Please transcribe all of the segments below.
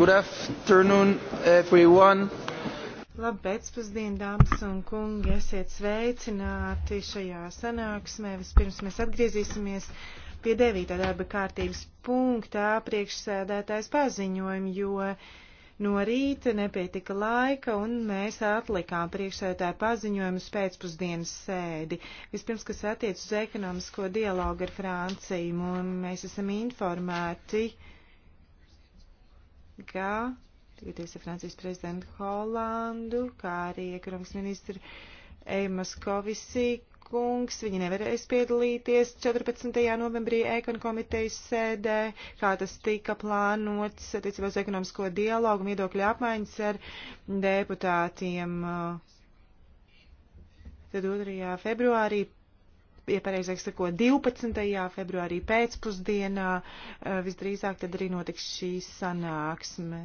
Good afternoon, everyone. Labu pēcpusdienu, dāmas un kungi, esiet sveicināti šajā sanāksmē. Vispirms mēs atgriezīsimies pie 9. darba kārtības punktā priekšsēdētājs paziņojumu, jo no rīta nepietika laika un mēs atlikām priekšsēdētāju paziņojumus pēcpusdienas sēdi. Vispirms, kas attiec uz ekonomisko dialogu ar Franciju, un mēs esam informēti. Uh, ka tikties ar Francijas prezidentu Holandu, kā arī ekonomikas ministru Eimas Kovisī kungs. Viņi nevarēs piedalīties 14. novembrī ekon komitejas sēdē, kā tas tika plānots attiecībā uz ekonomisko dialogu un viedokļu apmaiņas ar deputātiem. Eh, tad 2. februārī ja pareizāk sakot, 12. februārī pēcpusdienā eh, visdrīzāk tad arī notiks šī sanāksme.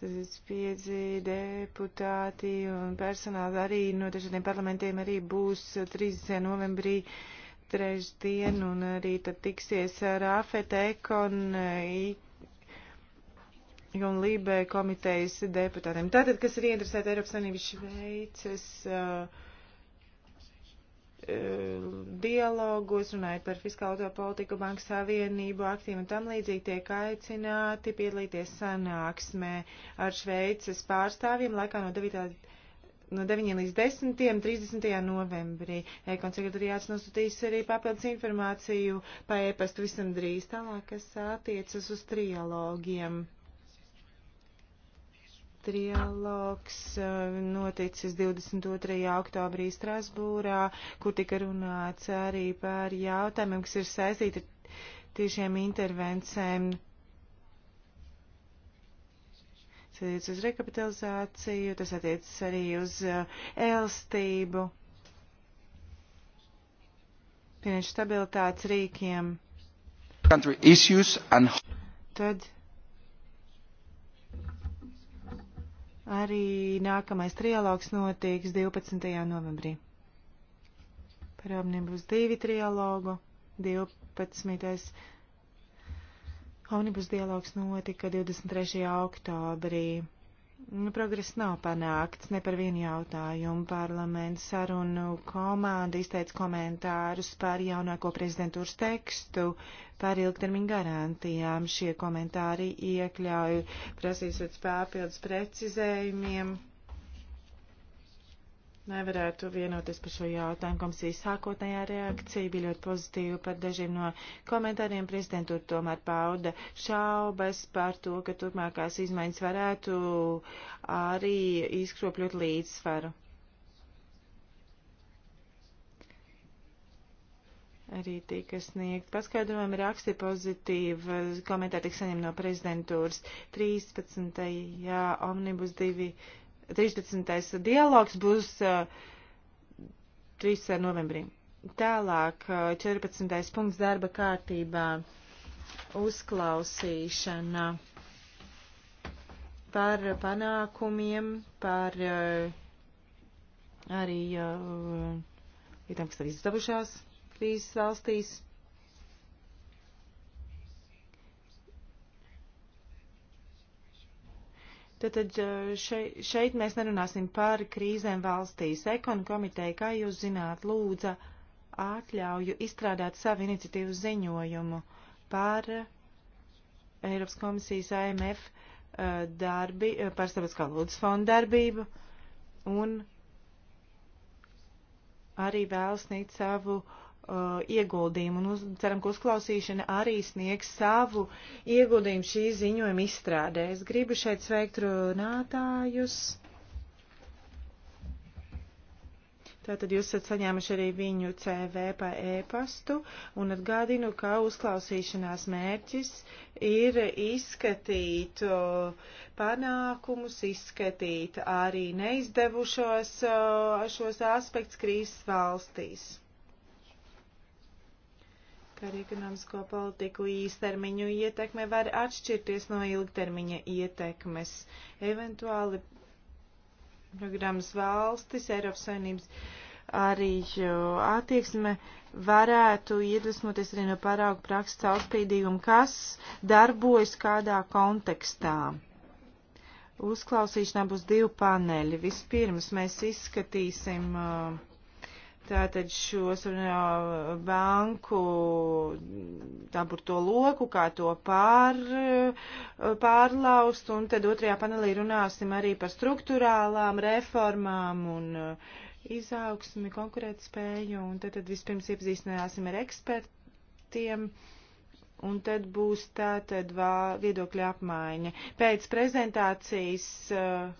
Tas piedzi deputāti un personāli arī no dažādiem parlamentiem arī būs 30. novembrī trešdien un arī tad tiksies ar AFET, Ekon, IT un Lībe komitejas deputātiem. Tātad, kas ir ieinteresēta Eiropas Savienības Šveices uh, uh dialogos, runājot par fiskālo politiku, banku savienību, aktīvu un tam līdzīgi tiek aicināti piedalīties sanāksmē ar Šveices pārstāvjiem laikā no 9. No 9 līdz 10. 30. novembrī e-konsekretariāts nosūtīs arī papildus informāciju pa e-pastu visam drīz tālāk, kas attiecas uz trialogiem trialogs eh, noticis 22. oktobrī Strasbūrā, kur tika runāts arī par jautājumiem, kas ir saistīti ar tiešiem intervencēm. Tas attiecas uz rekapitalizāciju, tas attiecas arī uz eh, elstību, finanšu stabilitātes rīkiem. Tad Arī nākamais trialogs notiks 12. novembrī. Parābniem būs divi trialogu. 12. Omnibus dialogs notika 23. oktobrī. Nu, progress nav panākts ne par vienu jautājumu. Parlaments sarunu komanda izteica komentārus par jaunāko prezidentūras tekstu, par ilgtermiņu garantijām. Šie komentāri iekļauj prasīs pēc papildus precizējumiem nevarētu vienoties par šo jautājumu. Komisijas sākotnējā reakcija bija ļoti pozitīva par dažiem no komentāriem. Prezidentūra tomēr pauda šaubas par to, ka turpmākās izmaiņas varētu arī izkropļot līdzsvaru. Arī tika sniegt paskaidrojumi raksti pozitīvi, komentāri tika saņemti no prezidentūras 13. Jā, omnibus 2 13. dialogs būs 3. novembrī. Tālāk 14. punkts darba kārtībā uzklausīšana par panākumiem, par arī lietām, kas ir izdevušās krīzes valstīs. Tātad eh, šeit mēs nerunāsim par krīzēm valstīs. Ekonu komiteja, kā jūs zināt, lūdza atļauju izstrādāt savu iniciatīvu ziņojumu par eh, Eiropas komisijas AMF eh, darbi, par starptautiskā lūdzu fondu darbību un arī vēl sniegt savu uh, uh, ieguldījumu un uz, ceram, ka uzklausīšana arī sniegs savu ieguldījumu šī ziņojuma izstrādē. Es gribu šeit sveikt runātājus. Tātad jūs esat saņēmuši arī viņu CV pa e-pastu un atgādinu, ka uzklausīšanās mērķis ir izskatīt uh, panākumus, izskatīt arī neizdevušos uh, šos aspektus krīzes valstīs ka arī ekonomisko politiku īstermiņu ietekme var atšķirties no ilgtermiņa ietekmes. Eventuāli programmas valstis, Eiropas Savienības arī attieksme varētu iedvesmoties arī no paraugu prakses caurspīdīguma, kas darbojas kādā kontekstā. Uzklausīšanā būs divi paneļi. Vispirms mēs izskatīsim uh, Tātad šos banku taburto loku, kā to pār, pārlaust, un tad otrajā panelī runāsim arī par struktūrālām reformām un uh, izaugsmi, konkurētspēju, un tad, tad vispirms iepazīstināsim ar ekspertiem un tad būs tā tad vā, viedokļa apmaiņa. Pēc prezentācijas uh,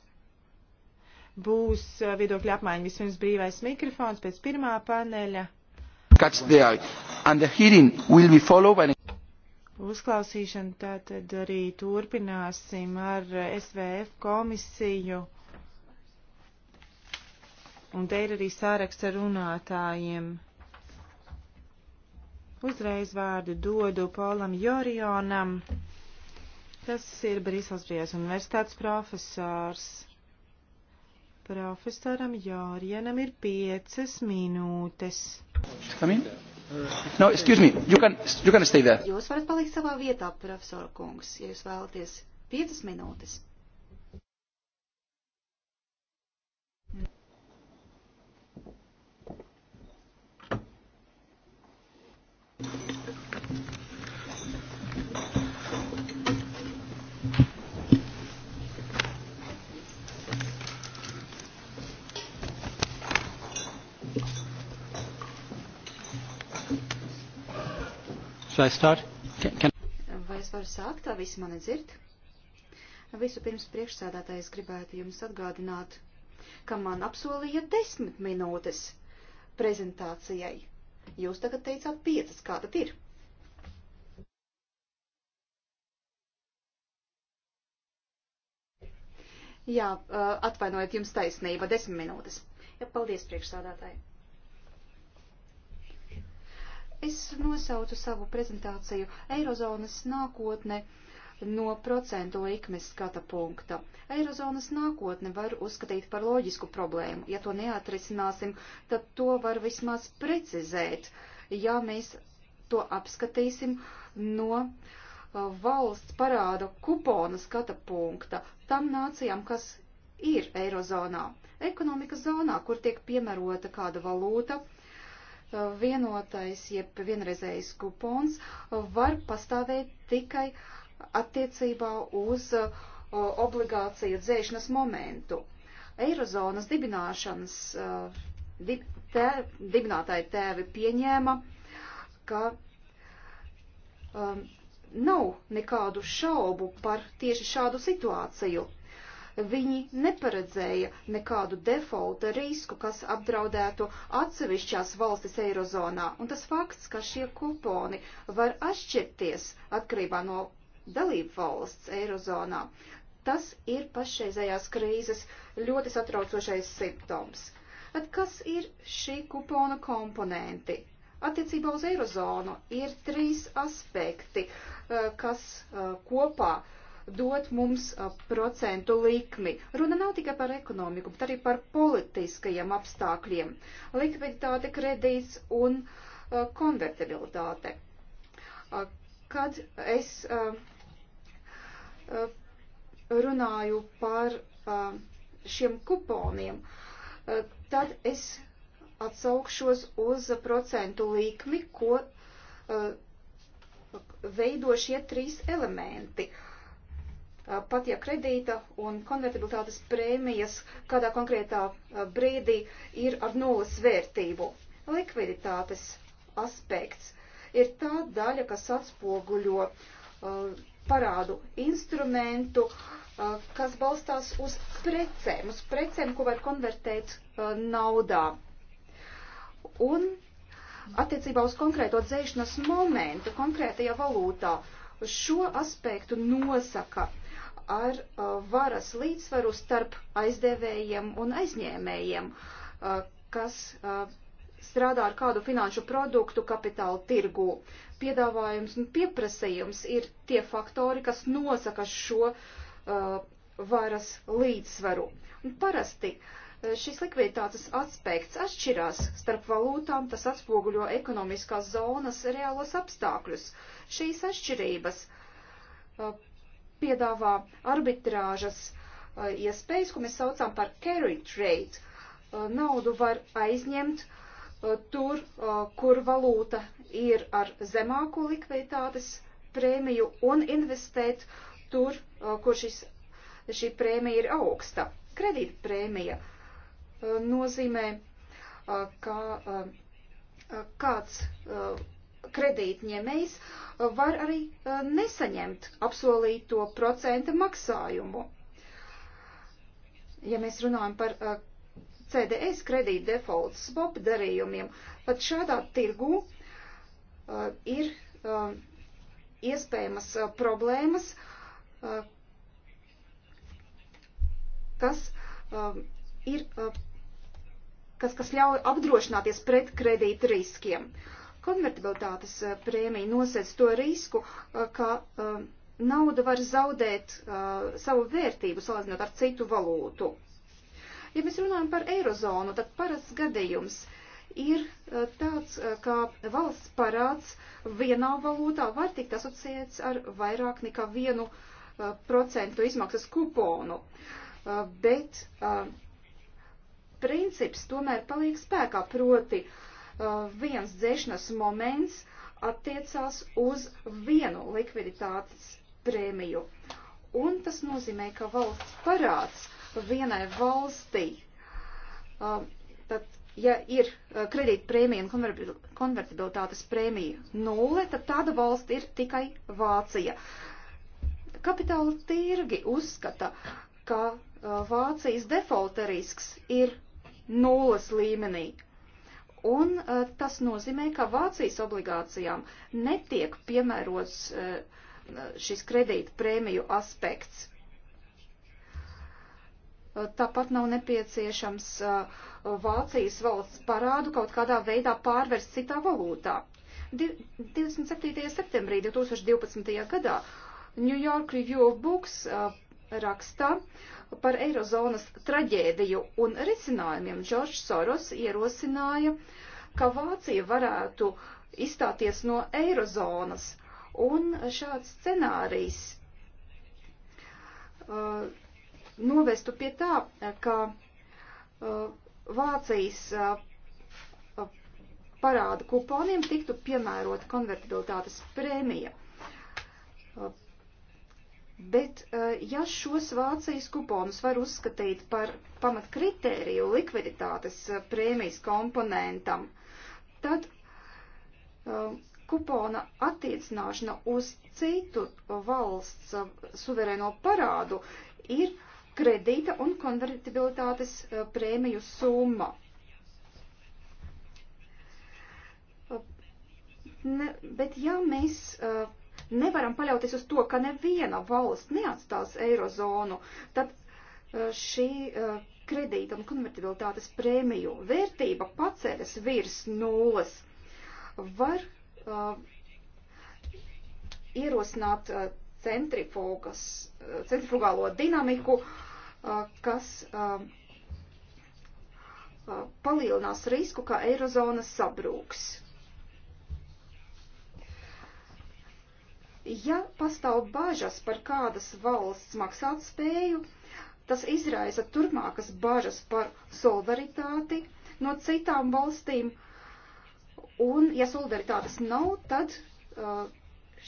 būs eh, viedokļa apmaiņa. Vispirms brīvais mikrofons pēc pirmā paneļa. By... Uzklausīšana tātad arī turpināsim ar eh, SVF komisiju. Un te ir arī sāraksts ar runātājiem. Uzreiz vārdu dodu Polam Jorionam. Tas ir Brīseles Brīvās universitātes profesors. Profesoram Jorienam ir piecas minūtes. No, excuse me, you can, you can stay there. Jūs varat palikt savā vietā, profesora kungs, ja jūs vēlaties piecas minūtes. Thank you. Should I start? Can, can... Vai es varu sākt, tā visi mani dzird? Visu pirms priekšsēdētājs gribētu jums atgādināt, ka man apsolīja desmit minūtes prezentācijai. Jūs tagad teicāt piecas, kā tad ir? Jā, uh, atvainojiet, jums taisnība, desmit minūtes. Jā, paldies priekšsādātāji. Es nosaucu savu prezentāciju Eirozonas nākotne no procentu likmes skata punkta. Eirozonas nākotne var uzskatīt par loģisku problēmu. Ja to neatrisināsim, tad to var vismaz precizēt, ja mēs to apskatīsim no uh, valsts parāda kupona skata punkta tam nācijām, kas ir Eirozonā, ekonomikas zonā, kur tiek piemērota kāda valūta, vienotais, jeb vienreizējs kupons var pastāvēt tikai attiecībā uz uh, obligāciju dzēšanas momentu. Eirozonas dibināšanas uh, dib, tē, dibinātāji tēvi pieņēma, ka um, nav nekādu šaubu par tieši šādu situāciju. Viņi neparedzēja nekādu defaulta risku, kas apdraudētu atsevišķās valstis Eirozonā, un tas fakts, ka šie kuponi var atšķirties atkarībā no dalību valsts Eirozonā, tas ir pašreizējās krīzes ļoti satraucošais simptoms. Tad kas ir šī kupona komponenti? Attiecībā uz Eirozonu ir trīs aspekti, eh, kas eh, kopā uh, dot mums procentu likmi. Runa nav tikai par ekonomiku, bet arī par politiskajiem apstākļiem - likviditāte, kredīts un konvertibilitāte. Kad es runāju par šiem kuponiem, tad es atsaukšos uz procentu likmi, ko veido šie trīs elementi pat ja kredīta un konvertibilitātes prēmijas kādā konkrētā brīdī ir ar nulles vērtību. Likviditātes aspekts ir tā daļa, kas atspoguļo uh, parādu instrumentu, uh, kas balstās uz precēm, uz precēm, ko var konvertēt uh, naudā. Un attiecībā uz konkrēto dzēšanas momentu, konkrētajā valūtā, šo aspektu nosaka uh, ar uh, varas līdzsvaru starp aizdevējiem un aizņēmējiem, uh, kas uh, strādā ar kādu finanšu produktu kapitāla tirgu. Piedāvājums un pieprasījums ir tie faktori, kas nosaka šo varas līdzsvaru. Un parasti šis likviditātes aspekts atšķirās starp valūtām, tas atspoguļo ekonomiskās zonas reālos apstākļus. Šīs atšķirības piedāvā arbitrāžas uh, iespējas, ko mēs saucam par carry trade. Uh, naudu var aizņemt uh, tur, uh, kur valūta ir ar zemāku likviditātes prēmiju un investēt tur, uh, kur šis, šī prēmija ir augsta. Kredīta prēmija uh, nozīmē, ka kāds kredītņēmējs eh, var arī eh, nesaņemt apsolīto procenta maksājumu. Ja mēs runājam par eh, CDS kredīt default swap darījumiem, pat šādā tirgu ir iespējamas problēmas, kas ir kas, kas ļauj apdrošināties pret kredīta riskiem. Uh, Konvertibilitātes eh, prēmija nosēc to risku, eh, ka eh, nauda var zaudēt savu vērtību salīdzinot ar citu valūtu. Ja mēs runājam par eirozonu, tad parasts gadījums ir tāds, ka valsts parāds vienā valūtā var tikt asociēts ar vairāk nekā vienu procentu izmaksas kuponu, bet princips tomēr paliek spēkā proti uh, Uh, viens dzēšanas moments attiecās uz vienu likviditātes prēmiju. Un tas nozīmē, ka valsts parāds vienai valstī, uh, tad, ja ir uh, kredīta prēmija un konvertibilitātes prēmija nulle, tad tāda valsts ir tikai Vācija. Kapitāla tirgi uzskata, ka Vācijas defaulta risks ir nulles līmenī, Un uh, tas nozīmē, ka Vācijas obligācijām netiek piemērots uh, šis kredīta prēmiju aspekts. Uh, tāpat nav nepieciešams uh, Vācijas valsts parādu kaut kādā veidā pārvērst citā valūtā. Di 27. septembrī 2012. gadā New York Review of Books uh, rakstā, uh, par Eirozonas traģēdiju un risinājumiem. Džordžs Soros ierosināja, ka Vācija varētu izstāties no Eirozonas, un šāds scenārijs uh, novestu pie tā, ka uh, Vācijas uh, uh parāda kuponiem tiktu piemērota konvertibilitātes prēmija. Uh, Bet eh, ja šos Vācijas kuponus var uzskatīt par pamatkritēriju likviditātes eh, prēmijas komponentam, tad um, kupona attiecināšana uz citu valsts suverēno parādu ir kredīta un konvertibilitātes prēmiju summa. Ne, bet ja mēs uh, nevaram paļauties uz to, ka neviena valsts neatstās eirozonu, tad e, šī e, kredīta un konvertibilitātes prēmiju vērtība paceļas virs nulles. Var uh, ierosināt uh, centrifugas, uh, centrifugālo dinamiku, uh, kas uh, uh, palielinās risku, ka eirozona sabrūks. Ja pastāv bažas par kādas valsts maksāt spēju, tas izraisa turpmākas bažas par solidaritāti no citām valstīm, un ja solidaritātes nav, tad uh,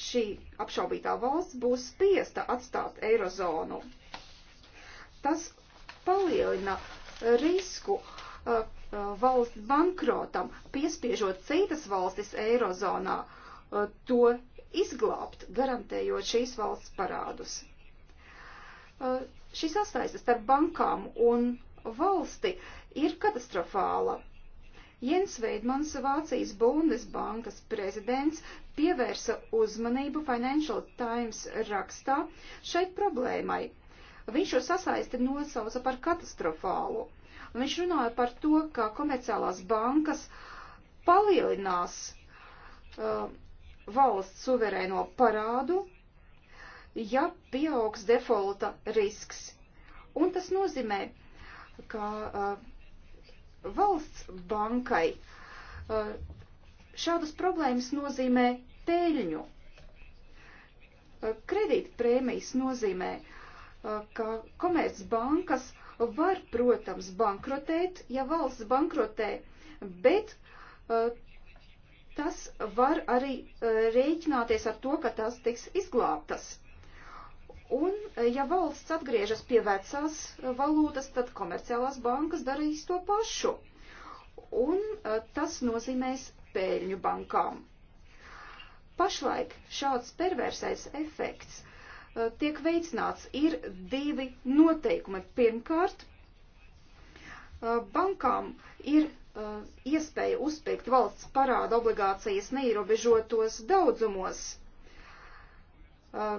šī apšaubītā valsts būs spiesta atstāt eirozonu. Tas palielina risku uh, uh valsts bankrotam, piespiežot citas valstis eirozonā uh, to izglābt, garantējot šīs valsts parādus. Uh, Šī sasaiste starp bankām un valsti ir katastrofāla. Jens Veidmans, Vācijas Bundesbankas prezidents, pievērsa uzmanību Financial Times rakstā šai problēmai. Viņš šo sasaisti nosauca par katastrofālu. Viņš runāja par to, ka komerciālās bankas palielinās uh, valsts suverēno parādu, ja pieaugs defolta risks. Un tas nozīmē, ka uh, valsts bankai uh, šādas problēmas nozīmē peļņu. Uh, Kredītprēmijas nozīmē, uh, ka komercbankas var, protams, bankrotēt, ja valsts bankrotē, bet uh, tas var arī e, rēķināties ar to, ka tas tiks izglābtas. Un, e, ja valsts atgriežas pie vecās e, valūtas, tad komerciālās bankas darīs to pašu. Un tas nozīmēs pēļņu bankām. Pašlaik šāds perversais efekts tiek veicināts. Ir divi noteikumi. Pirmkārt, bankām ir Uh, iespēja uzpirkt valsts parāda obligācijas neierobežotos daudzumos, uh,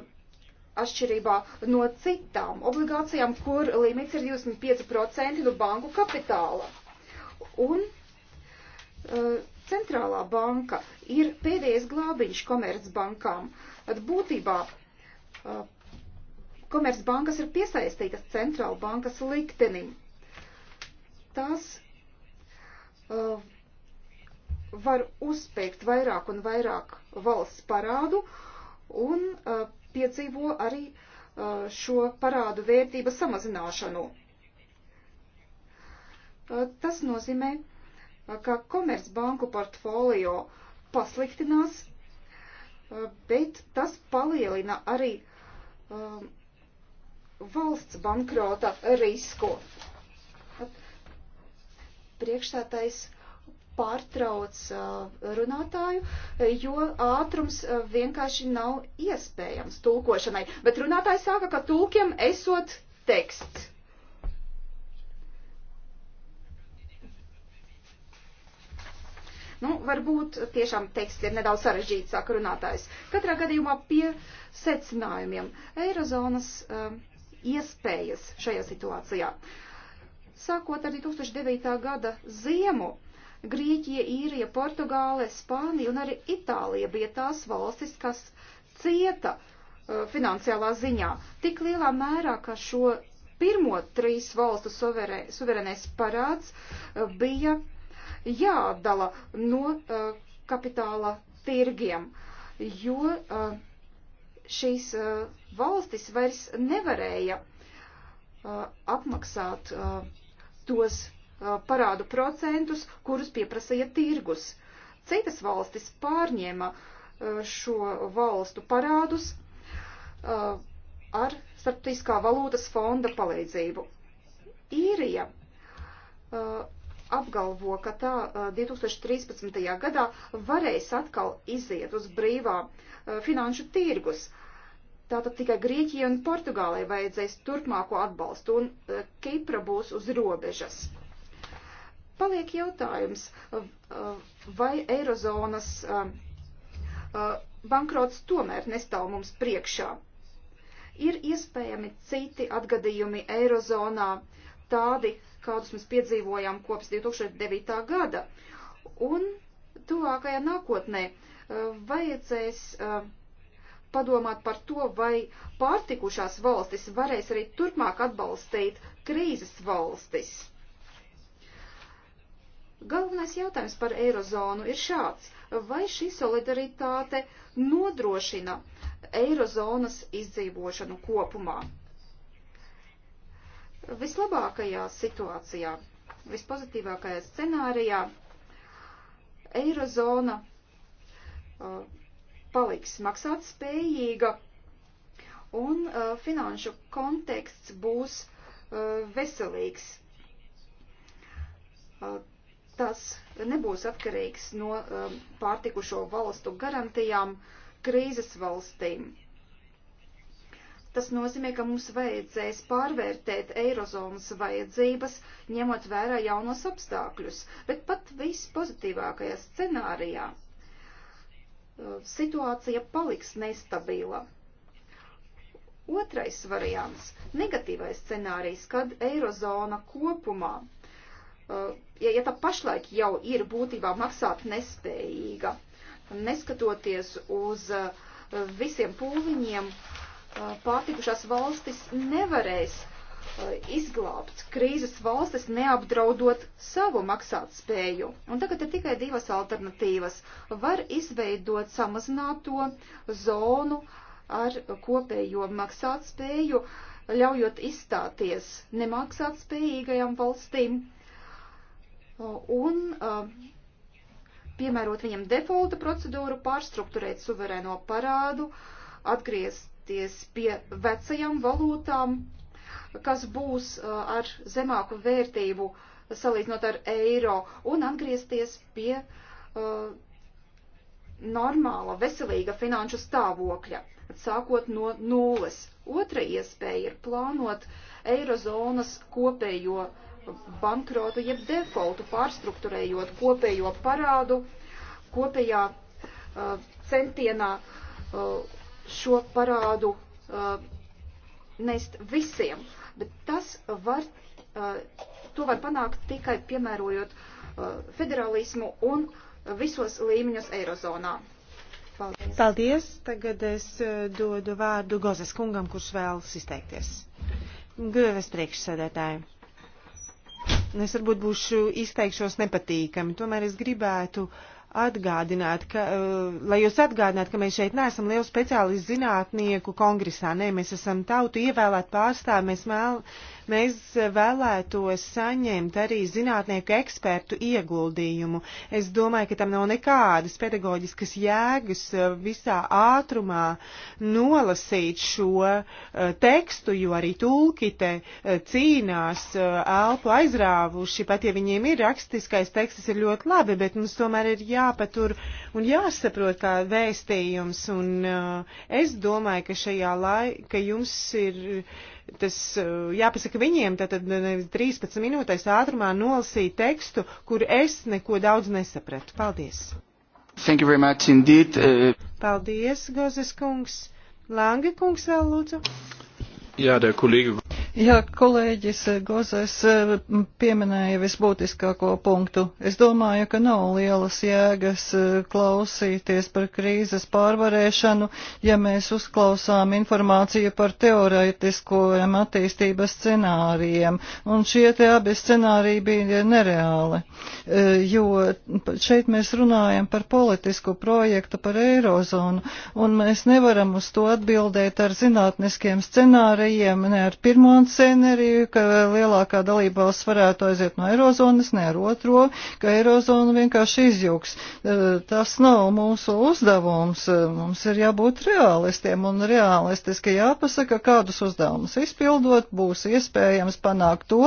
atšķirībā no citām obligācijām, kur limits ir 25% no banku kapitāla. Un uh, centrālā banka ir pēdējais glābiņš komercbankām. Būtībā komercbankas ir piesaistītas centrāla bankas liktenim. Tās Uh, var uzspēkt vairāk un vairāk valsts parādu un uh, piedzīvo arī uh, šo parādu vērtības samazināšanu. Tas nozīmē, ka Komercbanku portfolio pasliktinās, bet tas palielina arī valsts bankrota risku. Priekšsētais pārtrauc uh, runātāju, jo ātrums uh, vienkārši nav iespējams tulkošanai. Bet runātājs saka, ka tulkiem esot teksts. Nu, varbūt tiešām teksts ir nedaudz sarežģīts, saka runātājs. Katrā gadījumā pie secinājumiem Eirozonas um, iespējas šajā situācijā. Uh, Sākot ar 2009. gada ziemu, Grieķija, Īrija, Portugāle, Spānija un arī Itālija bija tās valstis, kas cieta uh, finansiālā ziņā tik lielā mērā, ka šo pirmo trīs valstu suverē, suverēnais parāds uh, bija jāatdala no uh, kapitāla tirgiem, jo uh, šīs uh, valstis vairs nevarēja uh, apmaksāt uh, tos parādu procentus, kurus pieprasīja tirgus. Citas valstis pārņēma šo valstu parādus ar starptiskā valūtas fonda palīdzību. Īrija apgalvo, ka tā 2013. gadā varēs atkal iziet uz brīvā finanšu tirgus, Tātad tikai Grieķijai un Portugālei vajadzēs turpmāko atbalstu, un eh, Kipra būs uz robežas. Paliek jautājums, eh, eh, vai Eirozonas bankrots tomēr nestāv mums priekšā. Ir iespējami citi atgadījumi Eirozonā, tādi, kādus mēs piedzīvojām kopš 2009. gada. Un tuvākajā nākotnē vajadzēs padomāt par to, vai pārtikušās valstis varēs arī turpmāk atbalstīt krīzes valstis. Galvenais jautājums par eirozonu ir šāds. Vai šī solidaritāte nodrošina eirozonas izdzīvošanu kopumā? Vislabākajā situācijā, vispozitīvākajā scenārijā eirozona uh, paliks maksāt spējīga un uh, finanšu konteksts būs uh, veselīgs. Uh, tas nebūs atkarīgs no uh, pārtikušo valstu garantijām krīzes valstīm. Tas nozīmē, ka mums vajadzēs pārvērtēt eirozonas vajadzības, ņemot vērā jaunos apstākļus, bet pat vispozitīvākajā scenārijā situācija paliks nestabila. Otrais variants - negatīvais scenārijs, kad eirozona kopumā, uh, ja, ja tā pašlaik jau ir būtībā maksāt nespējīga, neskatoties uz uh, visiem pūliņiem, uh, pārtikušās valstis nevarēs uh, Uh, izglābt krīzes valstis, neapdraudot savu maksātspēju. Un tagad ir tikai divas alternatīvas. Var izveidot samazināto zonu ar kopējo maksātspēju, ļaujot izstāties nemaksātspējīgajām valstīm uh, un uh, piemērot viņam defaulta procedūru, pārstruktūrēt suverēno parādu, atgriezties pie vecajām valūtām kas būs uh, ar zemāku vērtību salīdzinot ar eiro un atgriezties pie uh, normāla, veselīga finanšu stāvokļa, sākot no nulles. Otra iespēja ir plānot eirozonas kopējo bankrotu, jeb defaultu pārstruktūrējot kopējo parādu, kopējā uh, centienā uh, šo parādu uh, nest visiem, bet tas var, uh, to var panākt tikai piemērojot uh, federālismu un visos līmeņos Eirozonā. Paldies. Paldies. Tagad es uh, dodu vārdu Gozes kungam, kurš vēlas izteikties. Grieves priekšsēdētāji. Es varbūt būšu izteikšos nepatīkami, tomēr es gribētu uh, atgādināt, ka, eh, lai jūs atgādinātu, ka mēs šeit neesam lielu speciālistu zinātnieku kongresā. Nē, mēs esam tautu ievēlēt pārstāvi, mēs mēl, Mēs vēlētos saņemt arī zinātnieku ekspertu ieguldījumu. Es domāju, ka tam nav nekādas pedagoģiskas jēgas eh, visā ātrumā nolasīt šo eh, tekstu, jo arī tulki te eh, cīnās elpu aizrāvuši, pat ja viņiem ir rakstiskais teksts, ir ļoti labi, bet mums tomēr ir jāpatur un jāsaprot kā vēstījums. Un es domāju, ka šajā laikā jums ir tas eh, jāpasaka viņiem, tātad 13 minūtēs ātrumā nolasīja tekstu, kur es neko daudz nesapratu. Paldies! Thank you very much indeed. Uh... Paldies, Gozes kungs. Lange kungs vēl lūdzu. Jā, der kolēģi. Jā, kolēģis Gozes eh, pieminēja visbūtiskāko punktu. Es domāju, ka nav lielas jēgas eh, klausīties par krīzes pārvarēšanu, ja mēs uzklausām informāciju par teoretiskojiem attīstības scenārijiem. Un šie te abi scenāriji bija nereāli, eh, jo šeit mēs runājam par politisku projektu par Eirozonu, un mēs nevaram uz to atbildēt ar zinātniskiem scenārijiem, ne ar pirmo un un scenāriju, ka lielākā dalībās varētu aiziet no Eirozonas, ne ar otro, ka Eirozona vienkārši izjūgs. E, tas nav mūsu uzdevums. E, mums ir jābūt realistiem un realistiski jāpasaka, kādus uzdevumus izpildot būs iespējams panākt to,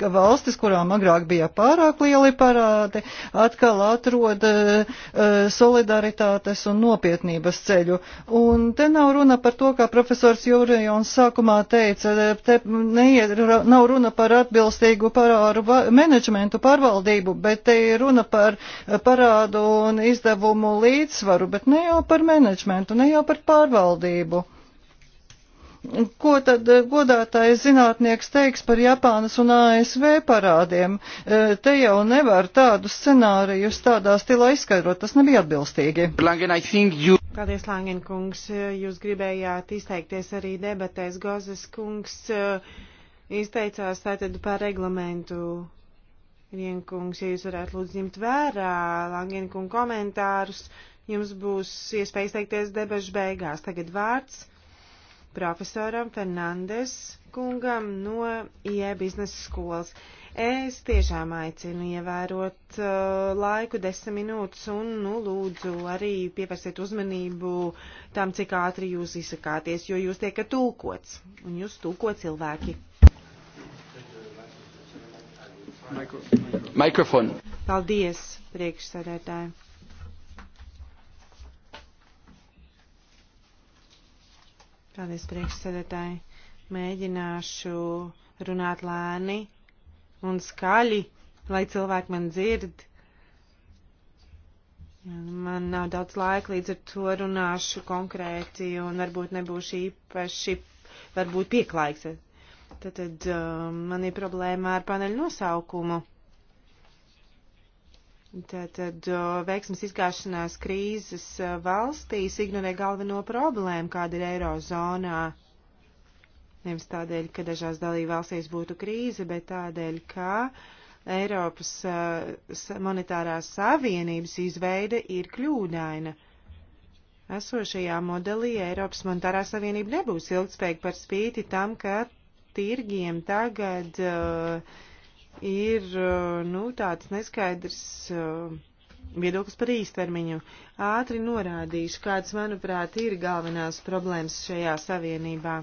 ka valstis, kurām agrāk bija pārāk lieli parādi, atkal atrod uh, solidaritātes un nopietnības ceļu. Un te nav runa par to, kā profesors Jūrijons sākumā teica, te neiet, nav runa par atbilstīgu parādu menedžmentu pārvaldību, bet te ir runa par eh, parādu un izdevumu līdzsvaru, bet ne jau par menedžmentu, ne jau par pārvaldību. Ko tad eh, godātais zinātnieks teiks par Japānas un ASV parādiem? Eh, te jau nevar tādus scenārijus tādā stilā izskaidrot, tas nebija atbilstīgi. Langen, you... Paldies, Langen kungs, jūs gribējāt izteikties arī debatēs. Gozes kungs eh, izteicās tātad par reglamentu. Rienkungs, ja jūs varētu lūdzu ņemt vērā Langen kungu komentārus, jums būs iespēja izteikties debašu beigās. Tagad vārds profesoram Fernandes kungam no IE biznesa skolas. Es tiešām aicinu ievērot uh, laiku desmit minūtes un, nu, lūdzu arī pievērsiet uzmanību tam, cik ātri jūs izsakāties, jo jūs tiekat tulkots un jūs tulko cilvēki. Mikrofon. Paldies, priekšsēdētāji. Paldies, priekšsēdētāji. Mēģināšu runāt lēni un skaļi, lai cilvēki man dzird. Nu, man nav daudz laika, līdz ar to runāšu konkrēti un varbūt nebūšu īpaši, varbūt pieklaiks. Tad, tad um, man ir problēma ar paneļu nosaukumu. Tātad veiksmes izkāšanās krīzes valstīs ignorē galveno problēmu, kāda ir eirozonā. Nevis tādēļ, ka dažās dalība valstīs būtu krīze, bet tādēļ, ka Eiropas monetārās savienības izveide ir kļūdaina. Esošajā modelī Eiropas monetārā savienība nebūs ilgspējīga par spīti tam, ka tirgiem tagad uh, ir eh, nu, tāds neskaidrs eh, viedoklis par īstermiņu. Ātri norādīšu, kāds, manuprāt, ir galvenās problēmas šajā savienībā.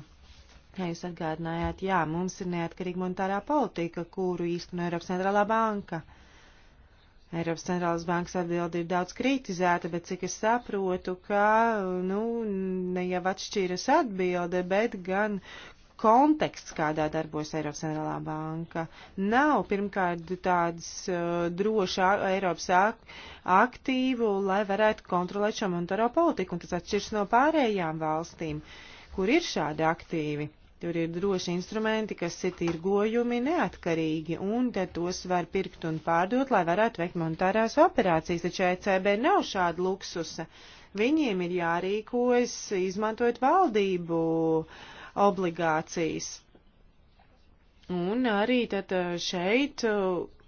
Ja jūs atgādinājāt, jā, mums ir neatkarīga monetārā politika, kuru īsteno Eiropas centrālā banka. Eiropas centrālās bankas atbildi ir daudz kritizēta, bet cik es saprotu, ka, nu, ne jau atšķīras atbilde, bet gan konteksts, kādā darbojas Eiropas centrālā banka. Nav pirmkārt tādas uh, drošā Eiropas ak aktīvu, lai varētu kontrolēt šo monetāro politiku, un tas atšķirs no pārējām valstīm, kur ir šādi aktīvi. Tur ir droši instrumenti, kas ir tirgojumi neatkarīgi, un tad tos var pirkt un pārdot, lai varētu veikt monetārās operācijas, taču ECB nav šāda luksusa. Viņiem ir jārīkojas, izmantojot valdību uh, obligācijas. Un arī tad eh, šeit eh,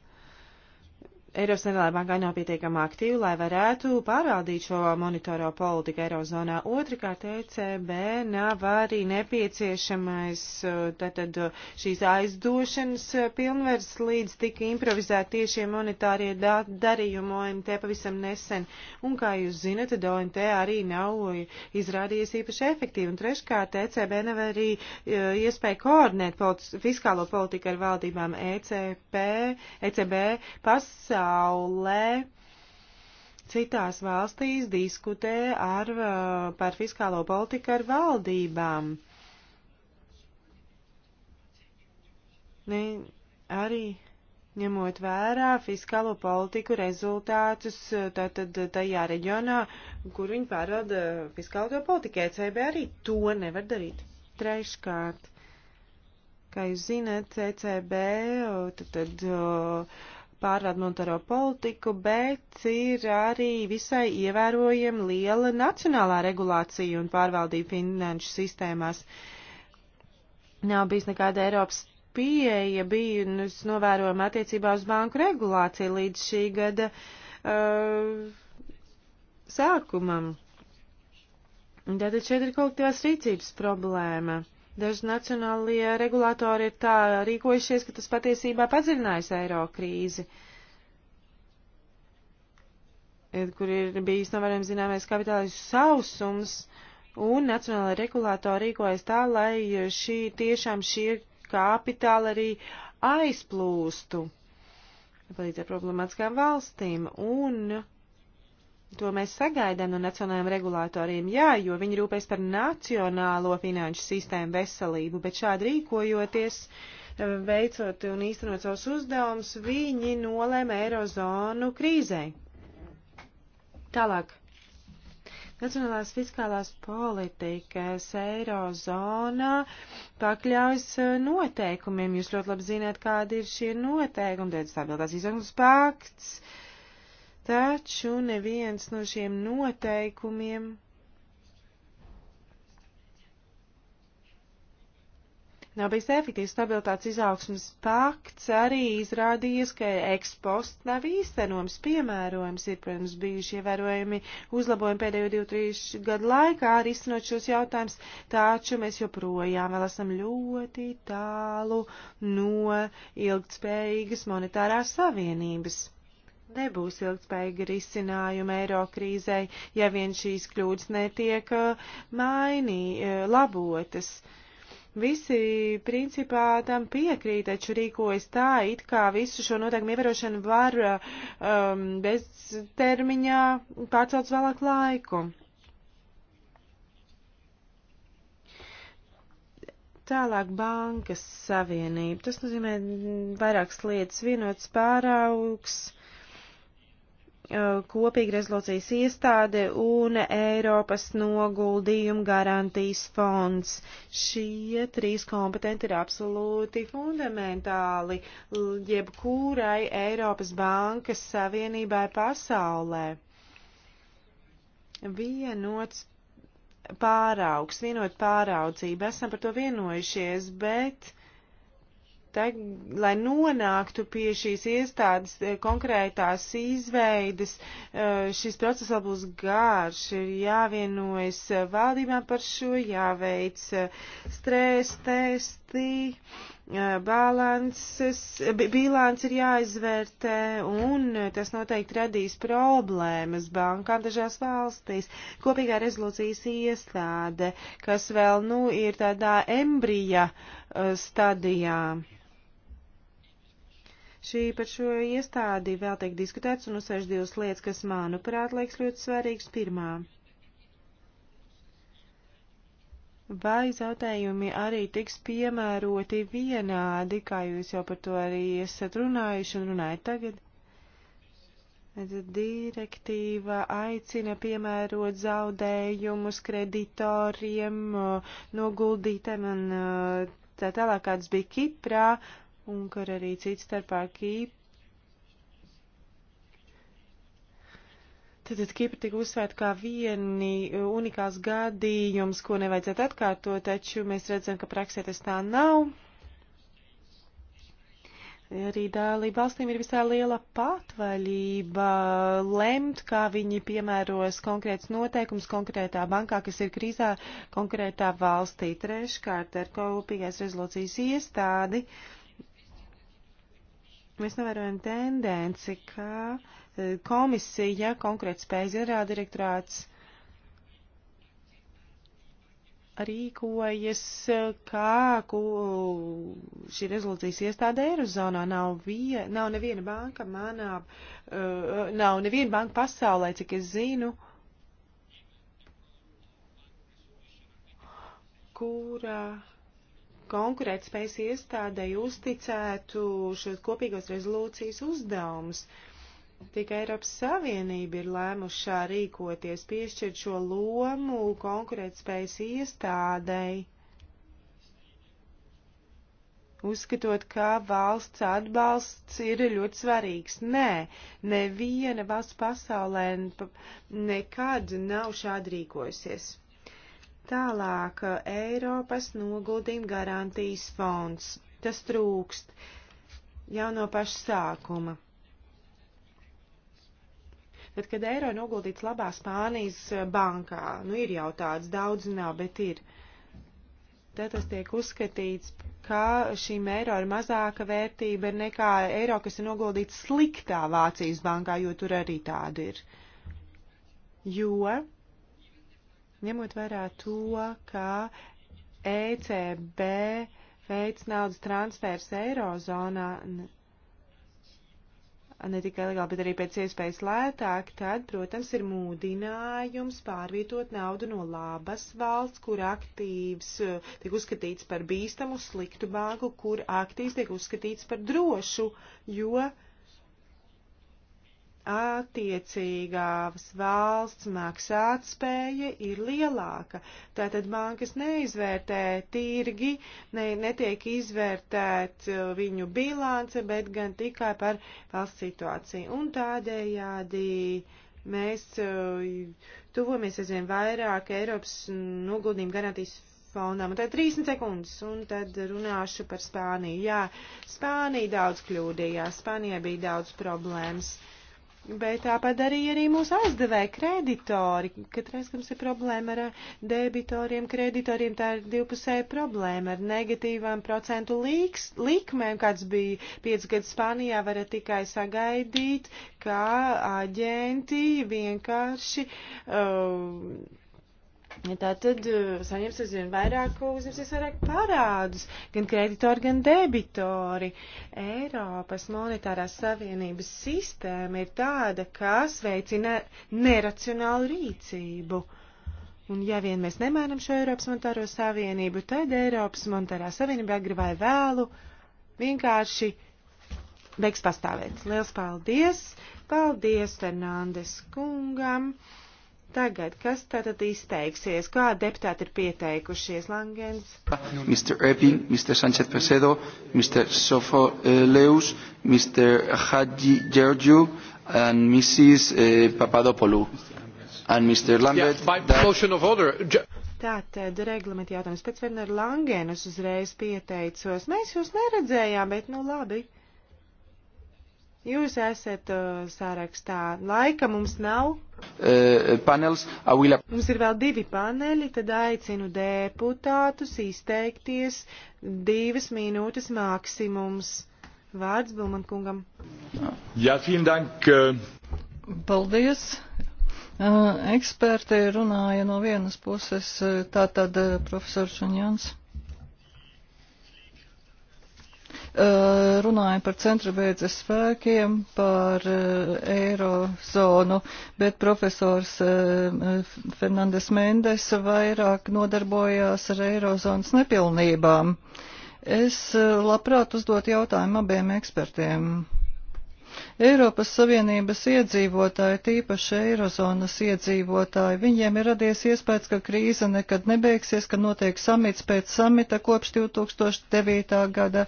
Eiropas Centrālajā bankā nav pietiekama aktīva, lai varētu pārvaldīt šo monitoro politiku Eirozonā. Otrakārt, ECB nav arī nepieciešamais uh, tātad uh, šīs aizdošanas pilnvers līdz tika improvizēt tiešie monetārie darījumi OMT pavisam nesen. Un, kā jūs zinat, tad OMT arī nav izrādījies īpaši efektīvi. Un treškārt, ECB nav arī uh, iespēja koordinēt politi fiskālo politiku ar valdībām ECP, ECB pasā pasaulē citās valstīs diskutē ar, uh, par fiskālo politiku ar valdībām. Ne, arī ņemot vērā fiskālo politiku rezultātus uh, tātad uh, tajā reģionā, kur viņi pārvalda fiskālo politiku. ECB arī to nevar darīt. Treškārt, kā jūs zināt, ECB tad, tad, pārvalda monetāro politiku, bet ir arī visai ievērojama liela nacionālā regulācija un pārvaldība finanšu sistēmās. Nav bijis nekāda Eiropas pieeja bija, un es novēroju attiecībā uz banku regulāciju līdz šī gada uh, sākumam. Tātad šeit ir kolektīvās rīcības problēma. Uh, Daži nacionālie regulātori ir tā rīkojušies, ka tas patiesībā padziļinājis eiro krīzi, kur ir bijis novērojams zināmais kapitālais sausums, un nacionālai regulātori rīkojas tā, lai šī, tiešām šie kapitāli arī aizplūstu palīdz ar problemātiskām valstīm, un To mēs sagaidām no nacionālajiem regulātoriem, jā, jo viņi rūpēs par nacionālo finanšu sistēmu veselību, bet šādi rīkojoties, eh, veicot un īstenot savus uzdevumus, viņi nolēma eirozonu krīzē. Tālāk. Nacionālās fiskālās politikas eirozonā pakļaujas eh, noteikumiem. Jūs ļoti labi zināt, kādi ir šie noteikumi. Tēdz stabilitātes izaugsmas pakts. Uh, taču neviens no šiem noteikumiem nav bijis efektīvs. Stabilitātes izaugsmas pakts arī izrādījies, ka ekspost nav īstenojams, piemērojams, ir, protams, bijuši ievērojami uzlabojumi pēdējo 2-3 gadu laikā arī izcenot šos jautājumus, taču mēs joprojām vēl esam ļoti tālu no ilgtspējīgas monetārās savienības nebūs ilgspējīga risinājuma eiro krīzei, ja vien šīs kļūdas netiek uh, mainī, uh, labotas. Visi principā tam piekrīt, taču rīkojas tā, it kā visu šo noteikumu ievērošanu var uh, um, bez termiņā pārcelt vēlāk laiku. Tālāk bankas savienība. Tas nozīmē vairākas lietas. Vienots pāraugs Uh, kopīga rezolūcijas iestāde un Eiropas noguldījuma garantijas fonds. Šie trīs kompetenti ir absolūti fundamentāli jebkurai Eiropas bankas savienībai pasaulē. Vienots pāraugs, vienot pāraudzība, esam par to vienojušies, bet tag, lai nonāktu pie šīs iestādes eh, konkrētās izveides, eh, šis process vēl būs gārš, ir jāvienojas eh, valdībām par šo, jāveic stres testi, balances, bilāns ir jāizvērtē, un tas noteikti radīs problēmas bankām dažās valstīs. Kopīgā rezolūcijas iestāde, kas vēl, nu, ir tādā embrija stadijā. Šī par šo iestādi vēl tiek diskutēts un uzsvērš divas lietas, kas manuprāt liekas ļoti svarīgas. Pirmā. Vai zaudējumi arī tiks piemēroti vienādi, kā jūs jau par to arī esat runājuši un runājat tagad? Direktīva aicina piemērot zaudējumus kreditoriem, noguldītēm un uh, tā tālāk, kāds bija Kiprā, un kur arī cits starpā Kīpa. Tātad Kipra tika uzsvērta kā vieni unikāls gadījums, ko nevajadzētu atkārtot, taču mēs redzam, ka praksē tas tā nav. Arī dalība valstīm ir visā liela patvaļība lemt, kā viņi piemēros konkrēts noteikums konkrētā bankā, kas ir krīzā konkrētā valstī. Treškārt ar kopīgais rezolūcijas iestādi. Uh, Mēs novērojam tendenci, ka e, komisija, konkrēti spējas ģenerāldirektorāts, rīkojas, e, kā šī rezolūcijas iestāde Eirozonā nav, vie, nav neviena banka manā, uh, nav neviena banka pasaulē, cik es zinu, kura konkurētspējas iestādēji uzticētu šos kopīgos rezolūcijas uzdevumus. Tikai Eiropas Savienība ir lēmušā rīkoties, piešķirt šo lomu konkurētspējas iestādēji, uzskatot, ka valsts atbalsts ir ļoti svarīgs. Nē, neviena valsts pasaulē nekad nav šādi rīkojusies. Tālāk Eiropas noguldījuma garantijas fonds. Tas trūkst jau no paša sākuma. Tad, kad eiro noguldīts labā Spānijas bankā, nu ir jau tāds daudz nav, bet ir, tad tas tiek uzskatīts, ka šīm eiro ir mazāka vērtība nekā eiro, kas ir noguldīts sliktā Vācijas bankā, jo tur arī tāda ir. Jo ņemot vērā to, ka ECB veids naudas transfers Eirozonā ne tikai legāli, bet arī pēc iespējas lētāk, tad, protams, ir mūdinājums pārvietot naudu no labas valsts, kur aktīvs eh, tiek uzskatīts par bīstamu, sliktu banku, kur aktīvs tiek uzskatīts par drošu, jo uh, attiecīgās valsts maksātspēja ir lielāka. Tātad bankas neizvērtē tirgi, ne, netiek izvērtēt uh, viņu bilance, bet gan tikai par valsts situāciju. Un tādējādi mēs uh, tuvomies aizvien vairāk Eiropas noguldījumu garantijas fondam. Un tad 30 sekundes, un tad runāšu par Spāniju. Jā, Spānija daudz kļūdījās, Spānijai bija daudz problēmas. Uh, Bet tā padarīja arī mūsu aizdevēja kreditori. Katreiz, kad mums ir problēma ar debitoriem, kreditoriem, tā ir divpusēja problēma ar negatīvām procentu līks, likmēm, kāds bija 5 gadus Spānijā, varat tikai sagaidīt, kā aģenti vienkārši. Uh, Tā tad eh, saņems aizvien vairāk, uzņemsies vairāk parādus, gan kreditori, gan debitori. Eiropas monetārās savienības sistēma ir tāda, kas veicina neracionālu rīcību. Un ja vien mēs nemēram šo Eiropas monetāro savienību, tad Eiropas monetārā savienība agri vai vēlu vienkārši beigs pastāvēt. Liels paldies! Paldies Fernandes kungam! Tagad, kas tātad izteiksies? Kā deputāti ir pieteikušies? Langens? Mr. Epping, Mr. Sanchez Pesedo, Mr. Sofo eh, Leus, Mr. Hadji Georgiou and Mrs. Eh, Papadopoulou. And Mr. Lambert. Yeah, by that... motion of order. Tātad reglamenta jautājums. Pēc Werner Langenas uzreiz pieteicos. Mēs jūs neredzējām, bet nu labi. Jūs esat uh, sārakstā. Laika mums nav. Uh, panels, will... Mums ir vēl divi paneļi, tad aicinu deputātus izteikties divas minūtes maksimums. Vārds Bulman kungam. Jā, ja, vielen dank. Eh. Paldies. Uh, eksperti runāja no vienas puses, tātad profesors Šunjans. runājam par centra beidzes spēkiem, par eirozonu, bet profesors Fernandes Mendes vairāk nodarbojās ar eirozonas nepilnībām. Es labprāt uzdot jautājumu abiem ekspertiem. Eiropas Savienības iedzīvotāji, tīpaši Eirozonas iedzīvotāji, viņiem ir radies iespējas, ka krīze nekad nebeigsies, ka notiek samits pēc samita kopš 2009. gada,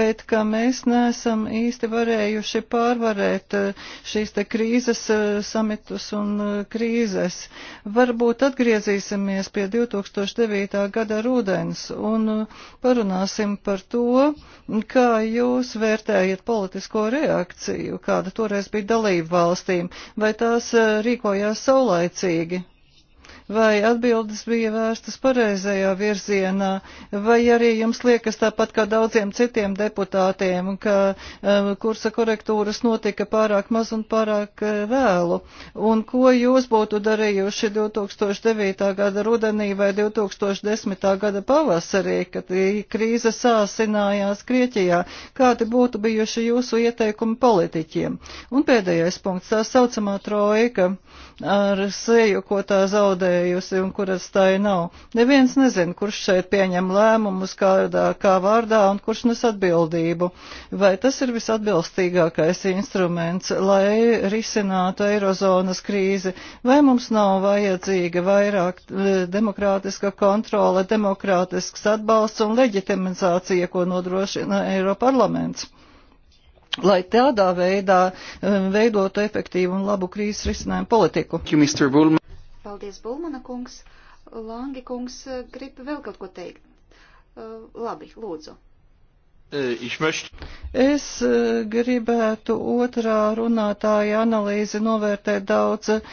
bet ka mēs neesam īsti varējuši pārvarēt eh, šīs te krīzes eh, samitus un eh, krīzes. Varbūt atgriezīsimies pie 2009. gada rudens un parunāsim par to, kā jūs vērtējat politisko reakciju reakciju, kāda toreiz bija dalību valstīm, vai tās eh, rīkojās saulaicīgi vai atbildes bija vērstas pareizajā virzienā, vai arī jums liekas tāpat kā daudziem citiem deputātiem, ka eh, kursa korektūras notika pārāk maz un pārāk eh, vēlu. Un ko jūs būtu darījuši 2009. gada rudenī vai 2010. gada pavasarī, kad krīze sāsinājās Grieķijā? Kādi būtu bijuši jūsu ieteikumi politiķiem? Un pēdējais punkts - tā saucamā trojka ar seju, ko tā zaudē akceptējusi un kuras tai nav. Neviens nezin, kurš šeit pieņem lēmumus, kādā, kā vārdā un kurš nes atbildību. Vai tas ir visatbilstīgākais instruments, lai risinātu eirozonas krīzi, vai mums nav vajadzīga vairāk eh, demokrātiska kontrole, demokrātisks atbalsts un leģitimizācija, ko nodrošina Eiroparlaments? lai tādā veidā eh, veidotu efektīvu un labu krīzes risinājumu politiku. Paldies, Bulmana kungs. Langi kungs eh, grib vēl kaut ko teikt. Eh, labi, lūdzu. Eh, es eh, gribētu otrā runātāja analīzi novērtēt daudz eh,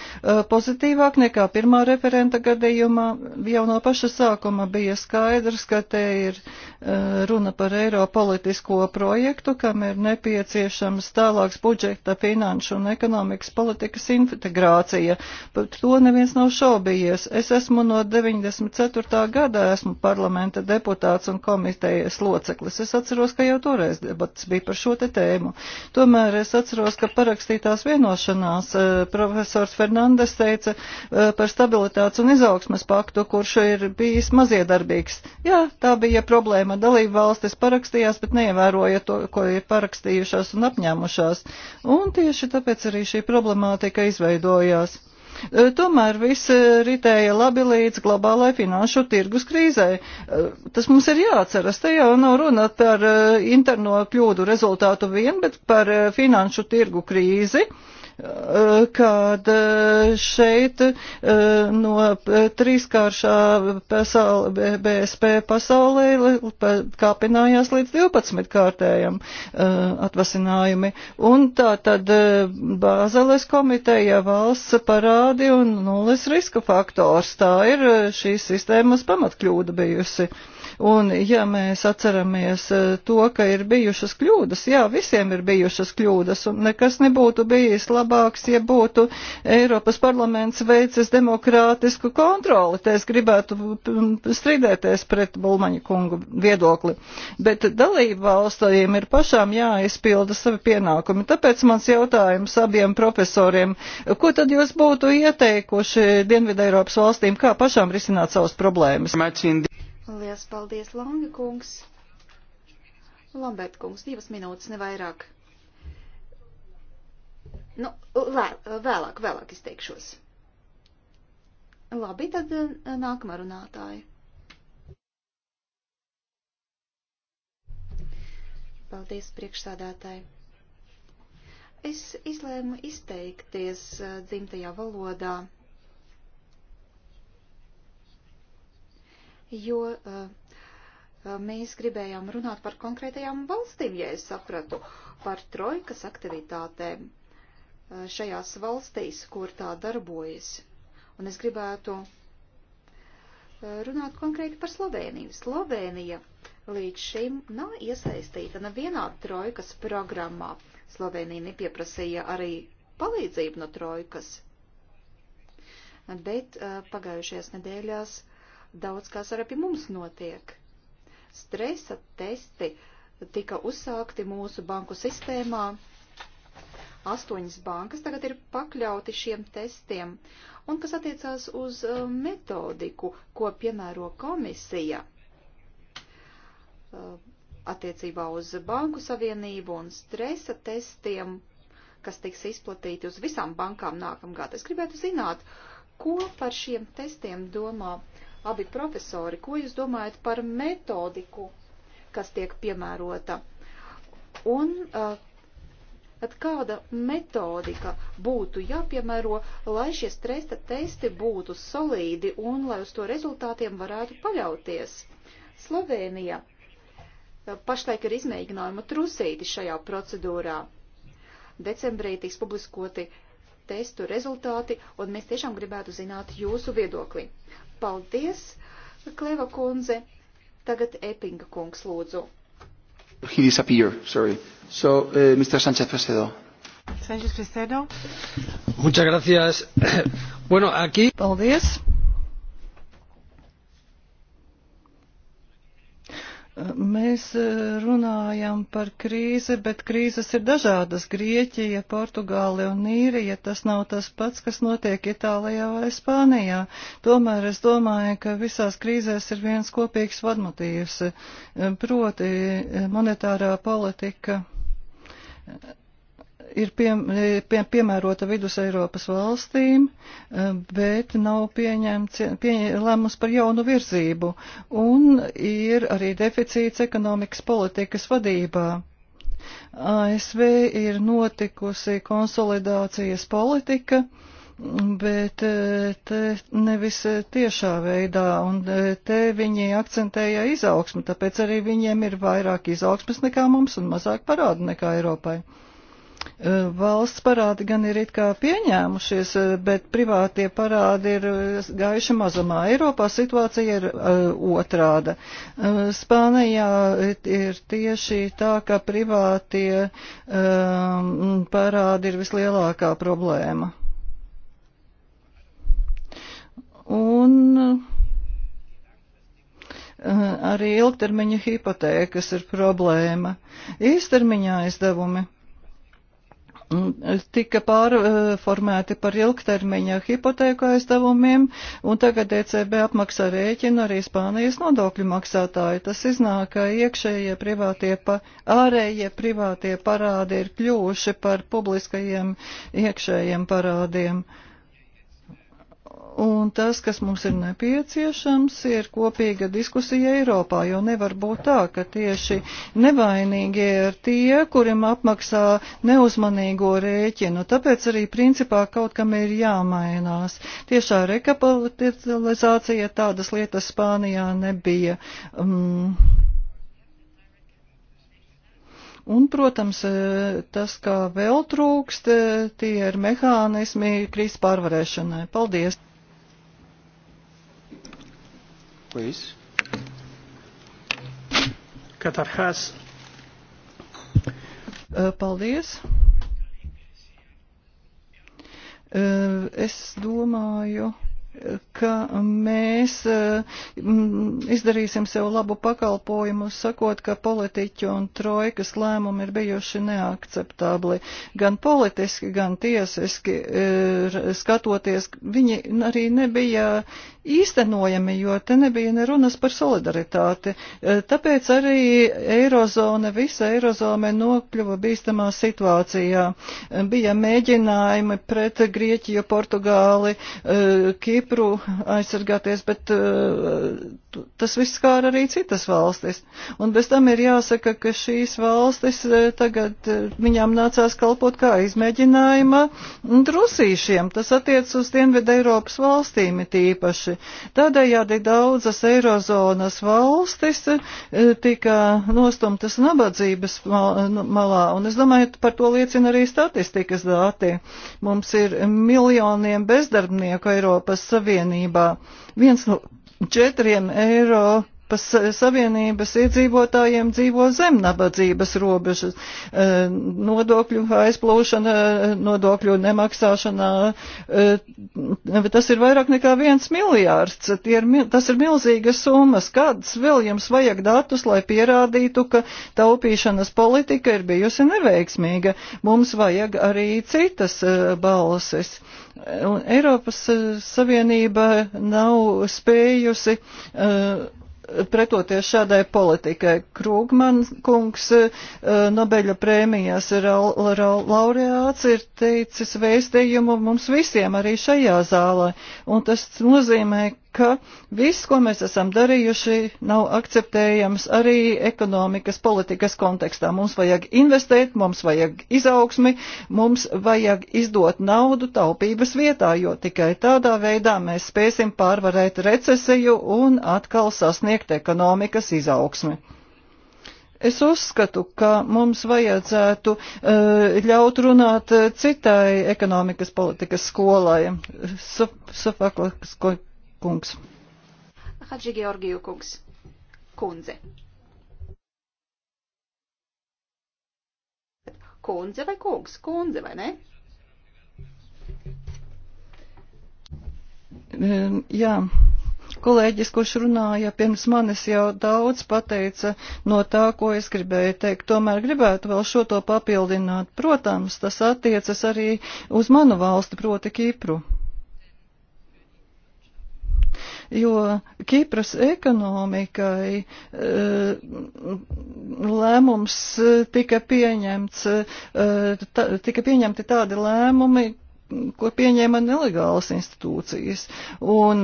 pozitīvāk nekā pirmā referenta gadījumā. Jau no paša sākuma bija skaidrs, ka te ir runa par Eiropolitisko projektu, kam ir nepieciešams tālāks budžeta, finanšu un ekonomikas politikas integrācija. Par to neviens nav šaubījies. Es esmu no 94. gada, esmu parlamenta deputāts un komitejas loceklis. Es atceros, atceros, ka jau toreiz debats bija par šo te tēmu. Tomēr es atceros, ka parakstītās vienošanās eh, profesors Fernandes teica eh, par stabilitātes un izaugsmes paktu, kurš ir bijis maziedarbīgs. Jā, tā bija problēma. Dalība valstis parakstījās, bet neievēroja to, ko ir parakstījušās un apņēmušās. Un tieši tāpēc arī šī problemātika izveidojās. E, tomēr viss e, ritēja labi līdz globālai finanšu tirgus krīzai. E, tas mums ir jāatceras. Te jau nav runa par interno kļūdu rezultātu vien, bet par finanšu tirgu krīzi. Eh, kad eh, šeit eh, no trīskāršā pasaule, BSP pasaulē kāpinājās līdz 12 kārtējam atvasinājumi. Un tā tad Bāzeles komiteja valsts parādi un nulles riska faktors. Tā ir šīs sistēmas pamatkļūda bijusi. Un ja mēs atceramies e, to, ka ir bijušas kļūdas, jā, visiem ir bijušas kļūdas, un nekas nebūtu bijis labāks, ja būtu Eiropas parlaments veicis demokrātisku kontroli. Te es gribētu strīdēties pret Bulmaņa kungu viedokli. Bet dalību valstīm ir pašām jāizpilda savi pienākumi. Tāpēc mans jautājums abiem profesoriem, ko tad jūs būtu ieteikuši Dienvidē Eiropas valstīm, kā pašām risināt savas problēmas? Macindi. Lielas paldies, Langa kungs. Lambert kungs, divas minūtes, nevairāk. Nu, lē, vēlāk, vēlāk izteikšos. Labi, tad eh, nākamā runātāja. Paldies, priekšsādātāji. Es izlēmu izteikties eh, dzimtajā valodā jo eh, eh, mēs gribējām runāt par konkrētajām valstīm, ja es sapratu, par trojkas aktivitātēm eh, šajās valstīs, kur tā darbojas. Un es gribētu runāt konkrēti par Sloveniju. Slovenija līdz šim nav iesaistīta nevienā trojkas programmā. Slovenija nepieprasīja arī palīdzību no trojkas. Bet pagājušajās nedēļās daudz kas arī pie mums notiek. Stresa testi tika uzsākti mūsu banku sistēmā. Astoņas bankas tagad ir pakļauti šiem testiem, un kas attiecās uz uh, metodiku, ko piemēro komisija uh, attiecībā uz banku savienību un stresa testiem, kas tiks izplatīti uz visām bankām nākamgad. Es gribētu zināt, ko par šiem testiem domā abi profesori, ko jūs domājat par metodiku, kas tiek piemērota? Un uh, kāda metodika būtu jāpiemēro, lai šie stresa testi būtu solīdi un lai uz to rezultātiem varētu paļauties? Slovenija eh, pašlaik ir izmēģinājuma trusīti šajā procedūrā. Decembrī tiks publiskoti testu rezultāti, un mēs tiešām gribētu zināt jūsu viedokli. Paldies, Kleva kundze. Tagad Epinga kungs lūdzu. He disappeared, sorry. So, uh, Mr. Sánchez Presedo. Sánchez Presedo. Muchas gracias. bueno, aquí. Paldies. Mēs e, runājam par krīzi, bet krīzes ir dažādas. Grieķija, Portugāle un Īrija tas nav tas pats, kas notiek Itālijā vai Spānijā. Tomēr es domāju, ka visās krīzēs ir viens kopīgs vadmotīvs, e, proti e, monetārā politika ir pie, e, pie, piemērota vidus Eiropas valstīm, e, bet nav pieņemts pie, lēmums par jaunu virzību, un ir arī deficīts ekonomikas politikas vadībā. ASV ir notikusi konsolidācijas politika, bet e, te nevis tiešā veidā, un te viņi akcentēja izaugsmu, tāpēc arī viņiem ir vairāk izaugsmas nekā mums un mazāk parādu nekā Eiropai. Valsts parādi gan ir it kā pieņēmušies, bet privātie parādi ir gājuši mazumā. Eiropā situācija ir uh, otrāda. Uh, Spānijā ir tieši tā, ka privātie um, parādi ir vislielākā problēma. Un uh, arī ilgtermiņa hipotēkas ir problēma. Īstermiņā izdevumi Mm, tika pārformēti par ilgtermiņa hipotēku aizdevumiem, un tagad ECB apmaksā rēķinu arī Spānijas nodokļu maksātāju. Tas iznāk, ka iekšējie privātie, pa, ārējie privātie parādi ir kļuvuši par publiskajiem iekšējiem parādiem. Uh, Un tas, kas mums ir nepieciešams, ir kopīga diskusija Eiropā, jo nevar būt tā, ka tieši nevainīgie ir tie, kurim apmaksā neuzmanīgo rēķinu. Tāpēc arī principā kaut kam ir jāmainās. Tiešā rekapitalizācija tādas lietas Spānijā nebija. Um, Un, protams, tas, kā vēl trūkst, tie ir mehānismi krīzes pārvarēšanai. Paldies! please. Katarhas. Uh, paldies. Uh, es domāju ka mēs eh, izdarīsim sev labu pakalpojumu, sakot, ka politiķu un trojkas lēmumi ir bijuši neakceptabli. Gan politiski, gan tiesiski eh, skatoties, viņi arī nebija īstenojami, jo te nebija nerunas par solidaritāti. Eh, tāpēc arī Eirozone, visa Eirozone nokļuva bīstamā situācijā. Bija mēģinājumi pret Grieķiju, Portugāli, Kipru, Kipru aizsargāties, bet uh, tas viss skār arī citas valstis. Un bez tam ir jāsaka, ka šīs valstis uh, tagad uh, viņām nācās kalpot kā izmēģinājuma trusīšiem. Tas attiec uz Dienvidu Eiropas valstīm tīpaši. Tādējādi daudzas Eirozonas valstis uh, tika nostumtas nabadzības nu, malā. Un es domāju, par to liecina arī statistikas dati. Mums ir miljoniem bezdarbnieku Eiropas Savienībā. Viens no četriem eiro Eiropas eh, Savienības iedzīvotājiem dzīvo zem nabadzības robežas. Eh, nodokļu aizplūšana, eh, nodokļu nemaksāšanā, tas ir vairāk nekā viens miljārds. Ir, tas ir milzīgas summas. Kādas vēl jums vajag datus, lai pierādītu, ka taupīšanas politika ir bijusi neveiksmīga? Mums vajag arī citas balses. Un Eiropas Savienība nav spējusi uh, pretoties šādai politikai. Krūgman kungs, e, Nobeļa prēmijas laureāts, ir teicis vēstījumu mums visiem arī šajā zālē, un tas nozīmē, ka viss, ko mēs esam darījuši, nav akceptējams arī ekonomikas politikas kontekstā. Mums vajag investēt, mums vajag izaugsmi, mums vajag izdot naudu taupības vietā, jo tikai tādā veidā mēs spēsim pārvarēt recesiju un atkal sasniegt ekonomikas izaugsmi. Es uzskatu, ka mums vajadzētu uh, ļaut runāt eh, citai ekonomikas politikas skolai. Sofaklas kungs. Hadži Georgiju kungs. Kundze. Kundze vai kungs? Kundze vai ne? Jā, kolēģis, kurš runāja pirms manis, jau daudz pateica no tā, ko es gribēju teikt. Tomēr gribētu vēl šo to papildināt. Protams, tas attiecas arī uz manu valsti, proti Kipru jo Kipras ekonomikai eh, lēmums eh, tika pieņemts, eh, tika pieņemti tādi lēmumi, ko pieņēma nelegālas institūcijas. Un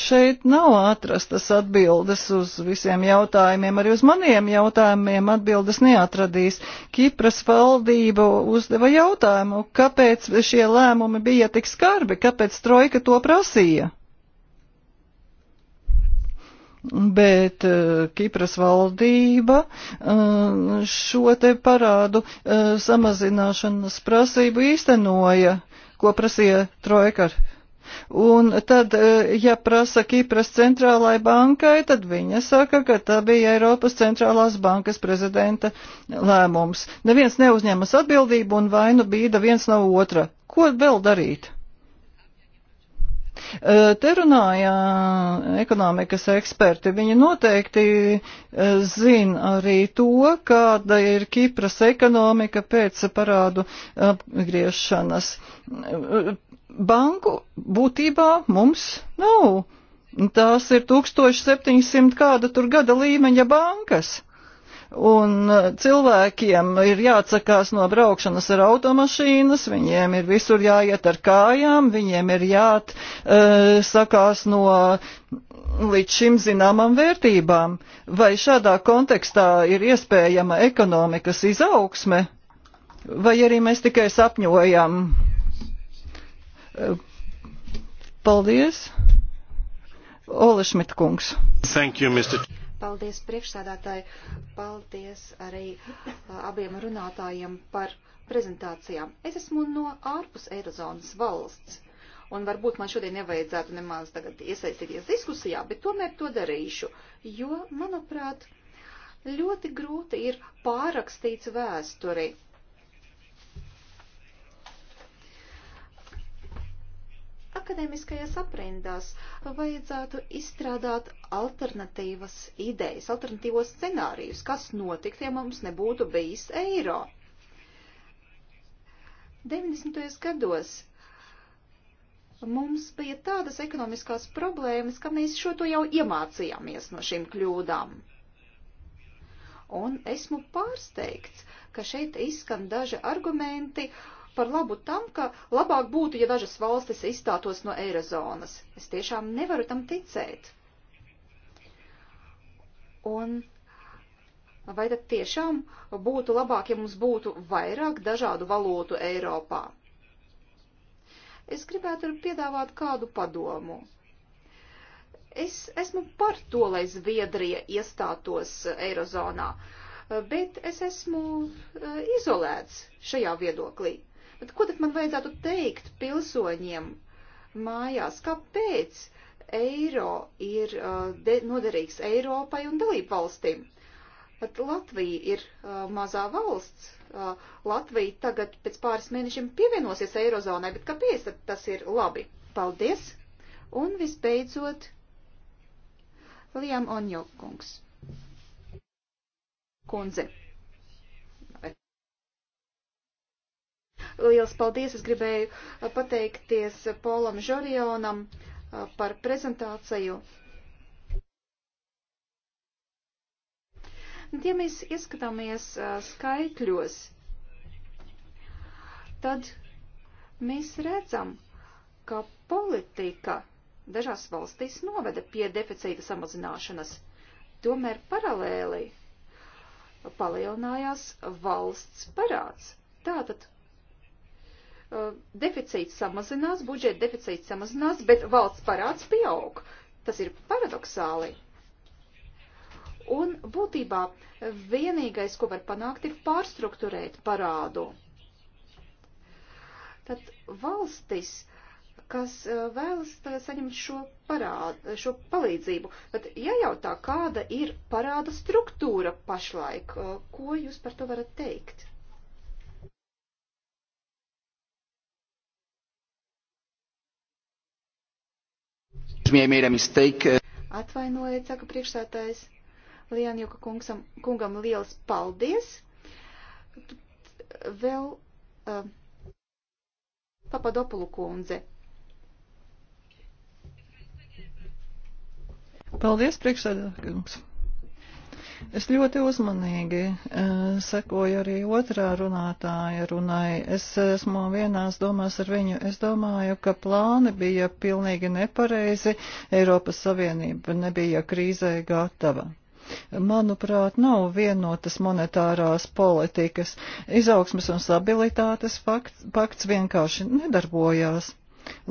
šeit nav atrastas atbildes uz visiem jautājumiem, arī uz maniem jautājumiem atbildes neatradīs. Kipras valdība uzdeva jautājumu, kāpēc šie lēmumi bija tik skarbi, kāpēc trojka to prasīja bet eh, Kipras valdība eh, šo te parādu eh, samazināšanas prasību īstenoja, ko prasīja Trojkar. Un tad, ja prasa Kipras centrālai bankai, tad viņa saka, ka tā bija Eiropas centrālās bankas prezidenta lēmums. Neviens neuzņemas atbildību un vainu bīda viens no otra. Ko vēl darīt? Te runājā ekonomikas eksperti. Viņi noteikti zina arī to, kāda ir Kipras ekonomika pēc parādu apgriešanas. Banku būtībā mums nav. Tās ir 1700 kāda tur gada līmeņa bankas un eh, cilvēkiem ir jāatsakās no braukšanas ar automašīnas, viņiem ir visur jāiet ar kājām, viņiem ir jāatsakās eh, no līdz šim zināmām vērtībām. Vai šādā kontekstā ir iespējama ekonomikas izaugsme, vai arī mēs tikai sapņojam? Eh, paldies! Ole Šmitkungs. Thank you, Mr. Paldies priekšsēdētāji, paldies arī abiem runātājiem par prezentācijām. Es esmu no ārpus Eirozonas valsts, un varbūt man šodien nevajadzētu nemaz tagad iesaistīties diskusijā, bet tomēr to darīšu, jo, manuprāt, ļoti grūti ir pārakstīt vēsturi akadēmiskajās aprindās vajadzētu izstrādāt alternatīvas idejas, alternatīvos scenārijus, kas notiktu, ja mums nebūtu bijis eiro. 90. gados mums bija tādas ekonomiskās problēmas, ka mēs šo to jau iemācījāmies no šīm kļūdām. Un esmu pārsteigts, ka šeit izskan daži argumenti, uh, par labu tam, ka labāk būtu, ja dažas valstis izstātos no eirozonas. Es tiešām nevaru tam ticēt. Un vai tad tiešām būtu labāk, ja mums būtu vairāk dažādu valūtu Eiropā? Es gribētu piedāvāt kādu padomu. Es esmu par to, lai Zviedrija iestātos Eirozonā, bet es esmu eh, izolēts šajā viedoklī. Bet ko tad man vajadzētu teikt pilsoņiem mājās? Kāpēc eiro ir uh, de, noderīgs Eiropai un dalību valstīm? Bet Latvija ir uh, mazā valsts. Uh, Latvija tagad pēc pāris mēnešiem pievienosies Eirozonai, bet kāpēc tad tas ir labi? Paldies! Un visbeidzot, Liam Onjokungs. Kundze. Liels paldies! Es gribēju uh, pateikties Polam Žorionam uh, par prezentāciju. Ja mēs ieskatāmies uh, skaitļos, tad mēs redzam, ka politika dažās valstīs noveda pie deficīta samazināšanas. Tomēr paralēli palielinājās valsts parāds. Tātad Uh, deficīts samazinās, budžeta deficīts samazinās, bet valsts parāds pieaug. Tas ir paradoxāli. Un būtībā vienīgais, ko var panākt, ir pārstruktūrēt parādu. Tad valstis, kas uh, vēlas uh, saņemt šo, parādu, šo palīdzību, tad jājautā, kāda ir parāda struktūra pašlaik. Ko jūs par to varat teikt? Atvainojiet, saka priekšsētājs Lienjuka kungsam, kungam liels paldies. Vēl uh, eh, Papadopulu kundze. Paldies, priekšsēdētājs. Es ļoti uzmanīgi e, sekoju arī otrā runātāja runai. Es esmu vienās domās ar viņu. Es domāju, ka plāni bija pilnīgi nepareizi. Eiropas Savienība nebija krīzē gatava manuprāt, nav vienotas monetārās politikas. Izaugsmas un stabilitātes fakts, pakts vienkārši nedarbojās.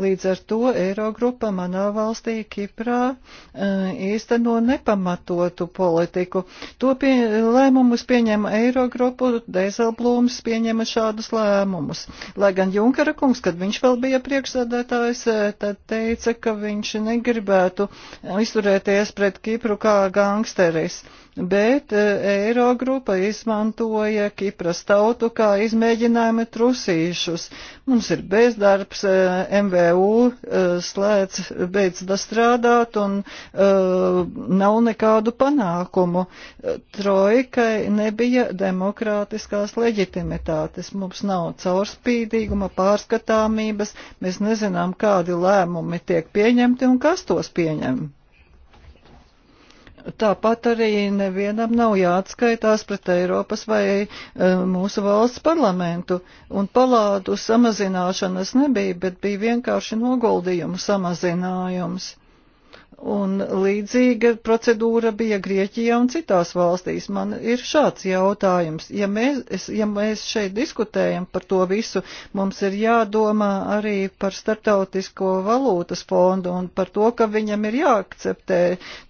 Līdz ar to Eirogrupa manā valstī Kiprā eh, īsteno nepamatotu politiku. To pie, lēmumus pieņēma Eirogrupu, Deizelblūms pieņēma šādus lēmumus. Lai gan Junkara kungs, kad viņš vēl bija priekšsēdētājs, eh, tad teica, ka viņš negribētu izturēties pret Kipru kā gangsteris bet eh, Eirogrupa izmantoja Kipras tautu kā izmēģinājuma trusīšus. Mums ir bezdarbs, eh, MVU eh, slēdz, beidz strādāt un nav nekādu panākumu. Trojkai nebija demokrātiskās leģitimitātes, mums nav caurspīdīguma, pārskatāmības, mēs nezinām, kādi lēmumi tiek pieņemti un kas tos pieņem. Tāpat arī nevienam nav jāatskaitās pret Eiropas vai e, mūsu valsts parlamentu, un palādu samazināšanas nebija, bet bija vienkārši noguldījumu samazinājums. Un līdzīga procedūra bija Grieķijā un citās valstīs. Man ir šāds jautājums. Ja mēs, ja mēs šeit diskutējam par to visu, mums ir jādomā arī par starptautisko valūtas fondu un par to, ka viņam ir jāakceptē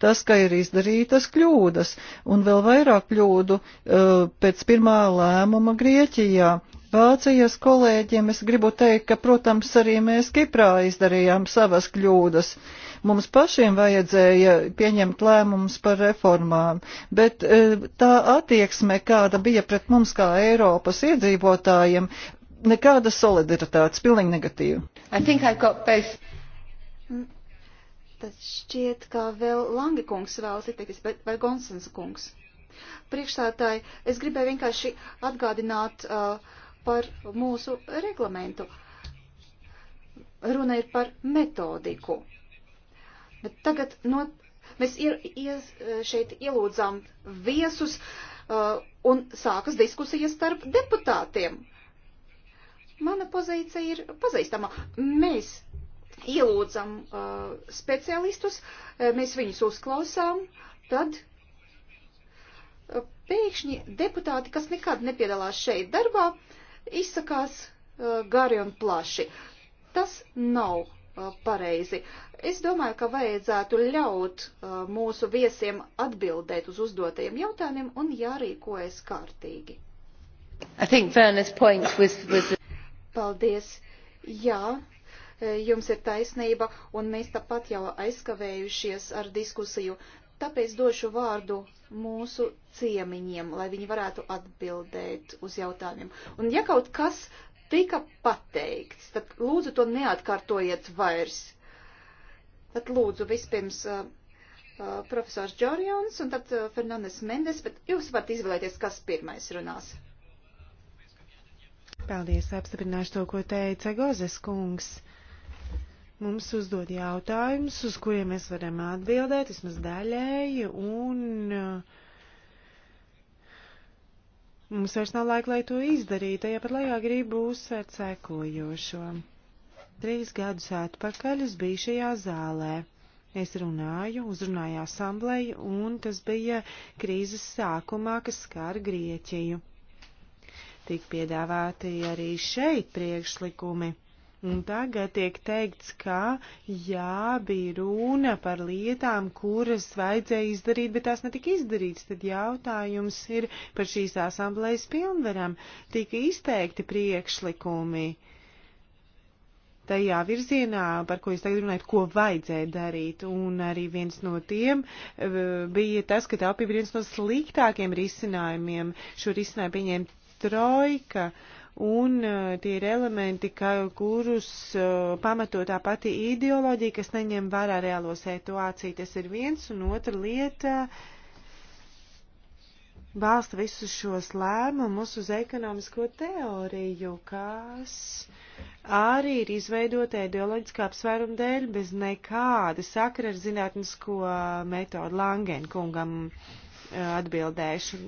tas, ka ir izdarītas kļūdas un vēl vairāk kļūdu uh, pēc pirmā lēmuma Grieķijā. Vācijas kolēģiem es gribu teikt, ka, protams, arī mēs Kiprā izdarījām savas kļūdas. Uh, Mums pašiem vajadzēja pieņemt lēmumus par reformām, bet e, tā attieksme, kāda bija pret mums kā Eiropas iedzīvotājiem, nekāda solidaritātes, pilnīgi negatīva. I I mm. Tad šķiet, ka vēl Langi kungs vēlas izteikties, vai, vai Gonsens kungs. Priekšsētāji, es gribēju vienkārši atgādināt uh, par mūsu reglamentu. Runa ir par metodiku. Bet tagad no, mēs ir, ies, šeit ielūdzām viesus uh, un sākas diskusijas starp deputātiem. Mana pozīcija ir pazīstama. Mēs ielūdzam uh, speciālistus, uh, mēs viņus uzklausām, tad uh, pēkšņi deputāti, kas nekad nepiedalās šeit darbā, izsakās uh, gari un plaši. Tas nav pareizi. Es domāju, ka vajadzētu ļaut uh, mūsu viesiem atbildēt uz uzdotajiem jautājumiem un jārīkojas kārtīgi. Was, was... Paldies. Jā, e, jums ir taisnība, un mēs tāpat jau aizkavējušies ar diskusiju. Tāpēc došu vārdu mūsu ciemiņiem, lai viņi varētu atbildēt uz jautājumiem. Un ja kaut kas tika pateikts, tad lūdzu to neatkārtojiet vairs. Tad lūdzu vispirms uh, uh, profesors Džorjons un tad uh, Fernandes Mendes, bet jūs varat izvēlēties, kas pirmais runās. Paldies, apstiprināšu to, ko teica Gozes kungs. Mums uzdod jautājumus, uz kuriem mēs varam atbildēt, vismaz daļēji, un uh, Mums vairs nav laika, lai to izdarītu, ja pat lejā gribu uzsvērt sekojošo. Trīs gadus atpakaļ es biju šajā zālē. Es runāju, uzrunāju asambleju, un tas bija krīzes sākumā, kas skāra Grieķiju. Tik piedāvāti arī šeit priekšlikumi Un tagad tiek teikts, ka jā, bija runa par lietām, kuras vajadzēja izdarīt, bet tās netika izdarīts. Tad jautājums ir par šīs asamblējas pilnvaram. Tika izteikti priekšlikumi tajā virzienā, par ko jūs tagad runājat, ko vajadzēja darīt. Un arī viens no tiem eh, bija tas, ka taupība ir viens no sliktākiem risinājumiem. Šo risinājumu pieņēma trojka. Uh, un eh, tie ir elementi, ka, kurus eh, pamato tā pati ideoloģija, kas neņem vērā reālo situāciju. Tas ir viens, un otra lieta balsta visus šos lēmumus uz ekonomisko teoriju, kas arī ir izveidota ideoloģiskā apsvēruma dēļ bez nekāda sakra ar zinātnisko metodu Langenkungam eh, atbildēšu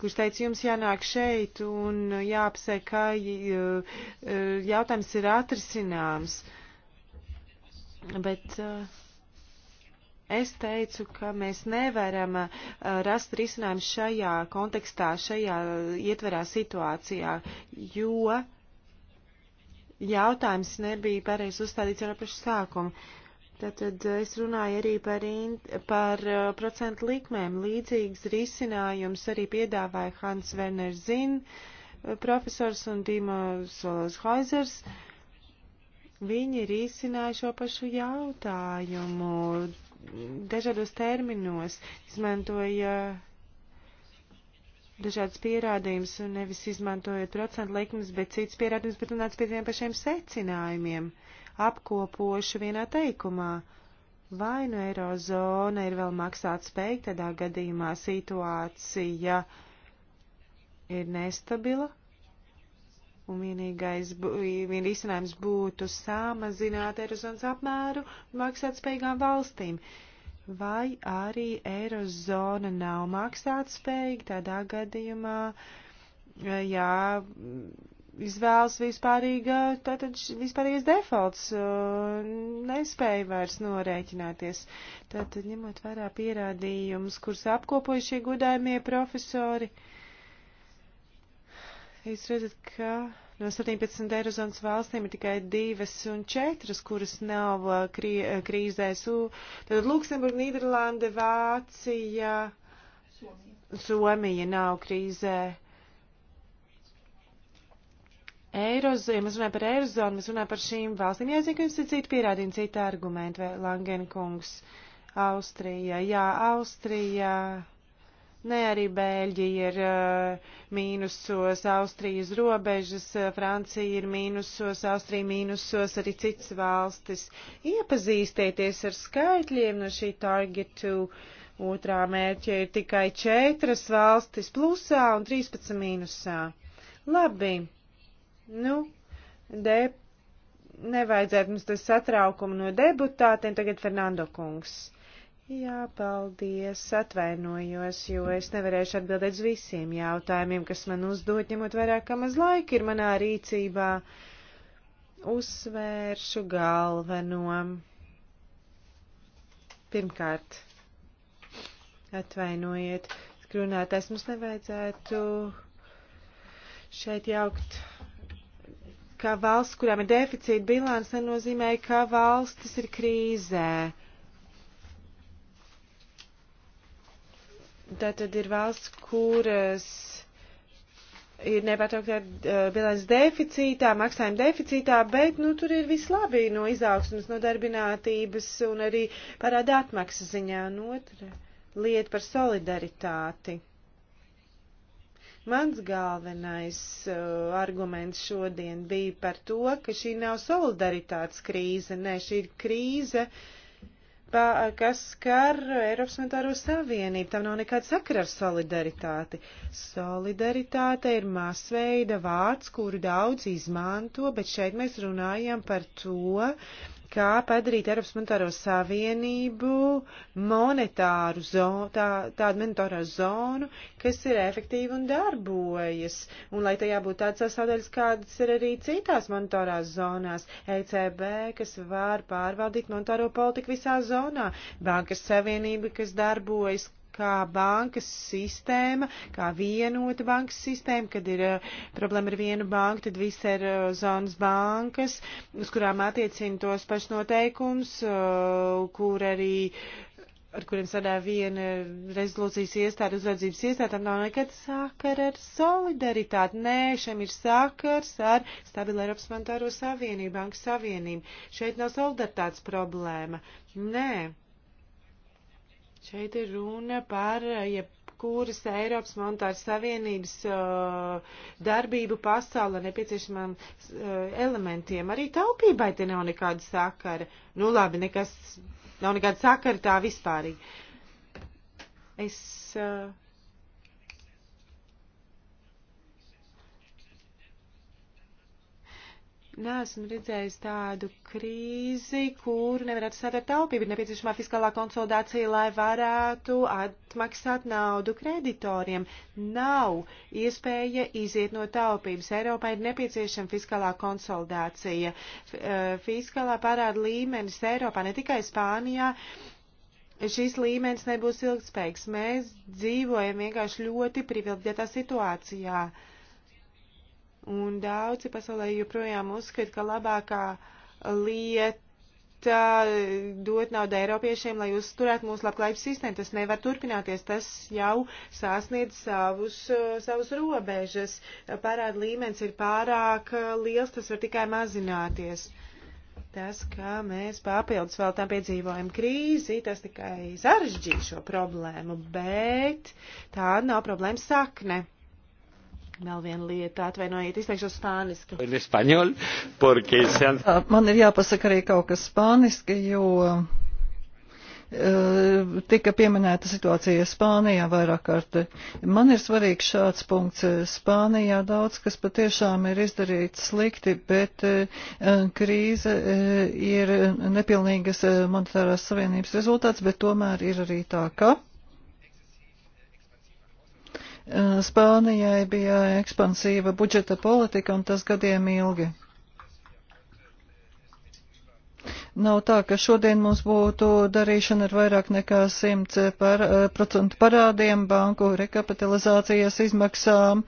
kurš teica, jums jānāk šeit un jāapsaka, ka eh, eh, jautājums ir atrisināms. Bet eh, es teicu, ka mēs nevaram rast risinājumu šajā kontekstā, šajā ietverā situācijā, jo jautājums nebija pareizi uzstādīts jau no paša sākuma. Tātad eh, es runāju arī par, in, par uh, procentu likmēm. Līdzīgs risinājums arī piedāvāja Hans Werner Zinn, eh, profesors un Dīma Solos Hoizers. Viņi ir izcinājuši šo pašu jautājumu dažādos terminos, izmantoja dažādas pierādījumus, nevis izmantojot procentu likmes, bet cits pierādījums, bet nonāca pie tiem pašiem secinājumiem. Uh, apkopoši vienā teikumā. Vai nu eirozona ir vēl maksāt spēj, tādā gadījumā situācija ir nestabila, un vienīgais vien risinājums būtu samazināt eirozonas apmēru maksāt spējīgām valstīm. Vai arī eirozona nav maksāt spējīga, tādā gadījumā, jā, izvēlas vispārīga, tātad vispārīgais defaults nespēja vairs norēķināties. Tātad ņemot vērā pierādījumus, kurus apkopoja šie gudājumie profesori, jūs redzat, ka no 17 eirozonas valstīm ir tikai divas un četras, kuras nav krī, e, krīzēs. Tad Luksemburga, Nīderlande, Vācija, Somija, Somija nav krīzē. Eirozu, ja mēs runājam par Eirozonu, mēs runājam par šīm valstīm. Jāzina, ka jums ir citi pierādījumi, citi argumenti, vai Langenkungs, Austrija, jā, Austrija, ne arī Bēļģija ir uh, mīnusos, Austrijas robežas, eh, Francija ir mīnusos, Austrija mīnusos, arī citas valstis. Iepazīstieties ar skaitļiem no šī Target 2. Otrā mērķa ir tikai četras valstis plusā un 13 mīnusā. Labi. Nu, de nevajadzētu mums tas satraukumu no deputātiem. Tagad Fernando kungs. Jā, paldies, atvainojos, jo es nevarēšu atbildēt uz visiem jautājumiem, kas man uzdot, ņemot vairāk, ka maz laika ir manā rīcībā. Uzsvēršu galveno. Pirmkārt, atvainojiet, runātājs mums nevajadzētu šeit jaukt ka valsts, kurām ir deficīta bilants, nenozīmē, ka valstis ir krīzē. Tātad ir valsts, kuras ir nepārtrauktā eh, bilants deficītā, maksājuma deficītā, bet, nu, tur ir viss labi no izaugsmas, no darbinātības un arī parāda atmaksas ziņā. Un otra lieta par solidaritāti. Mans galvenais uh, arguments šodien bija par to, ka šī nav solidaritātes krīze, nē, šī ir krīze, pa, kas skar Eiropas monetāro savienību. Tam nav nekāda sakara ar solidaritāti. Solidaritāte ir masveida vārds, kuru daudz izmanto, bet šeit mēs runājam par to, uh, kā padarīt Eiropas monetāro savienību monetāru zonu, tā, tādu monetāro zonu, kas ir efektīva un darbojas, un lai tajā būtu tāds sastāvdaļas, kādas ir arī citās monetārās zonās, ECB, kas var pārvaldīt monetāro politiku visā zonā, bankas savienība, kas darbojas kā bankas sistēma, kā vienota bankas sistēma, kad ir uh, problēma ar vienu banku, tad viss ir uh, zonas bankas, uz kurām attiecina tos pašnoteikums, uh, eh, kur arī ar kuriem sadā viena rezolūcijas iestāde, uzraudzības iestāde, tam nav nekad sakara ar solidaritāti. Nē, šiem ir sakars ar stabilu Eiropas monetāro savienību, banku savienību. Šeit nav solidaritātes problēma. Nē. Šeit ir runa par eh, jebkuras Eiropas monetāras savienības uh, darbību pasaulē nepieciešamām uh, elementiem. Arī taupībai te nav nekāda sakara. Nu labi, nekas nav nekāda sakara tā vispārīgi. Es uh, neesmu redzējis tādu krīzi, kur nevar atstāt ar taupību. Ir nepieciešamā fiskālā konsolidācija, lai varētu atmaksāt naudu kreditoriem. Nav iespēja iziet no taupības. Eiropā ir nepieciešama fiskālā konsolidācija. E, fiskālā parāda līmenis Eiropā, ne tikai Spānijā. Šis līmenis nebūs ilgspējīgs. Mēs dzīvojam vienkārši ļoti privileģētā situācijā. Uh, Un daudzi pasaulē joprojām uzskata, ka labākā lieta dot naudu Eiropiešiem, lai uzturētu mūsu labklājības sistēmu. Tas nevar turpināties, tas jau sasniedz savus, eh, savus robežas. Parāda līmenis ir pārāk eh, liels, tas var tikai mazināties tas, kā mēs papildus vēl tam piedzīvojam krīzi, tas tikai sarežģīja šo problēmu, bet tā nav problēma sakne. Vēl viena lieta, atvainojiet, izteikšos spāniski. Man ir jāpasaka arī kaut kas spāniski, jo eh, tika pieminēta situācija Spānijā vairāk kārt. Man ir svarīgs šāds punkts. Spānijā daudz, kas patiešām ir izdarīts slikti, bet eh, krīze eh, ir nepilnīgas monetārās savienības rezultāts, bet tomēr ir arī tā, ka Eh, Spānijai bija ekspansīva budžeta politika un tas gadiem ilgi. Nav tā, ka šodien mums būtu darīšana ar vairāk nekā 100% par, eh, parādiem, banku rekapitalizācijas izmaksām,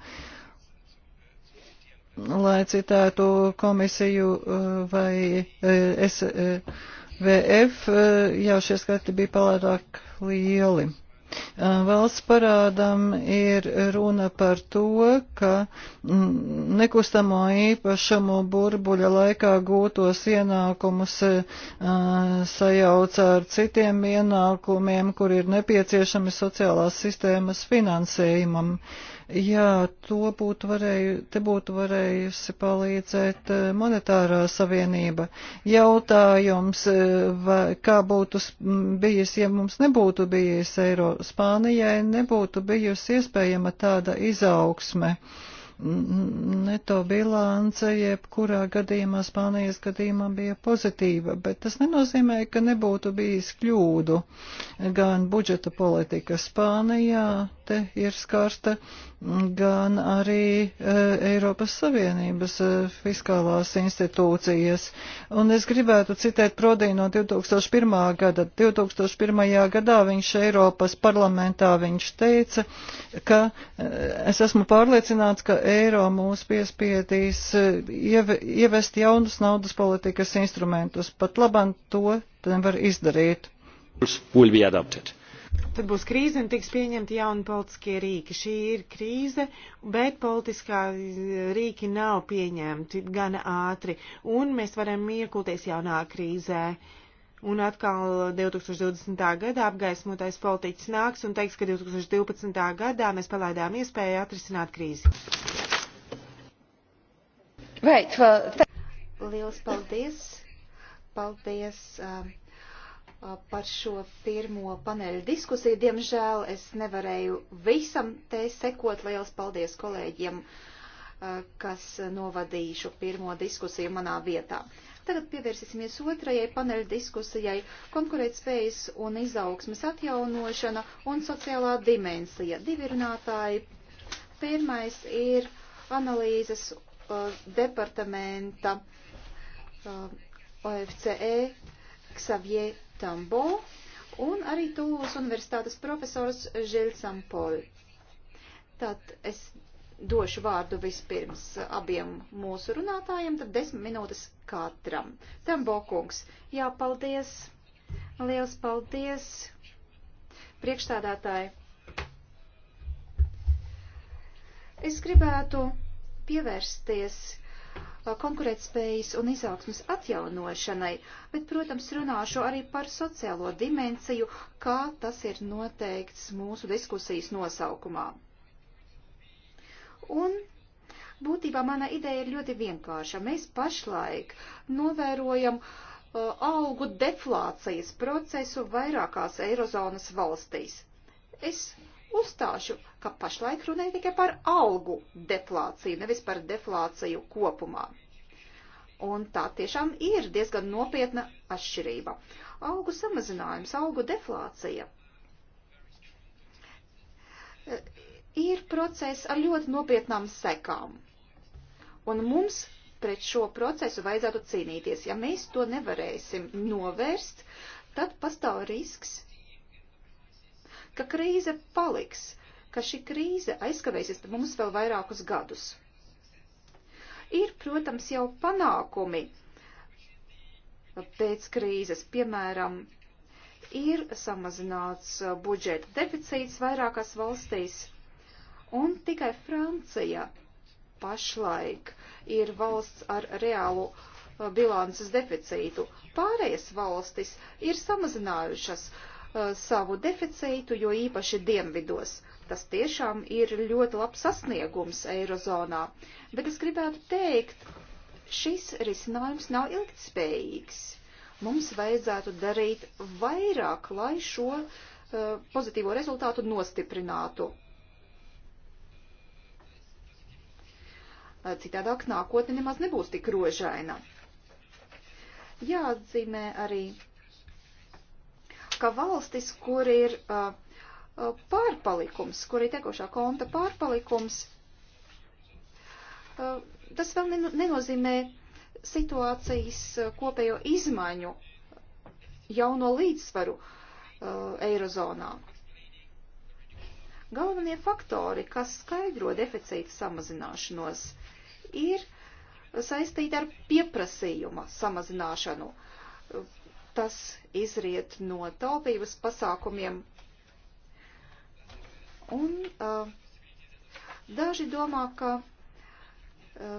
lai citētu komisiju eh, vai SVF, jau šie skaitļi bija palādāk lieli. Valsts parādam ir runa par to, ka mm, nekustamo īpašumu burbuļa laikā gūtos ienākumus sajauc ar citiem ienākumiem, kur ir nepieciešami sociālās sistēmas finansējumam. Jā, to būtu varēju, te būtu varējusi palīdzēt eh, monetārā savienība. Jautājums, eh, vai, kā būtu bijis, ja mums nebūtu bijis eiro, Spānijai nebūtu bijusi iespējama tāda izaugsme neto bilance, jebkurā gadījumā, Spānijas gadījumā bija pozitīva, bet tas nenozīmē, ka nebūtu bijis kļūdu gan budžeta politika Spānijā, karte ir skarta, gan arī e, Eiropas Savienības e, fiskālās institūcijas. Un es gribētu citēt Prodī no 2001. gada. 2001. gadā viņš Eiropas parlamentā viņš teica, ka e, es esmu pārliecināts, ka eiro mūs piespiedīs ievest jaunus naudas politikas instrumentus. Pat labam to nevar izdarīt. Will be adopted. Tad būs krīze un tiks pieņemti jauni politiskie rīki. Šī ir krīze, bet politiskā rīki nav pieņemti gana ātri, un mēs varam iekulties jaunā krīzē. Un atkal 2020. gadā apgaismotais politiķis nāks un teiks, ka 2012. gadā mēs palaidām iespēju atrisināt krīzi. Right, well, Lielas paldies! Paldies! Um, par šo pirmo paneļa diskusiju. Diemžēl es nevarēju visam te sekot. Liels paldies kolēģiem, kas novadīja šo pirmo diskusiju manā vietā. Tagad pievērsīsimies otrajai paneļa diskusijai - konkurētspējas un izaugsmes atjaunošana un sociālā dimensija. Divi runātāji. Pirmais ir analīzes uh, departamenta uh, OFCE Xavier Tambo un arī Tulūzas universitātes profesors Žils Ampol. Tad es došu vārdu vispirms abiem mūsu runātājiem, tad desmit minūtes katram. Tambo kungs, jā, paldies, liels paldies, priekšstādātāji. Es gribētu pievērsties konkurētspējas un izaugsmas atjaunošanai, bet, protams, runāšu arī par sociālo dimensiju, kā tas ir noteikts mūsu diskusijas nosaukumā. Un būtībā mana ideja ir ļoti vienkārša. Mēs pašlaik novērojam uh, augu deflācijas procesu vairākās Eirozonas valstīs. Es uzstāšu, ka pašlaik runāja tikai par algu deflāciju, nevis par deflāciju kopumā. Un tā tiešām ir diezgan nopietna atšķirība. Algu samazinājums, algu deflācija e, ir process ar ļoti nopietnām sekām. Un mums pret šo procesu vajadzētu cīnīties. Ja mēs to nevarēsim novērst, tad pastāv risks, ka krīze paliks, ka šī krīze aizkavēsies mums vēl vairākus gadus. Ir, protams, jau panākumi pēc krīzes, piemēram, ir samazināts uh, budžeta deficīts vairākās valstīs, un tikai Francija pašlaik ir valsts ar reālu uh, bilances deficītu. Pārējās valstis ir samazinājušas uh, Uh, savu deficītu, jo īpaši dienvidos. Tas tiešām ir ļoti labs sasniegums Eirozonā, bet es gribētu teikt, šis risinājums nav ilgtspējīgs. Mums vajadzētu darīt vairāk, lai šo uh, pozitīvo rezultātu nostiprinātu. Uh, citādāk nākotne nemaz nebūs tik rožaina. Jāatzīmē arī ka valstis, kur ir uh, uh, pārpalikums, kur ir tekošā konta pārpalikums, uh, tas vēl nenozīmē situācijas uh, kopējo izmaiņu jauno līdzsvaru uh, eirozonā. Galvenie faktori, kas skaidro deficīta samazināšanos, ir saistīti ar pieprasījuma samazināšanu. Uh, Tas izriet no taupības pasākumiem. Un uh, daži domā, ka uh,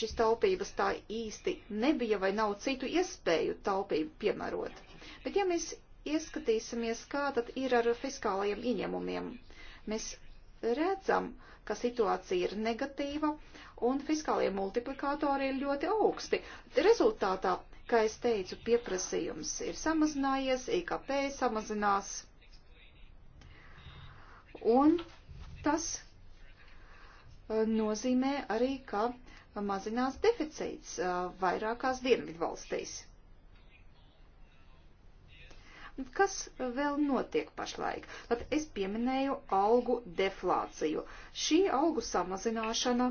šis taupības tā īsti nebija vai nav citu iespēju taupību piemērot. Bet ja mēs ieskatīsimies, kā tad ir ar fiskālajiem ieņēmumiem, mēs redzam, ka situācija ir negatīva un fiskālie multiplikātori ir ļoti augsti. Rezultātā Kā es teicu, pieprasījums ir samazinājies, IKP samazinās. Un tas e, nozīmē arī, ka mazinās deficīts e, vairākās dienvidvalstīs. Kas vēl notiek pašlaik? Tad es pieminēju algu deflāciju. Šī algu samazināšana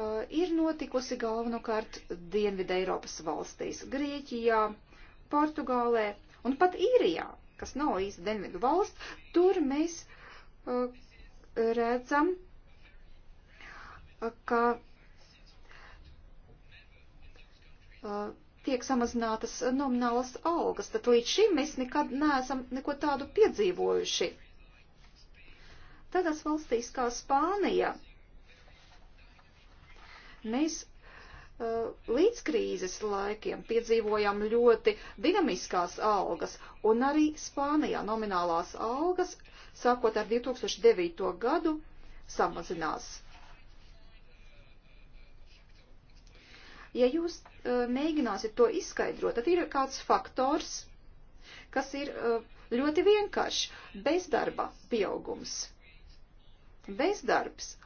Eh, ir notikusi galvenokārt Dienvidē Eiropas valstīs - Grieķijā, Portugālē un pat Īrijā, kas nav īsti Dienvidu valsts, tur mēs uh, redzam, eh, ka uh, tiek samazinātas nominālas algas, tad līdz šim mēs nekad neesam neko tādu piedzīvojuši. Tādās valstīs kā Spānija Mēs uh, līdz krīzes laikiem piedzīvojām ļoti dinamiskās algas, un arī Spānijā nominālās algas, sākot ar 2009. gadu, samazinās. Ja jūs uh, mēģināsiet to izskaidrot, tad ir kāds faktors, kas ir uh, ļoti vienkāršs - bezdarba pieaugums. Bezdarbs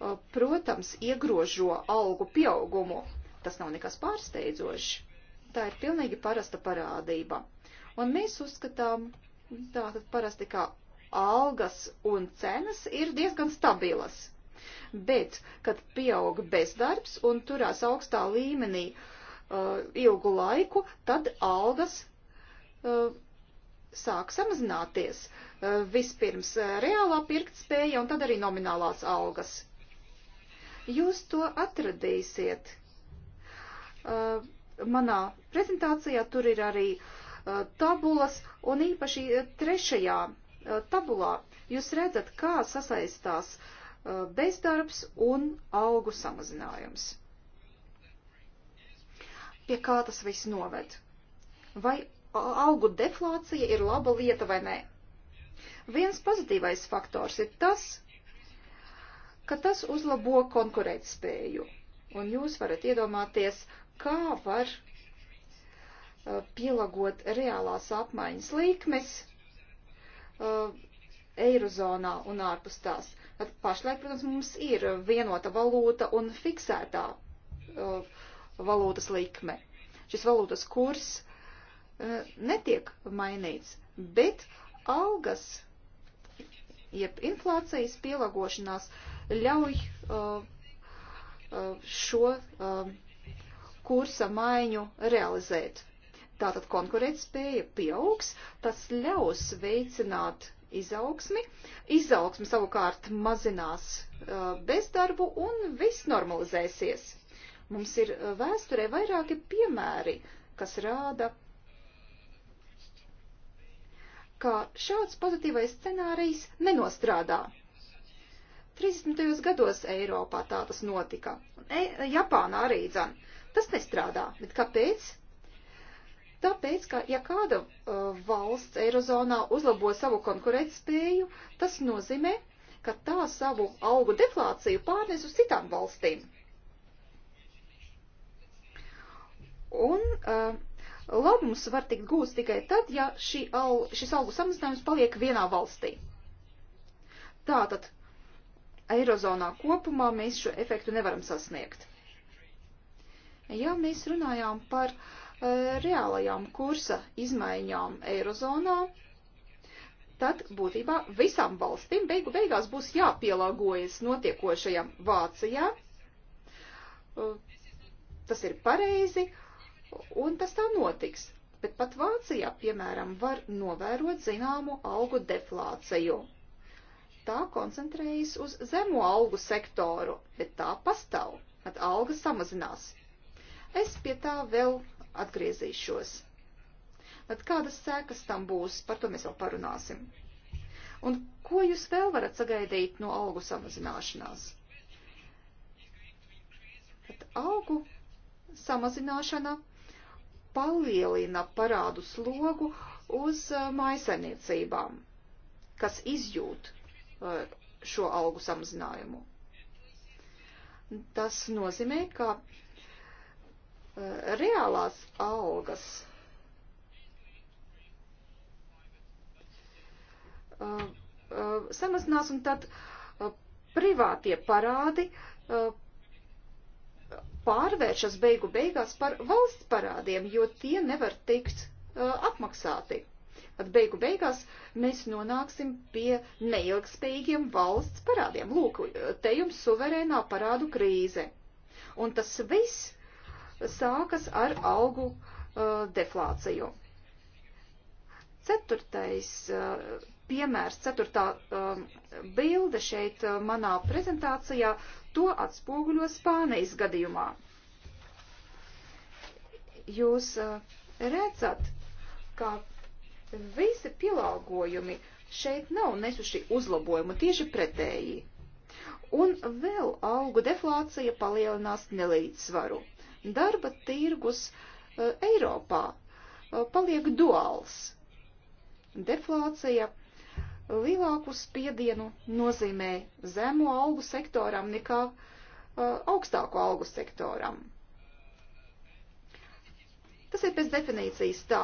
Uh, protams, iegrožo algu pieaugumu. Tas nav nekas pārsteidzošs. Tā ir pilnīgi parasta parādība. Un mēs uzskatām, tātad parasti kā algas un cenas ir diezgan stabilas. Bet, kad pieauga bezdarbs un turās augstā līmenī uh, ilgu laiku, tad algas uh, sāk samazināties. Uh, vispirms uh, reālā pirktspēja un tad arī nominālās algas Jūs to atradīsiet. Uh, manā prezentācijā tur ir arī uh, tabulas un īpaši trešajā uh, tabulā jūs redzat, kā sasaistās uh, bezdarbs un augu samazinājums. Pie kā tas viss noved? Vai augu deflācija ir laba lieta vai nē? Viens pozitīvais faktors ir tas, ka tas uzlabo konkurētspēju. Un jūs varat iedomāties, kā var uh, pielāgot reālās apmaiņas līkmes uh, eirozonā un ārpus tās. Tad pašlaik, protams, mums ir vienota valūta un fiksētā uh, valūtas likme. Šis valūtas kurs uh, netiek mainīts, bet algas, jeb inflācijas pielāgošanās uh, ļauj uh, uh, šo uh, kursa maiņu realizēt. Tātad konkurētspēja pieaugs, tas ļaus veicināt izaugsmi, izaugsmi savukārt mazinās bezdarbu un viss normalizēsies. Mums ir vēsturē vairāki piemēri, kas rāda, ka šāds pozitīvais scenārijs nenostrādā. 30. gados Eiropā tā tas notika. E, Japānā arī dzan. Tas nestrādā. Bet kāpēc? Tāpēc, ka ja kāda uh, valsts Eirozonā uzlabo savu konkurētspēju, tas nozīmē, ka tā savu algu deflāciju pārnes uz citām valstīm. Un uh, labums var tikt gūts tikai tad, ja šī al, šis algu samazinājums paliek vienā valstī. Tātad Eirozonā kopumā mēs šo efektu nevaram sasniegt. Ja mēs runājām par uh, reālajām kursa izmaiņām Eirozonā, tad būtībā visām valstīm beigu beigās būs jāpielāgojas notiekošajam Vācijā. Uh, tas ir pareizi, un tas tā notiks. Bet pat Vācijā, piemēram, var novērot zināmu algu deflāciju tā koncentrējas uz zemo algu sektoru, bet tā pastāv, kad alga samazinās. Es pie tā vēl atgriezīšos. Bet kādas sēkas tam būs, par to mēs vēl parunāsim. Un ko jūs vēl varat sagaidīt no algu samazināšanās? Tad algu samazināšana palielina parādu slogu uz uh, maisainiecībām, kas izjūt Eh, šo algu samazinājumu. Tas nozīmē, ka eh, reālās algas eh, samazinās un tad privātie parādi pārvēršas beigu beigās par valsts parādiem, jo tie nevar tikt apmaksāti. Tad beigu beigās mēs nonāksim pie neilgspējīgiem valsts parādiem. Lūk, te jums suverēnā parādu krīze. Un tas viss sākas ar algu uh, deflāciju. Ceturtais uh, piemērs, ceturtā um, bilde šeit uh, manā prezentācijā, to atspoguļo Spānijas gadījumā. Jūs uh, redzat, kā Visi pielāgojumi šeit nav nesuši uzlabojumu, tieši pretēji. Un vēl algu deflācija palielinās nelīdzsvaru. Darba tirgus uh, Eiropā uh, paliek duāls. Deflācija lielāku spiedienu nozīmē zemu algu sektoram nekā uh, augstāku algu sektoram. Tas ir pēc definīcijas tā,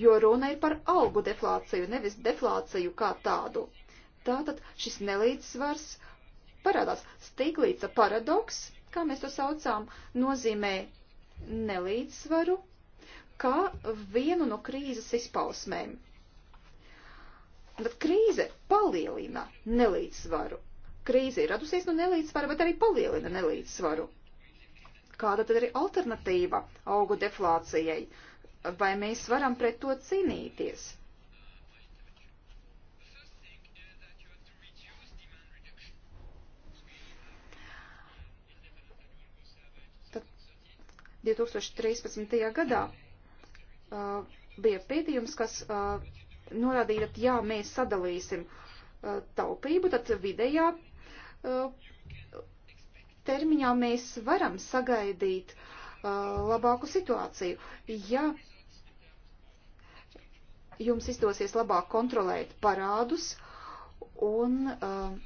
jo runa ir par algu deflāciju, nevis deflāciju kā tādu. Tātad šis nelīdzsvars parādās. Stiglīca paradoks, kā mēs to saucām, nozīmē nelīdzsvaru kā vienu no krīzes izpausmēm. Bet krīze palielina nelīdzsvaru. Krīze ir radusies no nelīdzsvara, bet arī palielina nelīdzsvaru. Kāda tad ir alternatīva augu deflācijai? Vai mēs varam pret to cīnīties? Tad 2013. gadā uh, bija pētījums, kas uh, norādīja, ka jā, mēs sadalīsim uh, taupību, tad vidējā uh, termiņā mēs varam sagaidīt uh, labāku situāciju. Ja jums izdosies labāk kontrolēt parādus un uh,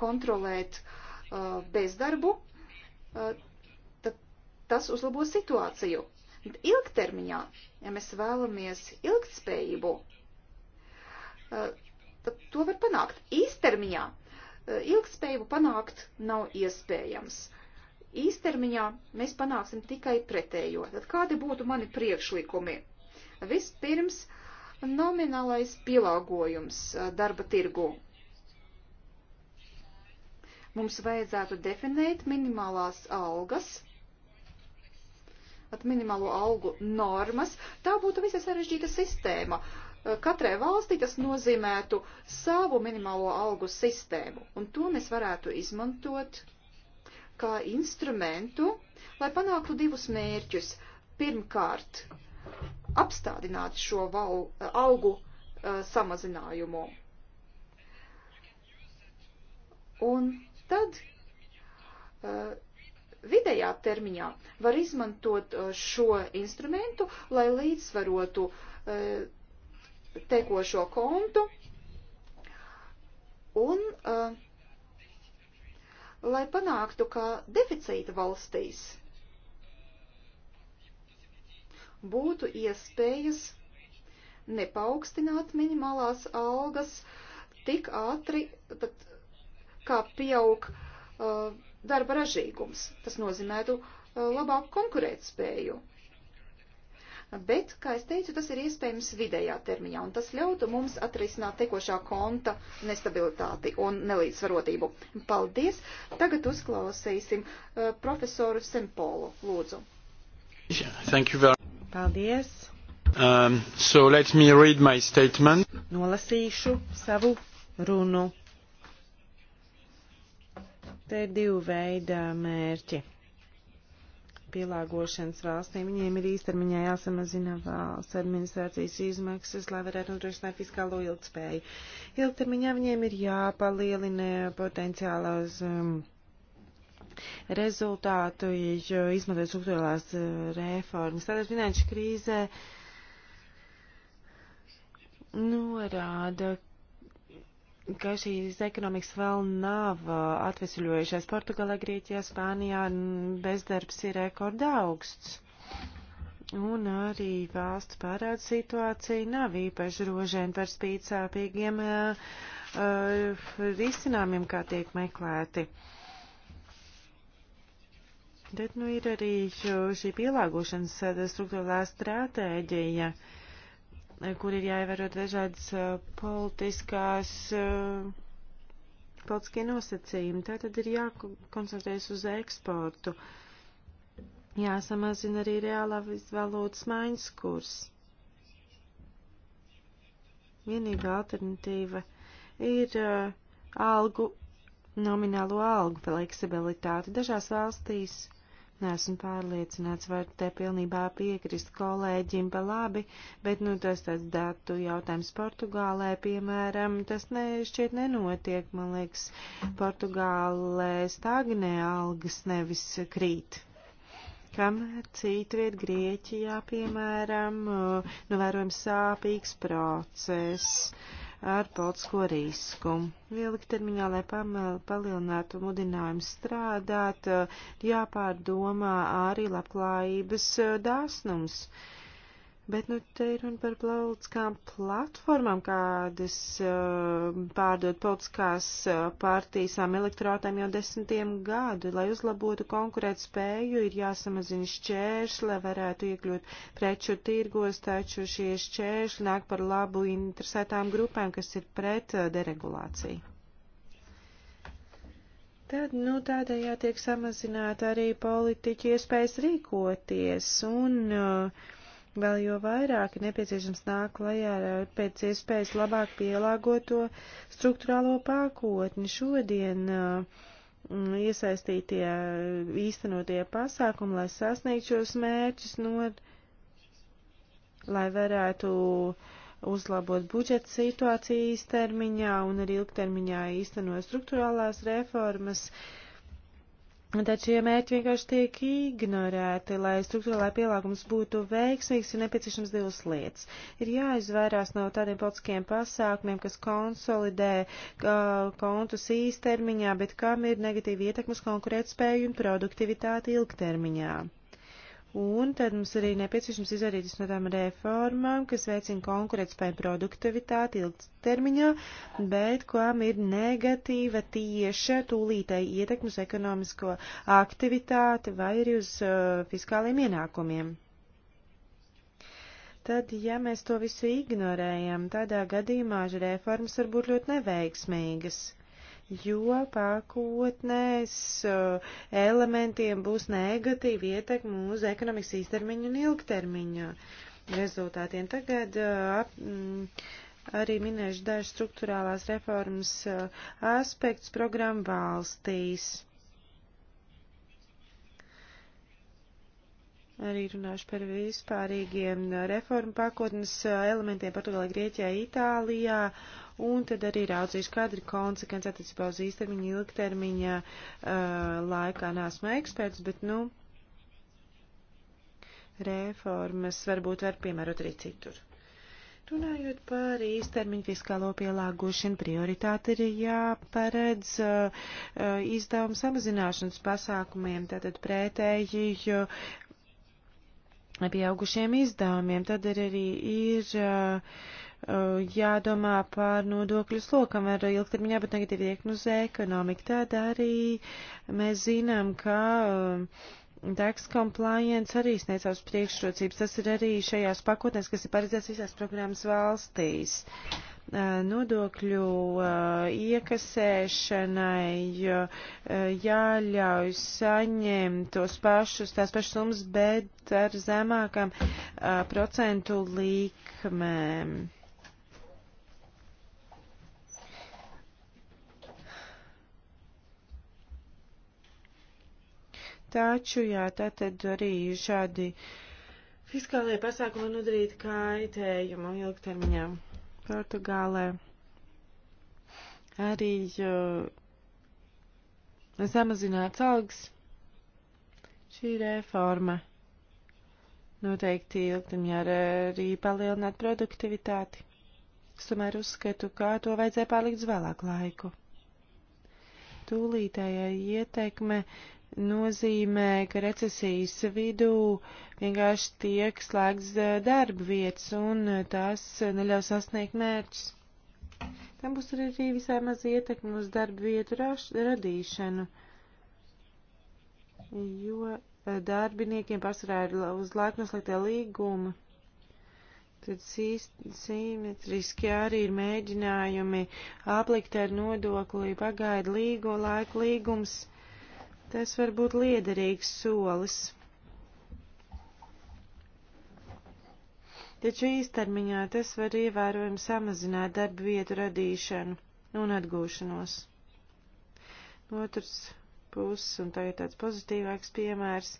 kontrolēt uh, bezdarbu, uh, tad tas uzlabos situāciju. Bet ilgtermiņā, ja mēs vēlamies ilgtspējību, uh, tad to var panākt. Īstermiņā ilgspējību panākt nav iespējams. Īstermiņā mēs panāksim tikai pretējo. Tad kādi būtu mani priekšlikumi? Vispirms nominālais pielāgojums darba tirgu. Mums vajadzētu definēt minimālās algas, at minimālo algu normas. Tā būtu visai sarežģīta sistēma. Uh, Eh, katrai valstī tas nozīmētu savu minimālo algu sistēmu, un to mēs varētu izmantot kā instrumentu, lai panāktu divus mērķus. Pirmkārt, apstādināt šo val, eh, algu uh, samazinājumu. Un tad uh, vidējā termiņā var izmantot uh, šo instrumentu, lai līdzsvarotu uh, tekošo kontu un, uh, lai panāktu, ka deficīta valstīs būtu iespējas nepaukstināt minimālās algas tik ātri, tad, kā pieaug uh, darba ražīgums. Tas nozīmētu uh, labāku konkurētspēju bet, kā es teicu, tas ir iespējams vidējā termiņā, un tas ļautu mums atrisināt tekošā konta nestabilitāti un nelīdzsvarotību. Paldies! Tagad uzklausīsim uh, profesoru Sempolu, lūdzu. Yeah, Paldies! Um, so let me read my statement. Nolasīšu savu runu. Te ir divi veidi mērķi pielāgošanas valstīm. Viņiem ir īstermiņā jāsamazina valsts administrācijas izmaksas, lai varētu nodrošināt fiskālo ilgspēju. Ilgtermiņā viņiem ir jāpalielina potenciālās um, rezultātu, izmantojot struktūrālās uh, reformas. Tātad finanšu krīzē norāda, ka šīs ekonomikas vēl nav uh, atvesļojušās. Portugālē, Grieķijā, Spānijā bezdarbs ir rekorda augsts. Un arī valsts pārāds situācija nav īpaši rožēna par spītsāpīgiem uh, uh, risinājumiem, kā tiek meklēti. Bet nu ir arī šī pielāgošanas uh, struktūrālā stratēģija. Uh, kur ir jāievēro dažādas politiskās, politiskie nosacījumi. Tā tad ir jākoncentrējas uz eksportu. Jāsamazina arī reālā valūtas maiņas kurs. Vienīgā alternatīva ir algu, nominālo algu fleksibilitāte. Dažās valstīs Nesmu pārliecināts, var te pilnībā piekrist kolēģim pa labi, bet, nu, tas tāds datu jautājums Portugālē, piemēram, tas ne, šķiet nenotiek, man liekas, Portugālē stagnē algas nevis krīt. Kamēr citviet Grieķijā, piemēram, novērojams nu, sāpīgs process ar politisko risku. Vieliktermiņā, lai palielinātu mudinājumu strādāt, jāpārdomā arī labklājības eh, dāsnums. Uh, Bet nu te ir runa par politiskām platformām, kādas uh, pārdod politiskās uh, partijām elektorātām jau desmitiem gadu. Lai uzlabotu konkurēt spēju, ir jāsamazina šķēršļi, lai varētu iekļūt preču tirgos, taču šie šķēršļi nāk par labu interesētām grupēm, kas ir pret uh, deregulāciju. Tad, nu, tādējā tiek samazināta arī politiķi iespējas rīkoties un uh, Vēl jo vairāk ir nepieciešams nāk klajā ar pēc iespējas labāk pielāgoto struktūrālo pakotni. Šodien uh, iesaistītie īstenotie pasākumi, lai sasniegtu šos mērķus, no, lai varētu uzlabot budžeta situāciju īstermiņā un arī ilgtermiņā īstenot struktūrālās reformas. Uh, Taču, ja mērķi vienkārši tiek ignorēti, lai struktūrālai pielāgums būtu veiksmīgs, ir nepieciešams divas lietas. Ir jāizvairās no tādiem politiskiem pasākumiem, kas konsolidē kontus īstermiņā, bet kam ir negatīva ietekmes konkurētspēju un produktivitāti ilgtermiņā. Un tad mums arī nepieciešams izvairīties no tām reformām, kas veicina konkurētspēju produktivitāti ilgtermiņā, bet kam ir negatīva tieša tūlītai ietekmes ekonomisko aktivitāti vai arī uz uh, fiskāliem ienākumiem. Tad, ja mēs to visu ignorējam, tādā gadījumā reformas var būt ļoti neveiksmīgas jo pakotnēs uh, elementiem būs negatīva ietekme uz ekonomikas īstermiņu un ilgtermiņu rezultātiem. Tagad uh, ap, mm, arī minēšu dažas struktūrālās reformas uh, aspektus programmu valstīs. Arī runāšu par vispārīgiem reformu pakotnes elementiem Portugālē, Grieķijā, Itālijā un tad arī raudzīšu, kāda ir konsekvence attiecībā uz īstermiņa, ilgtermiņa uh, laikā. Nāsmu eksperts, bet, nu, reformas varbūt var piemērot arī citur. Runājot par īstermiņu fiskālo pielāgošanu, prioritāte ir jāparedz uh, izdevumu samazināšanas pasākumiem, tātad pretēji pieaugušiem izdevumiem. Tad arī ir uh, Eh, jādomā par nodokļu slokam ar ilgtermiņā, bet negatīvi ieknu uz ekonomiku. Tad arī mēs zinām, ka eh, tax compliance arī sniedz savas priekšrocības. Tas ir arī šajās pakotnēs, kas ir paredzēts visās programmas valstīs. Eh, nodokļu iekasēšanai jāļauj saņemt tos pašus, tās pašas summas, bet ar zemākām procentu likmēm Taču, jā, tātad arī šādi fiskālie pasākumi nodarīt kaitējumu ilgtermiņā. Portugālē arī uh, samazināts algas šī reforma. Noteikti ilgtermiņā arī palielināt produktivitāti. Es tomēr uzskatu, ka to vajadzēja pārlikt uz vēlāku laiku. Tūlītējai ietekme nozīmē, ka recesijas vidū vienkārši tiek slēgts eh, darba vietas un eh, tās neļauj sasniegt mērķus. Tam būs arī visai maz ietekmi uz darba vietu raš, radīšanu, jo eh, darbiniekiem pārsvarā ir uz laiku noslēgtie līgumi. Tad simetriski arī ir mēģinājumi aplikt ar nodoklī pagaidu līgu laiku līgums Tas var būt liederīgs solis. Taču īstermiņā tas var ievērojami samazināt darba vietu radīšanu un atgūšanos. Otrs puses, un tā ir tāds pozitīvāks piemērs,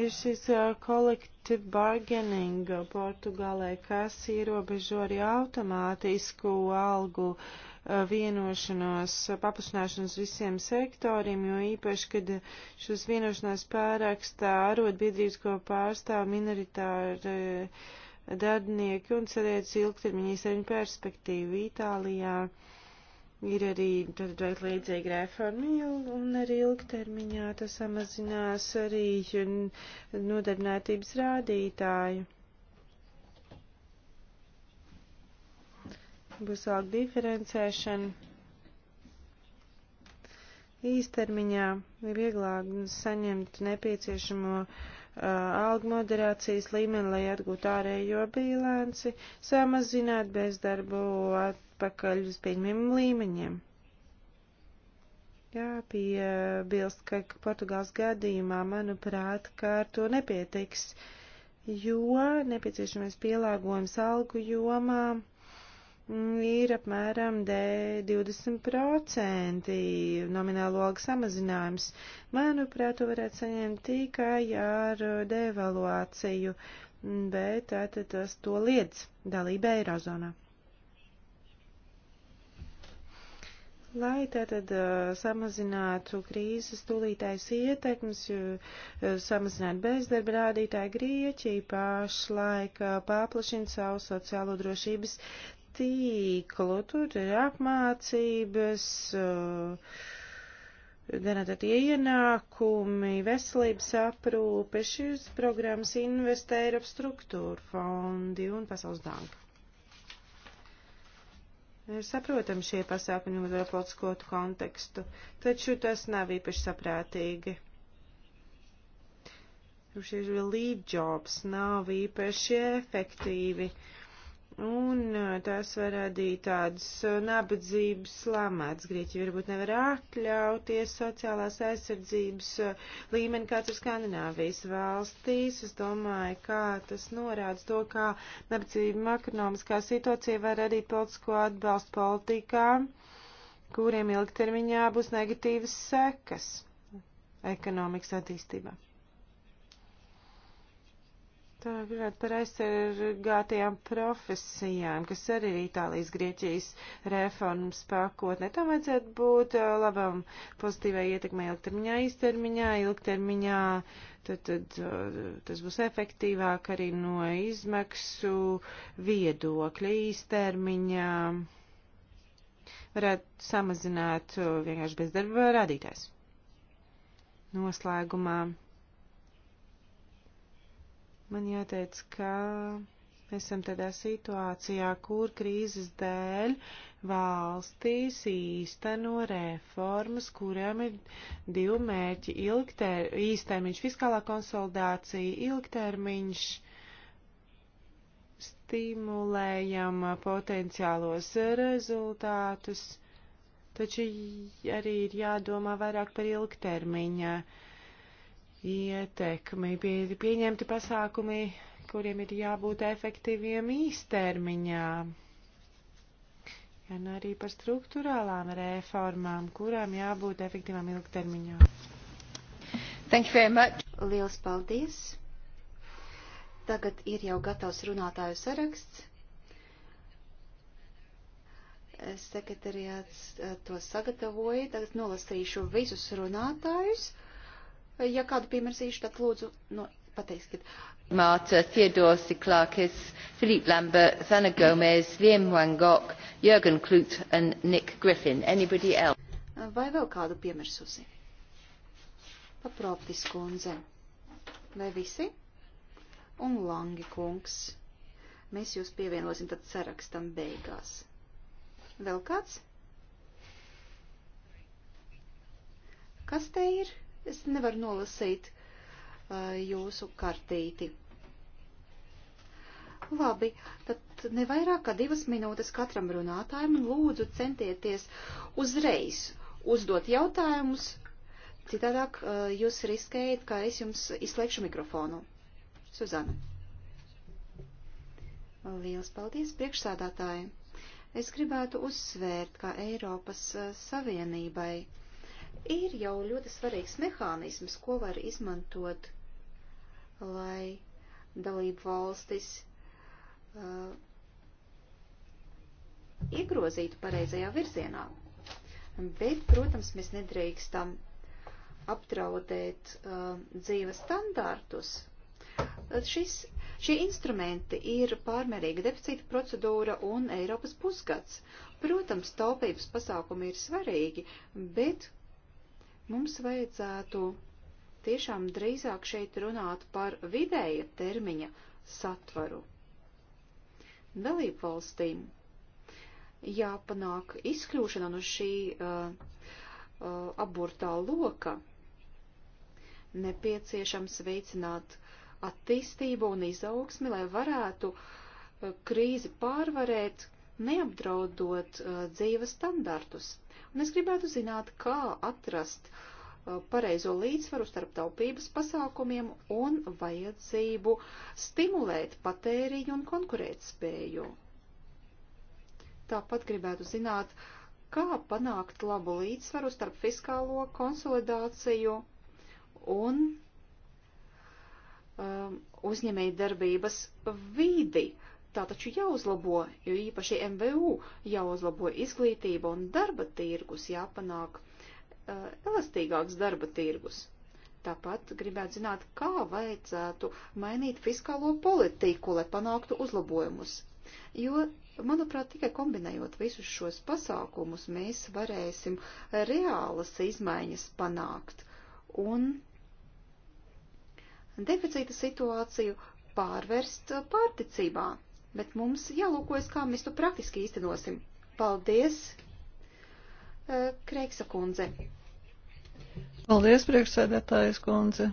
ir šis collective bargaining Portugālē, kas ierobežo arī automātisku algu uh, Eh, vienošanos eh, paplašināšanos visiem sektoriem, jo īpaši, kad šos vienošanās pārākstā arotbiedrības, ko pārstāv minoritāri eh, darbinieki un cerēts ilgtermiņa izsēņu perspektīvu Itālijā. Ir arī tad vēl līdzīga reforma un arī ilgtermiņā tas samazinās arī nodarbinātības rādītāju. būs vēl diferencēšana. Īstermiņā ir vieglāk saņemt nepieciešamo uh, algu moderācijas līmeni, lai atgūtu ārējo bilanci, samazināt bezdarbu atpakaļ uz pieņemiem līmeņiem. Jā, piebilst, ka Portugāls gadījumā, manuprāt, ka ar to nepietiks, jo nepieciešamais pielāgojums algu jomām ir apmēram 20% nominālo algu samazinājums. Manuprāt, to varētu saņemt tikai ar devaluāciju, bet tātad tas to liedz dalība Eirozonā. Lai tātad uh, samazinātu krīzes tūlītais ietekmes, uh, samazinātu bezdarba rādītāju, Grieķija pašlaik uh, paplašina savu sociālo drošības tīklu, tur ir apmācības, uh, ganātatie ienākumi, veselības aprūpe, šīs programmas investē Eiropas struktūra fondi un Pasaules banka. Ir saprotami šie pasākumi, ņemot vērā politisko kontekstu, taču tas nav īpaši saprātīgi. Šis relief jobs nav īpaši efektīvi. Uh, Un eh, tas var radīt tādas eh, nabadzības lamāts. Grieķi varbūt nevar atļauties sociālās aizsardzības eh, līmeni, kāds ir Skandināvijas valstīs. Es domāju, kā tas norāda to, kā nabadzība ekonomiskā situācija var radīt politisko atbalstu politikā, kuriem ilgtermiņā būs negatīvas sekas ekonomikas attīstībā. Tā varētu eh, par aizsargātajām profesijām, kas arī ir Itālijas, Grieķijas reformas pakotne. Tam vajadzētu būt eh, labam pozitīvai ietekmē ilgtermiņā, īstermiņā, ilgtermiņā. Tad, tad eh, tas būs efektīvāk arī no izmaksu viedokļa īstermiņā. Varētu samazināt vienkārši bezdarba rādītājs. Noslēgumā Man jāteic, ka esam tādā situācijā, kur krīzes dēļ valstīs īsteno reformas, kurām ir divi mērķi - ilgter, īstermiņš fiskālā konsolidācija, ilgtermiņš stimulējam potenciālos rezultātus, taču arī ir jādomā vairāk par ilgtermiņa uh, ietekmi, pie, pieņemti pasākumi, kuriem ir jābūt efektīviem īstermiņā. Gan nu arī par struktūrālām reformām, kurām jābūt efektīvām ilgtermiņā. Thank you very much. Liels paldies. Tagad ir jau gatavs runātāju saraksts. Sekretariāts eh, to sagatavoja. Tagad nolasīšu visus runātājus. Ja kādu piemērsīšu, tad lūdzu no, nu, pateiksiet. Marta, Theodore Siklakis, Philippe Lambert, Zana Gomez, Liam Wangok, Jürgen Klut and Nick Griffin. Anybody else? Vai vēl kādu piemirsusi? Paproptis kundze. Vai visi? Un Langi kungs. Mēs jūs pievienosim tad sarakstam beigās. Vēl kāds? Kas te ir? Es nevaru nolasīt uh, jūsu kartīti. Labi, tad nevairāk kā divas minūtes katram runātājam un lūdzu centieties uzreiz uzdot jautājumus, citādāk uh, jūs riskējat, ka es jums izslēgšu mikrofonu. Suzana. Lielas paldies priekšsādātāji. Es gribētu uzsvērt, ka Eiropas uh, Savienībai Ir jau ļoti svarīgs mehānisms, ko var izmantot, lai dalību valstis uh, iegrozītu pareizajā virzienā. Bet, protams, mēs nedrīkstam apdraudēt uh, dzīves standārtus. Šis, šie instrumenti ir pārmērīga deficīta procedūra un Eiropas pusgads. Protams, taupības pasākumi ir svarīgi, bet Mums vajadzētu tiešām drīzāk šeit runāt par vidēja termiņa satvaru. Dalību valstīm jāpanāk izkļūšana no šī uh, uh, aburtā loka. Nepieciešams veicināt attīstību un izaugsmi, lai varētu uh, krīzi pārvarēt, neapdraudot uh, dzīves standartus. Un es gribētu zināt, kā atrast uh, pareizo līdzsvaru starp taupības pasākumiem un vajadzību stimulēt patēriņu un konkurētspēju. Tāpat gribētu zināt, kā panākt labu līdzsvaru starp fiskālo konsolidāciju un um, uzņēmējdarbības vīdi, uh, Tā taču jāuzlabo, jo īpaši MVU jāuzlabo izglītība un darba tirgus, jāpanāk uh, elastīgāks darba tirgus. Tāpat gribētu zināt, kā vajadzētu mainīt fiskālo politiku, lai panāktu uzlabojumus. Jo, manuprāt, tikai kombinējot visus šos pasākumus, mēs varēsim reālas izmaiņas panākt un deficīta situāciju pārvērst pārticībā bet mums jālūkojas, kā mēs to praktiski īstenosim. Paldies, eh, Kreiksa kundze. Paldies, priekšsēdētājas kundze.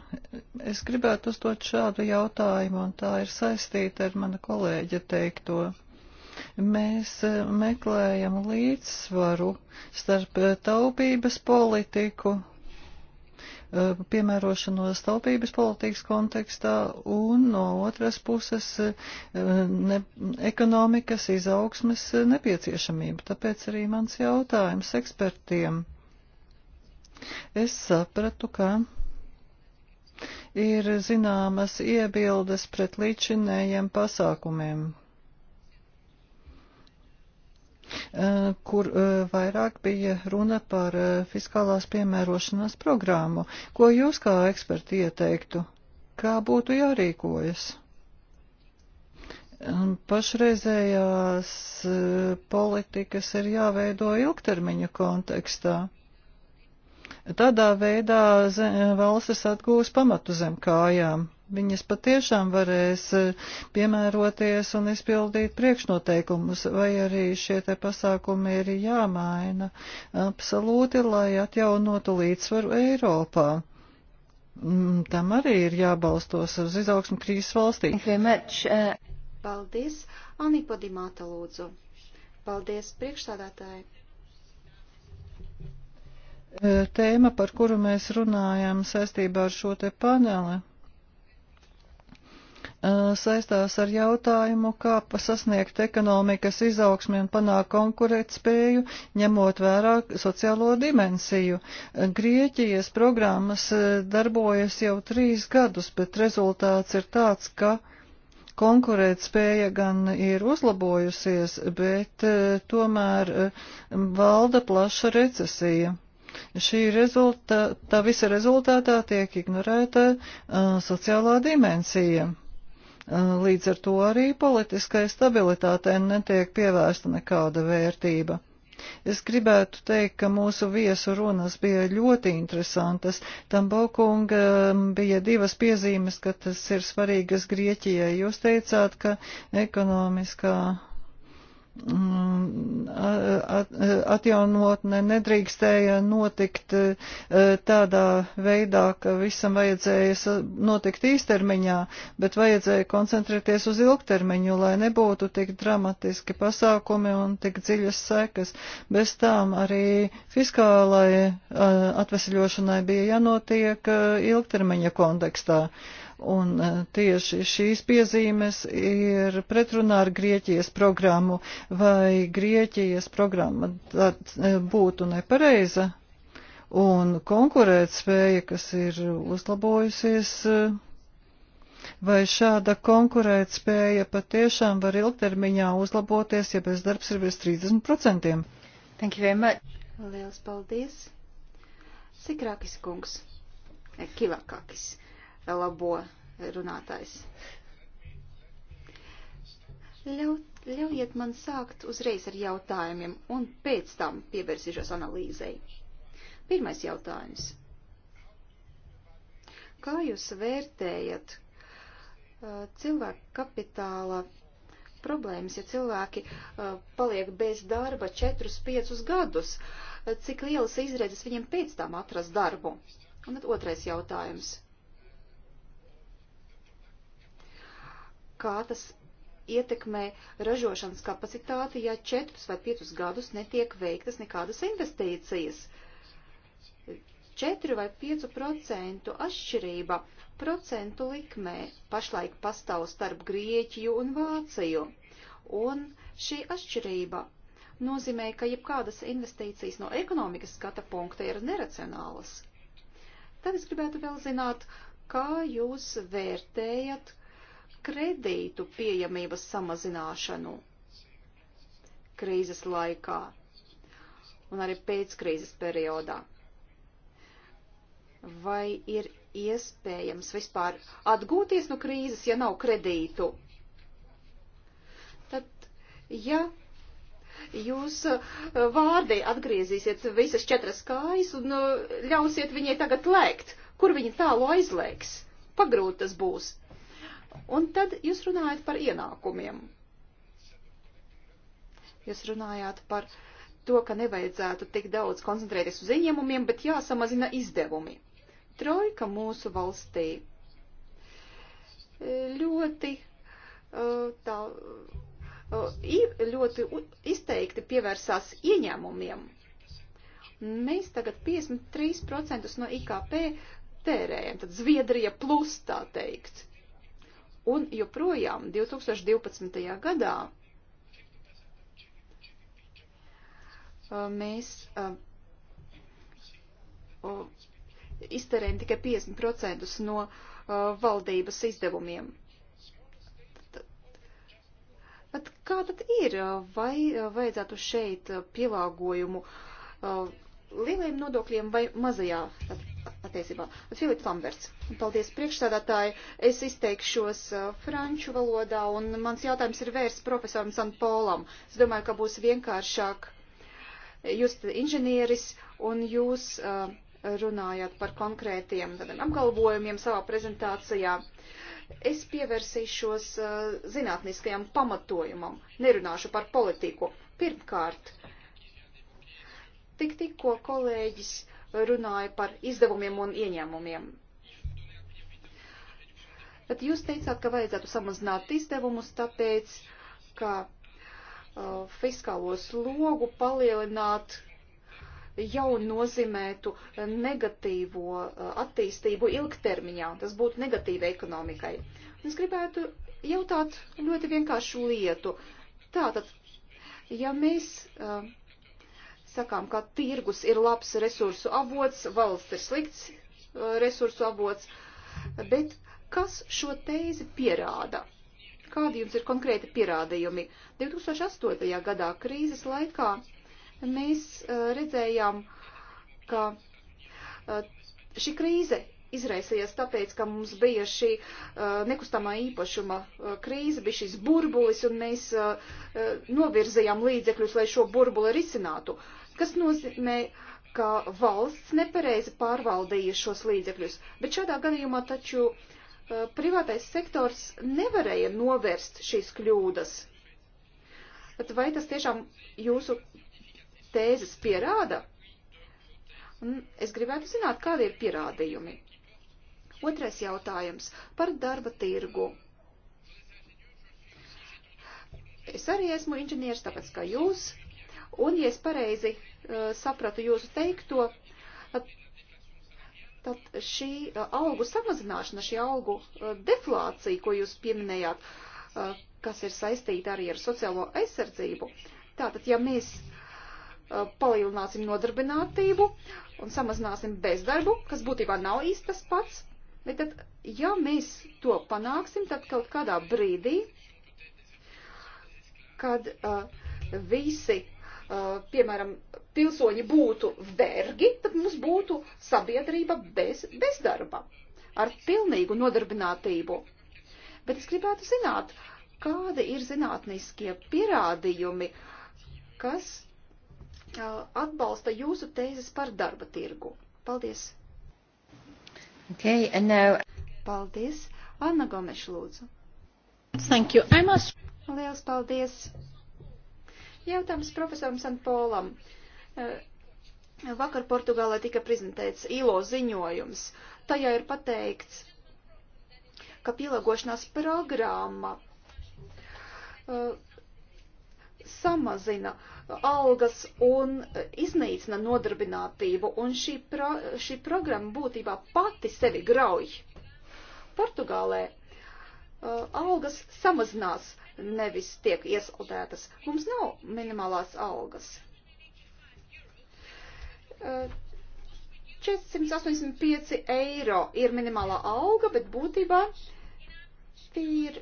Es gribētu uzdot šādu jautājumu, un tā ir saistīta ar mana kolēģa teikto mēs eh, meklējam līdzsvaru starp taupības politiku Eh, piemērošanos taupības politikas kontekstā un no otras puses eh, ne, ekonomikas izaugsmes nepieciešamību. Tāpēc arī mans jautājums ekspertiem. Es sapratu, ka ir zināmas iebildes pret līdzinējiem pasākumiem Eh, kur eh, vairāk bija runa par eh, fiskālās piemērošanās programmu. Ko jūs kā eksperti ieteiktu? Kā būtu jārīkojas? Pašreizējās politikas ir jāveido ilgtermiņa kontekstā. Tādā veidā valstis atgūs pamatu zem kājām viņas patiešām varēs eh, piemēroties un izpildīt priekšnoteikumus, vai arī šie te pasākumi ir jāmaina absolūti, lai atjaunotu līdzsvaru Eiropā. Mm, tam arī ir jābalstos uz izaugsmu krīzes valstī. Uh, Paldies, Anīpa Dimāta lūdzu. Paldies, priekšstādātāji. Eh, tēma, par kuru mēs runājam saistībā ar šo te paneli, Eh, saistās ar jautājumu, kā sasniegt ekonomikas izaugsmi un panākt konkurētspēju, ņemot vērā sociālo dimensiju. Eh, Grieķijas programmas eh, darbojas jau trīs gadus, bet rezultāts ir tāds, ka konkurētspēja gan ir uzlabojusies, bet tomēr valda plaša recesija. Šī rezultā, tā visa rezultātā tiek ignorēta uh, sociālā dimensija. Eh, līdz ar to arī politiskai stabilitātei netiek pievērsta nekāda vērtība. Es gribētu teikt, ka mūsu viesu runas bija ļoti interesantas. Tambokungam mm, bija divas piezīmes, ka tas ir svarīgas Grieķijai. Jūs teicāt, ka ekonomiskā Mm, atjaunotne nedrīkstēja notikt e, tādā veidā, ka visam vajadzēja notikt īstermiņā, bet vajadzēja koncentrēties uz ilgtermiņu, lai nebūtu tik dramatiski pasākumi un tik dziļas sekas. Bez tām arī fiskālai e, atvesļošanai bija jānotiek e, ilgtermiņa kontekstā. Un e, tieši šīs piezīmes ir pretrunā ar Grieķijas programmu. Vai Grieķijas programma e, būtu nepareiza? Un konkurētspēja, kas ir uzlabojusies, e, vai šāda konkurētspēja patiešām var ilgtermiņā uzlaboties, ja bezdarbs ir bez 30%? Thank you very much. Liels paldies. Sikrākis kungs. Eh, Kilakakis labo runātājs. Ļaut, ļaujiet man sākt uzreiz ar jautājumiem un pēc tam pievērsīšos analīzei. Pirmais jautājums. Kā jūs vērtējat uh, cilvēku kapitāla problēmas, ja cilvēki uh, paliek bez darba 4-5 gadus? Uh, cik lielas izredzes viņiem pēc tam atrast darbu? Un tad otrais jautājums. kā tas ietekmē ražošanas kapacitāti, ja 4 vai 5 gadus netiek veiktas nekādas investīcijas. 4 vai 5 procentu atšķirība procentu likmē pašlaik pastāv starp Grieķiju un Vāciju, un šī atšķirība nozīmē, ka jebkādas investīcijas no ekonomikas skata punkta ir neracionālas. Tad es gribētu vēl zināt, kā jūs vērtējat kredītu pieejamības samazināšanu krīzes laikā un arī pēc krīzes periodā. Vai ir iespējams vispār atgūties no krīzes, ja nav kredītu? Tad, ja jūs uh, vārdī atgriezīsiet visas četras kājas un uh, ļausiet viņai tagad lēkt, kur viņa tālu aizlēks, pagrūt tas būs. Un tad jūs runājat par ienākumiem. Jūs runājāt par to, ka nevajadzētu tik daudz koncentrēties uz ieņēmumiem, bet jāsamazina izdevumi. Trojka mūsu valstī ļoti, uh, tā, uh, ļoti izteikti pievērsās ieņēmumiem. Mēs tagad 53% no IKP tērējam, tad Zviedrija plus tā teikt Un joprojām 2012. gadā mēs izterējam tikai 50% no valdības izdevumiem. Bet kā tad ir? Vai vajadzētu šeit pielāgojumu lielajiem nodokļiem vai mazajā attiecībā. Filips Lamberts, paldies priekšsēdētāji. Es izteikšos uh, franču valodā un mans jautājums ir vērsts profesoram Sanpolam. Es domāju, ka būs vienkāršāk. Jūs inženieris un jūs uh, runājāt par konkrētiem tādiem apgalvojumiem savā prezentācijā. Es pievērsīšos uh, zinātniskajam pamatojumam, nerunāšu par politiku. Pirmkārt, tik tikko kolēģis uh, runāja par izdevumiem un ieņēmumiem. Bet jūs teicāt, ka vajadzētu samazināt izdevumus, tāpēc, ka uh, fiskālo slogu palielināt jau nozīmētu negatīvo uh, attīstību ilgtermiņā. Tas būtu negatīva ekonomikai. Un es gribētu jautāt ļoti vienkāršu lietu. Tātad, ja mēs uh, sakām, ka tirgus ir labs resursu avots, valsts ir slikts uh, resursu avots, bet kas šo teizi pierāda? Kādi jums ir konkrēti pierādījumi? 2008. gadā krīzes laikā mēs uh, redzējām, ka uh, šī krīze izraisījās tāpēc, ka mums bija šī uh, nekustamā īpašuma uh, krīze, bija šis burbulis, un mēs uh, novirzījām līdzekļus, lai šo burbuli risinātu kas nozīmē, ka valsts nepareizi pārvaldīja šos līdzekļus. Bet šādā gadījumā taču uh, privātais sektors nevarēja novērst šīs kļūdas. Bet vai tas tiešām jūsu tēzes pierāda? Un es gribētu zināt, kādi ir pierādījumi. Otrais jautājums par darba tirgu. Es arī esmu inženieris, tāpēc kā jūs Un, ja es pareizi uh, sapratu jūsu teikto, uh, tad šī uh, algu samazināšana, šī algu uh, deflācija, ko jūs pieminējāt, uh, kas ir saistīta arī ar sociālo aizsardzību, tātad, ja mēs uh, palielināsim nodarbinātību un samazināsim bezdarbu, kas būtībā nav īsti tas pats, bet tad, ja mēs to panāksim, tad kaut kādā brīdī kad uh, visi Eh, piemēram, pilsoņi būtu vergi, tad mums būtu sabiedrība bez bezdarba, ar pilnīgu nodarbinātību. Bet es gribētu zināt, kādi ir zinātniskie pierādījumi, kas eh, atbalsta jūsu tēzes par darba tirgu. Paldies! Okay, and now... Paldies! Anna Gomeša lūdzu. Thank you. I must... Liels paldies! Jautājums profesoram Sanpolam. Eh, vakar Portugālē tika prezentēts ILO ziņojums. Tajā ir pateikts, ka pielāgošanās programma eh, samazina algas un iznīcina nodarbinātību, un šī, pro, šī programma būtībā pati sevi grauj. Portugālē uh, algas samazinās, nevis tiek iesaldētas. Mums nav minimālās algas. 485 eiro ir minimālā alga, bet būtībā ir,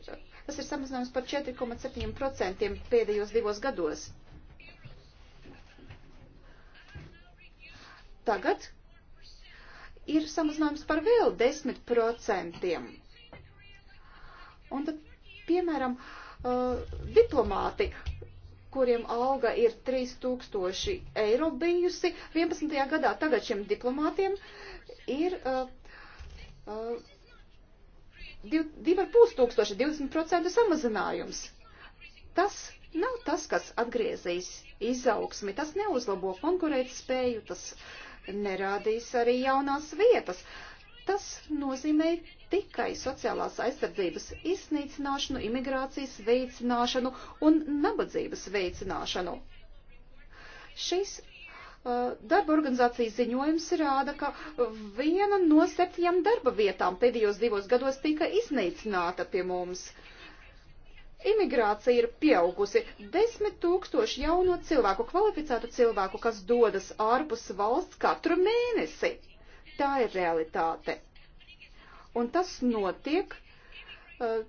tas ir samazinājums par 4,7% pēdējos divos gados. Tagad ir samazinājums par vēl 10%. Un tad, piemēram, uh, uh, diplomāti, kuriem alga ir 3000 eiro bijusi 11. gadā. Tagad šiem diplomātiem ir uh, uh, 2500, 20% samazinājums. Tas nav tas, kas atgriezīs izaugsmi, tas neuzlabo konkurētspēju, tas nerādīs arī jaunās vietas. Tas nozīmē tikai sociālās aizsardzības iznīcināšanu, imigrācijas veicināšanu un nabadzības veicināšanu. Šis uh, darba organizācijas ziņojums rāda, ka viena no septiņām darba vietām pēdējos divos gados tika iznīcināta pie mums. Imigrācija ir pieaugusi. Desmit tūkstoši jauno cilvēku, kvalificētu cilvēku, kas dodas ārpus valsts katru mēnesi. Tā ir realitāte. Un tas notiek uh,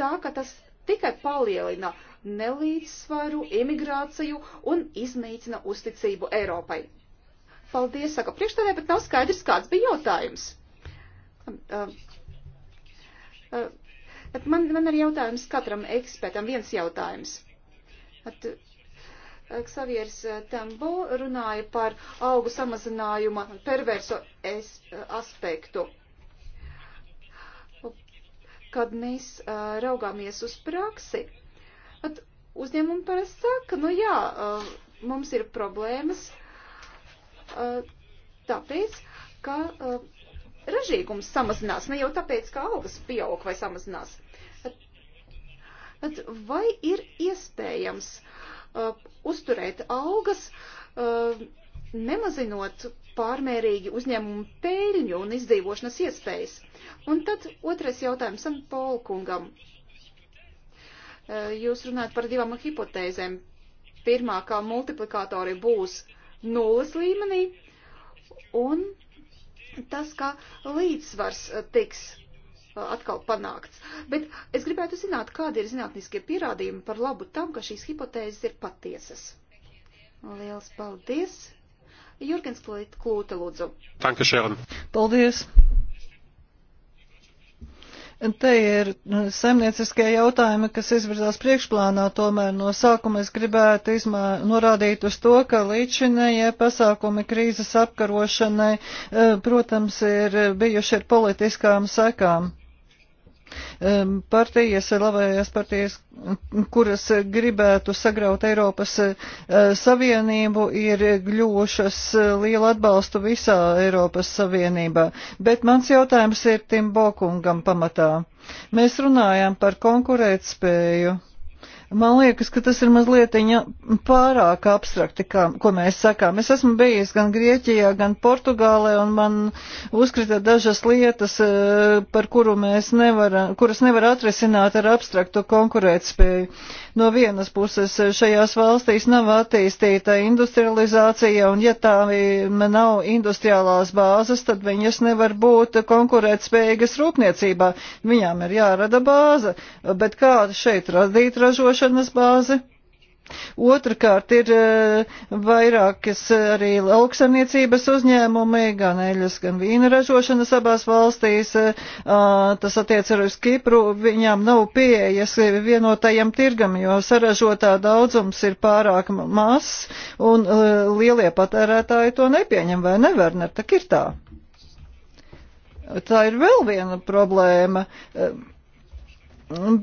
tā, ka tas tikai palielina nelīdzsvaru, imigrāciju un iznīcina uzticību Eiropai. Paldies, saka priekšstādē, bet nav skaidrs, kāds bija jautājums. Um, um, uh, uh, man, man ir jautājums katram ekspertam, viens jautājums. At, uh, Ksavieris uh, Tambo runāja par augu samazinājuma perverso es, aspektu kad mēs uh, raugāmies uz praksi, tad uzņēmumi parasti saka, nu jā, uh, mums ir problēmas uh, tāpēc, ka uh, ražīgums samazinās, ne jau tāpēc, ka algas pieaug vai samazinās. At, at vai ir iespējams uh, uzturēt algas, uh, nemazinot pārmērīgi uzņēmumu peļņu un izdzīvošanas iespējas. Un tad otrais jautājums San Polkungam. Jūs runājat par divām hipotēzēm. Pirmā, kā multiplikātori būs nulles līmenī, un tas, kā līdzsvars tiks atkal panākts. Bet es gribētu zināt, kādi ir zinātniskie pierādījumi par labu tam, ka šīs hipotēzes ir patiesas. Liels paldies! Jurgens Klūte, lūdzu. Danke, Sharon. Paldies. Te ir nu, saimnieciskie jautājumi, kas izvirzās priekšplānā, tomēr no sākuma es gribētu izmā, norādīt uz to, ka līdšanējie pasākumi krīzes apkarošanai, eh, protams, ir bijuši ar politiskām sekām partijas, labējās partijas, kuras gribētu sagraut Eiropas eh, Savienību, ir gļūšas eh, lielu atbalstu visā Eiropas Savienībā. Bet mans jautājums ir Tim Bokungam pamatā. Mēs runājam par konkurētspēju Man liekas, ka tas ir mazliet pārāk abstrakti, kā, ko mēs sakām. Es esmu bijis gan Grieķijā, gan Portugālē, un man uzkrita dažas lietas, e, par kuru mēs nevaram, kuras nevar atrisināt ar abstraktu konkurētspēju. No vienas puses šajās valstīs nav attīstīta industrializācija, un ja tā nav industriālās bāzes, tad viņas nevar būt konkurētspējīgas rūpniecībā. Viņām ir jārada bāze, bet kā šeit radīt ražošanas bāzi? Otrakārt ir eh, vairākas arī lauksaniecības uzņēmumi, gan eļas, gan vīna ražošanas abās valstīs. Eh, tas attiec arī uz Kipru. Viņām nav pieejas vienotajam tirgam, jo saražotā daudzums ir pārāk mazs un eh, lielie patērētāji to nepieņem vai nevar, ne? Tak ir tā. Tā ir vēl viena problēma. Uh,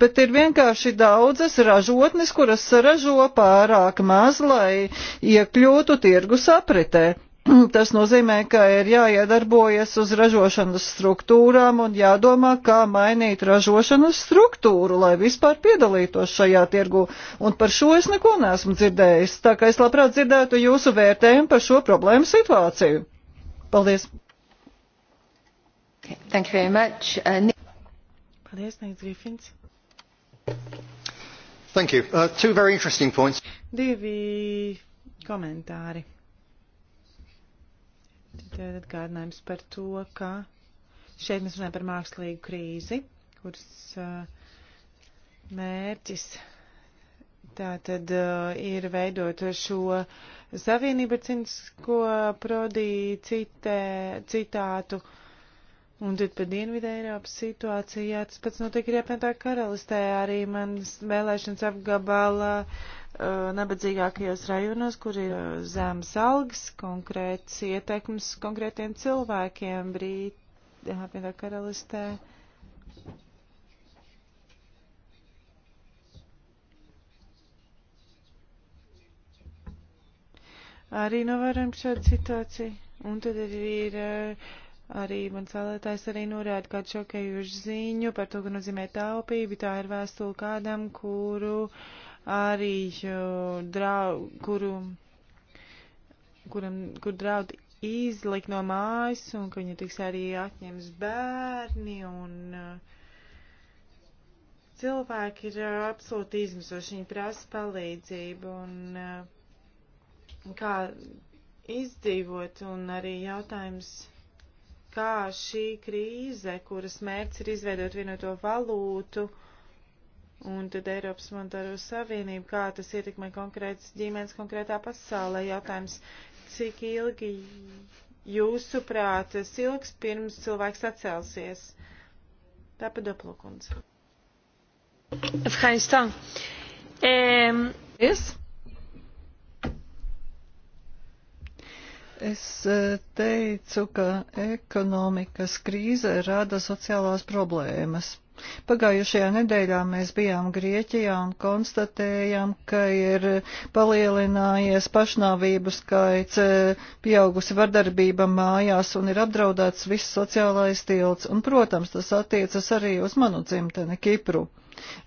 Bet ir vienkārši daudzas ražotnes, kuras ražo pārāk maz, lai iekļūtu tirgus apritē. Tas nozīmē, ka ir jāiedarbojas uz ražošanas struktūrām un jādomā, kā mainīt ražošanas struktūru, lai vispār piedalītos šajā tirgu. Un par šo es neko neesmu dzirdējis, tā kā es labprāt dzirdētu jūsu vērtējumu par šo problēmu situāciju. Paldies! Thank you very much. Uh, Paldies, Nīts Grifins. Thank you. Uh, two very interesting points. Divi komentāri. Tad atgādinājums par to, ka šeit mēs runājam par mākslīgu krīzi, kuras uh, mērķis tā tad uh, ir veidot šo savienību ar cinisko prodī citē, citātu. Uh, Un tad pa Dienvidu Eiropas situācijā tas pats notiek arī apvienotā karalistē, arī manas vēlēšanas apgabalā uh, nabadzīgākajos rajonos, kur ir uh, zemes algas, konkrēts ietekmes konkrētiem cilvēkiem brīt apvienotā karalistē. Arī novērojam šādu situāciju. Un tad arī ir uh, Arī mans vēlētājs arī norāda kādu šokējušu ziņu par to, ka nozīmē taupība. Tā ir vēstule kādam, kuru arī drau, kuru, kuram, kur draud izlikt no mājas un ka viņa tiks arī atņems bērni un uh, cilvēki ir uh, absolūti izmisoši, viņi prasa palīdzību un uh, kā izdzīvot un arī jautājums kā šī krīze, kuras mērķis ir izveidot vienoto valūtu un tad Eiropas monetāro savienību, kā tas ietekmē konkrētas ģimenes konkrētā pasaulē. Jautājums, cik ilgi jūsuprāt tas ilgs pirms cilvēks atcelsies? Tāpēc doplokundze. Afganistan. Um, yes? Es e, teicu, ka ekonomikas krīze rada sociālās problēmas. Pagājušajā nedēļā mēs bijām Grieķijā un konstatējām, ka ir palielinājies pašnāvību skaits, e, pieaugusi vardarbība mājās un ir apdraudēts viss sociālais tilts. Un, protams, tas attiecas arī uz manu dzimteni Kipru.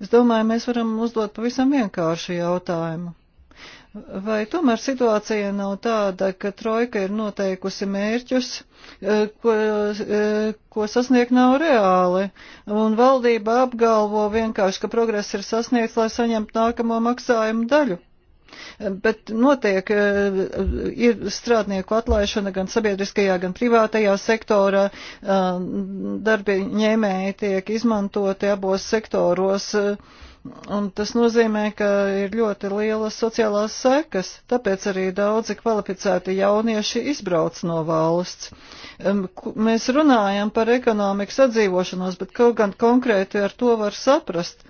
Es domāju, mēs varam uzdot pavisam vienkāršu jautājumu. Vai tomēr situācija nav tāda, ka trojka ir noteikusi mērķus, eh, ko, eh, ko sasniegt nav reāli, un valdība apgalvo vienkārši, ka progress ir sasniegts, lai saņemtu nākamo maksājumu daļu? Eh, bet notiek, ir strādnieku atlaišana gan sabiedriskajā, gan privātajā sektorā. Darbi ņēmēji tiek izmantoti abos sektoros. Uh, Un tas nozīmē, ka ir ļoti lielas sociālās sekas, tāpēc arī daudzi kvalificēti jaunieši izbrauc no valsts. Mēs runājam par ekonomikas atdzīvošanos, bet kaut gan konkrēti ar to var saprast.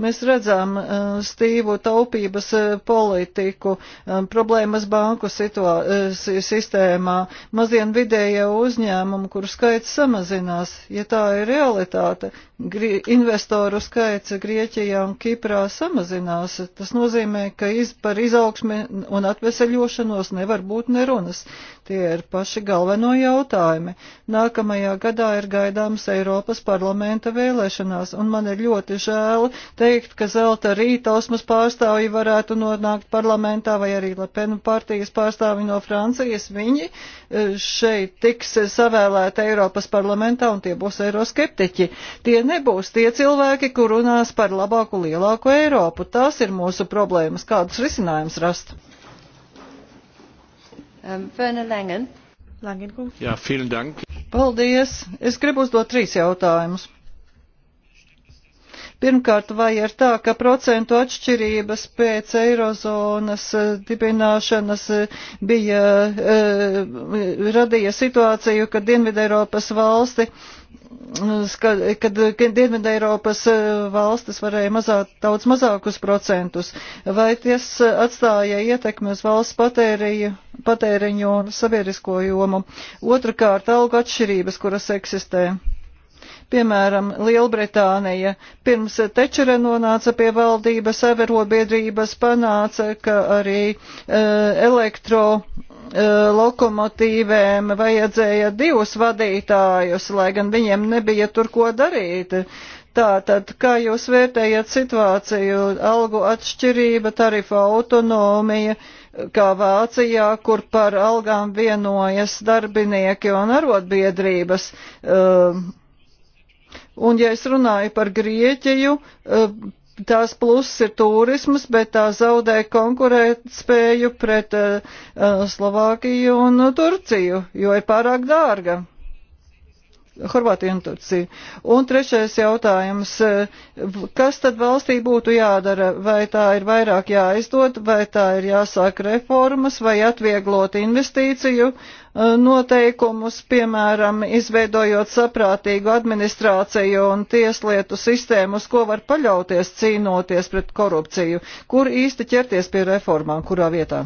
Mēs redzam e, stīvu taupības e, politiku, e, problēmas banku sistēmā, mazien vidējie uzņēmumi, kuru skaits samazinās. Ja tā ir realitāte, investoru skaits Grieķijā un Kiprā samazinās. Tas nozīmē, ka iz, par izaugsmi un atveseļošanos nevar būt nerunas. Tie ir paši galveno jautājumi. Nākamajā gadā ir gaidāmas Eiropas parlamenta vēlēšanās, un man ir ļoti žēl teikt, ka zelta rītausmas pārstāvji varētu nonākt parlamentā vai arī Lepenu partijas pārstāvji no Francijas. Viņi eh, šeit tiks savēlēti Eiropas parlamentā, un tie būs eiroskeptiķi. Tie nebūs tie cilvēki, kur runās par labāku, lielāku Eiropu. Tās ir mūsu problēmas, kādus risinājums rast. Um, Langen. Langen, Jā, vielen dank. Paldies. Es gribu uzdot trīs jautājumus. Pirmkārt, vai ir tā, ka procentu atšķirības pēc eirozonas eh, dibināšanas eh, bija eh, radīja situāciju, ka Dienvideiropas valsti mm, kad, kad, kad Dienvidē Eiropas valstis varēja mazāk, daudz mazākus procentus, vai tas atstāja ietekmi uz valsts patēriju, patēriņu un sabiedrisko jomu? Otrakārt, algu atšķirības, kuras eksistē. Piemēram, Lielbritānija pirms Tečera nonāca pie valdības, aviarotbiedrības panāca, ka arī eh, elektro eh, lokomotīvēm vajadzēja divus vadītājus, lai gan viņiem nebija tur ko darīt. Tātad, kā jūs vērtējat situāciju, algu atšķirība, tarifa autonomija, kā Vācijā, kur par algām vienojas darbinieki un arotbiedrības? Uh, Un ja es runāju par Grieķiju, eh, tās pluss ir turismas, bet tā zaudē konkurēt spēju pret eh, eh, Slovākiju un Turciju, jo ir pārāk dārga. Horvātiju un Turciju. Un trešais jautājums, eh, kas tad valstī būtu jādara? Vai tā ir vairāk jāizdod, vai tā ir jāsāk reformas, vai atvieglot investīciju eh, noteikumus, piemēram, izveidojot saprātīgu administrāciju un tieslietu sistēmu, uz ko var paļauties cīnoties pret korupciju? Kur īsti ķerties pie reformām, kurā vietā?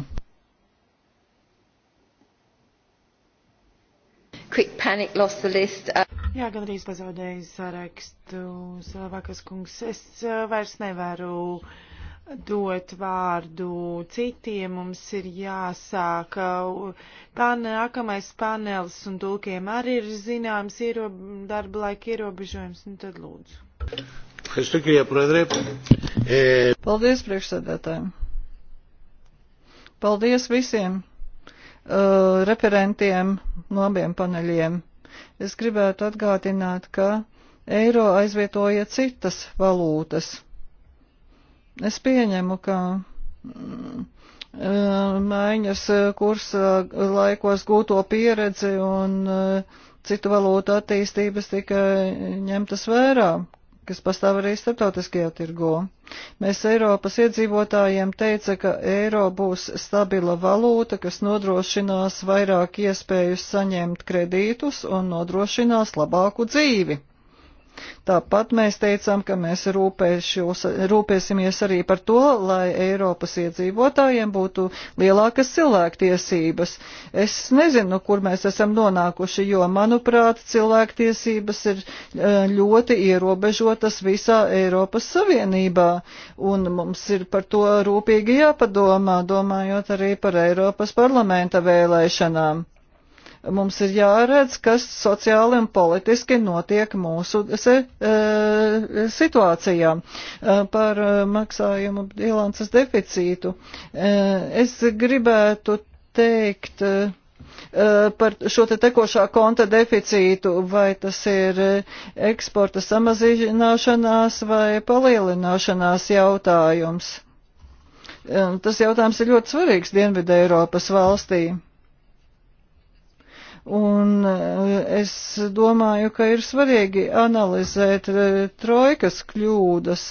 quick panic lost the list. Uh, Jā, gandrīz pazaudēju sarakstu. Slavākas kungs, es uh, vairs nevaru dot vārdu citiem. Mums ir jāsāk uh, pan, nākamais panels, un tulkiem arī ir zināms ierob, darba laika ierobežojums. Nu tad lūdzu. Paldies priekšsēdētājiem. Paldies visiem! uh, referentiem no abiem paneļiem. Es gribētu atgādināt, ka eiro aizvietoja citas valūtas. Es pieņemu, ka mm, uh, maiņas uh, kursa uh, laikos gūto pieredzi un citu valūtu attīstības tika ņemtas vērā, kas pastāv arī starptautiskajā tirgū. Mēs Eiropas iedzīvotājiem teica, ka eiro būs stabila valūta, kas nodrošinās vairāk iespēju saņemt kredītus un nodrošinās labāku dzīvi. Tāpat mēs teicām, ka mēs rūpēšos, rūpēsimies arī par to, lai Eiropas iedzīvotājiem būtu lielākas cilvēktiesības. Es nezinu, kur mēs esam nonākuši, jo, manuprāt, cilvēktiesības ir e, ļoti ierobežotas visā Eiropas Savienībā, un mums ir par to rūpīgi jāpadomā, domājot arī par Eiropas parlamenta vēlēšanām. Mums ir jāredz, kas sociāli un politiski notiek mūsu se, e, situācijā e, par e, maksājumu bilances deficītu. E, es gribētu teikt e, par šo te tekošā konta deficītu, vai tas ir eksporta samazināšanās vai palielināšanās jautājums. Tas jautājums ir ļoti svarīgs Dienvidē Eiropas valstī. Un e, es domāju, ka ir svarīgi analizēt e, trojkas kļūdas,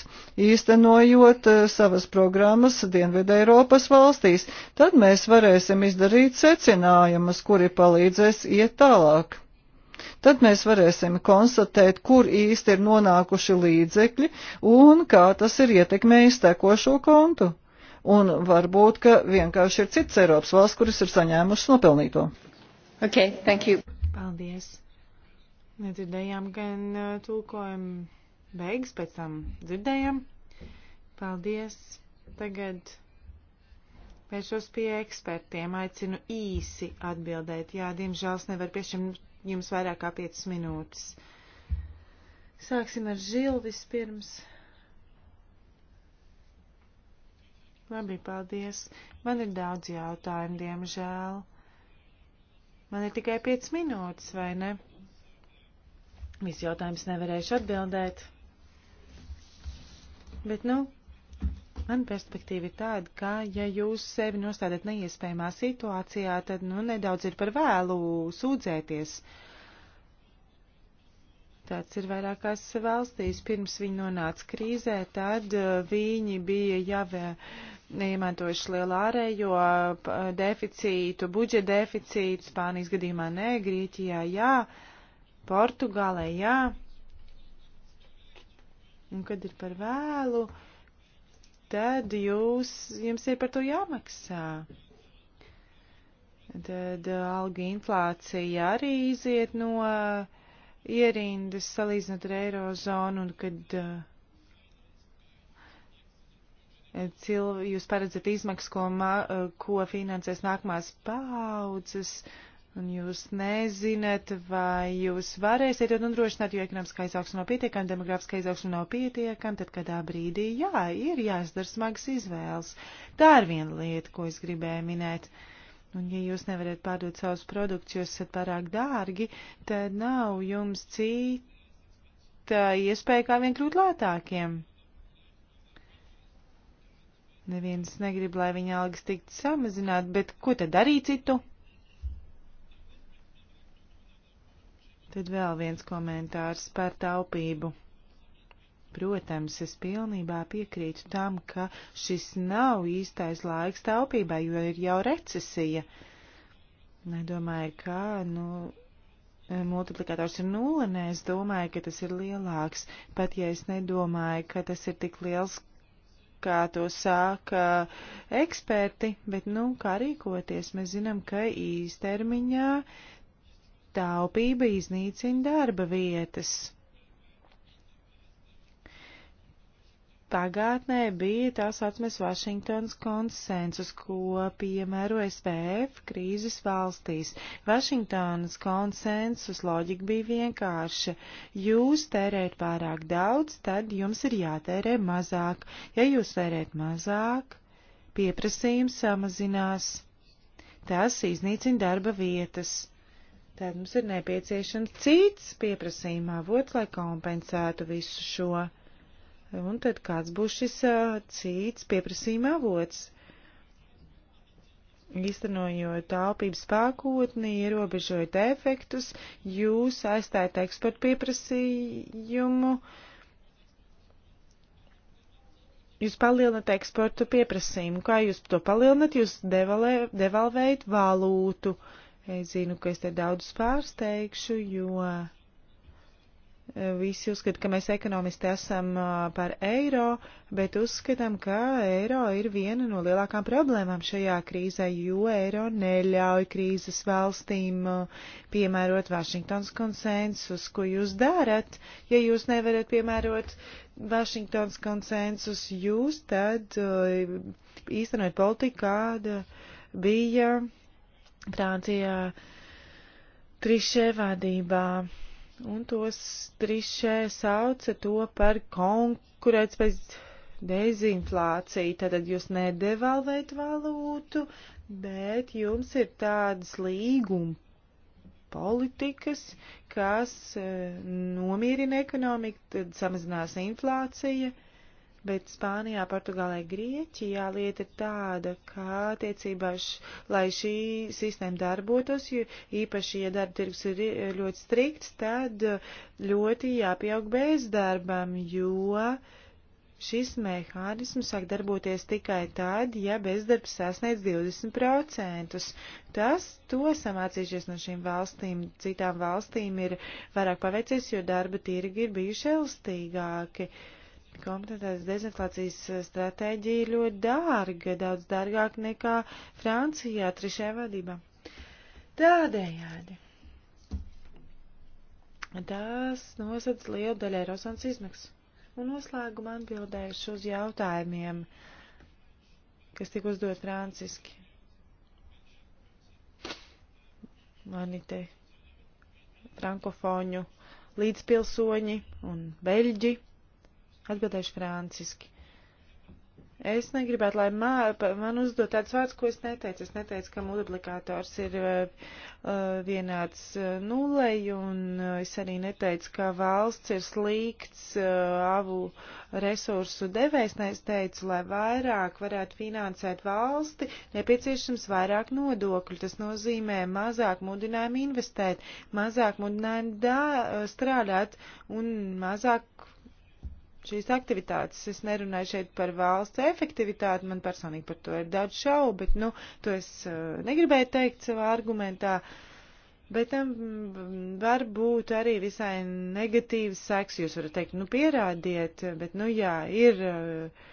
īstenojot e, savas programmas Dienvidē Eiropas valstīs. Tad mēs varēsim izdarīt secinājumus, kuri palīdzēs iet tālāk. Tad mēs varēsim konstatēt, kur īsti ir nonākuši līdzekļi un kā tas ir ietekmējis tekošo kontu. Un varbūt, ka vienkārši ir cits Eiropas valsts, kuras ir saņēmušas nopelnīto. Okay, thank you. Paldies. Nedzirdējām gan uh, tulkojumu beigas, pēc tam dzirdējām. Paldies. Tagad vēršos pie ekspertiem. Aicinu īsi atbildēt. Jā, diemžēl es nevaru piešķirt jums vairāk kā 5 minūtes. Sāksim ar žilu vispirms. Labi, paldies. Man ir daudz jautājumu, diemžēl. Man ir tikai 5 minūtes, vai ne? Visu jautājumus nevarēšu atbildēt. Bet, nu, man perspektīva ir tāda, ka, ja jūs sevi nostādat neiespējamā situācijā, tad, nu, nedaudz ir par vēlu sūdzēties. Uh, Tāds ir vairākās valstīs. Pirms viņi nonāca krīzē, tad uh, viņi bija jau neiemantojuši uh, lielu ārējo uh, deficītu, budžeta deficītu, Spānijas gadījumā nē, Grieķijā jā, Portugālē jā. Un kad ir par vēlu, tad jūs, jums ir par to jāmaksā. Tad alga inflācija arī iziet no. Uh, ierindas salīdzinot ar eirozonu un kad uh, cilv, jūs paredzat izmaksas, ko, ma, uh, ko finansēs nākamās paudzes, un jūs nezināt, vai jūs varēsiet to nodrošināt, jo ekonomiskā izaugsme nav pietiekama, demografiskā izaugsme nav pietiekama, tad kādā brīdī, jā, ir jāizdara smagas izvēles. Tā ir viena lieta, ko es gribēju minēt. Uh, Un ja jūs nevarat pārdot savus produktus, jo esat pārāk dārgi, tad nav jums cita iespēja kā vien kļūt lētākiem. Neviens negrib, lai viņa algas tiktu samazināt, bet ko tad darīt citu? Tad vēl viens komentārs par taupību. Protams, es pilnībā piekrītu tam, ka šis nav īstais laiks taupībai, jo ir jau recesija. Nedomāju, kā, nu, multiplikators ir nulle, nē, es domāju, ka tas ir lielāks, pat ja es nedomāju, ka tas ir tik liels, kā to sāka eksperti, bet, nu, kā rīkoties, mēs zinām, ka īstermiņā taupība iznīcina darba vietas. pagātnē bija tās atsmes Vašingtons konsensus, ko piemēro SVF krīzes valstīs. Vašingtonas konsensus loģika bija vienkārša. Jūs tērēt pārāk daudz, tad jums ir jātērē mazāk. Ja jūs tērēt mazāk, pieprasījums samazinās. Tas iznīcina darba vietas. Tad mums ir nepieciešams cits pieprasījuma avots, lai kompensētu visu šo. Un tad kāds būs šis cits pieprasījuma avots? Īstenojot taupības pakotni, ierobežojot efektus, jūs aizstājat eksporta pieprasījumu, jūs palielinat eksportu pieprasījumu. Kā jūs to palielinat? Jūs devalē, devalvējat valūtu. Es zinu, ka es te daudz pārsteigšu, jo. Uh, Visi uzskata, ka mēs ekonomisti esam par eiro, bet uzskatām, ka eiro ir viena no lielākām problēmām šajā krīzē, jo eiro neļauj krīzes valstīm piemērot Vašingtons konsensus, ko jūs darat. Ja jūs nevarat piemērot Vašingtons konsensus, jūs tad īstenot politiku, kāda bija Francijā trišē vadībā un tos trišē sauca to par konkurētspējas dezinflāciju. Tātad jūs nedevalvējat valūtu, bet jums ir tādas līguma politikas, kas eh, nomierina ekonomiku, tad samazinās inflācija Bet Spānijā, Portugālē, Grieķijā lieta ir tāda, ka attiecībā, lai šī sistēma darbotos, jo īpaši, ja darba tirgus ir ļoti strikts, tad ļoti jāpieaug bezdarbam, jo šis mehānisms sāk darboties tikai tad, ja bezdarbs sasniedz 20%. Tas, to esam mācījušies no šīm valstīm. Citām valstīm ir vairāk paveicies, jo darba tirgi ir bijuši elastīgāki. Uh, kompetentās dezinflācijas eh, stratēģija ir ļoti dārga, daudz dārgāk nekā Francijā trešajā vadībā. Tādējādi. Tās nosedz lielu daļu Eirozonas izmaksas. Un noslēgumā atbildējuši uz jautājumiem, kas tika uzdot franciski. Mani te frankofoņu līdzpilsoņi un beļģi Atbildēšu franciski. Es negribētu, lai mā, man uzdod tāds vārds, ko es neteicu. Es neteicu, ka multiplikators ir uh, uh, vienāds uh, nulei, un uh, es arī neteicu, ka valsts ir slikts uh, avu resursu devējs. Ne, es teicu, lai vairāk varētu finansēt valsti, nepieciešams vairāk nodokļu. Tas nozīmē mazāk mudinājumu investēt, mazāk mudinājumu dā, uh, strādāt un mazāk šīs aktivitātes. Es nerunāju šeit par valsts efektivitāti, man personīgi par to ir daudz šaubu, bet, nu, to es eh, negribēju teikt savā argumentā. Bet tam mm, var būt arī visai negatīvs seks. Jūs varat teikt, nu, pierādiet, bet, nu, jā, ir eh,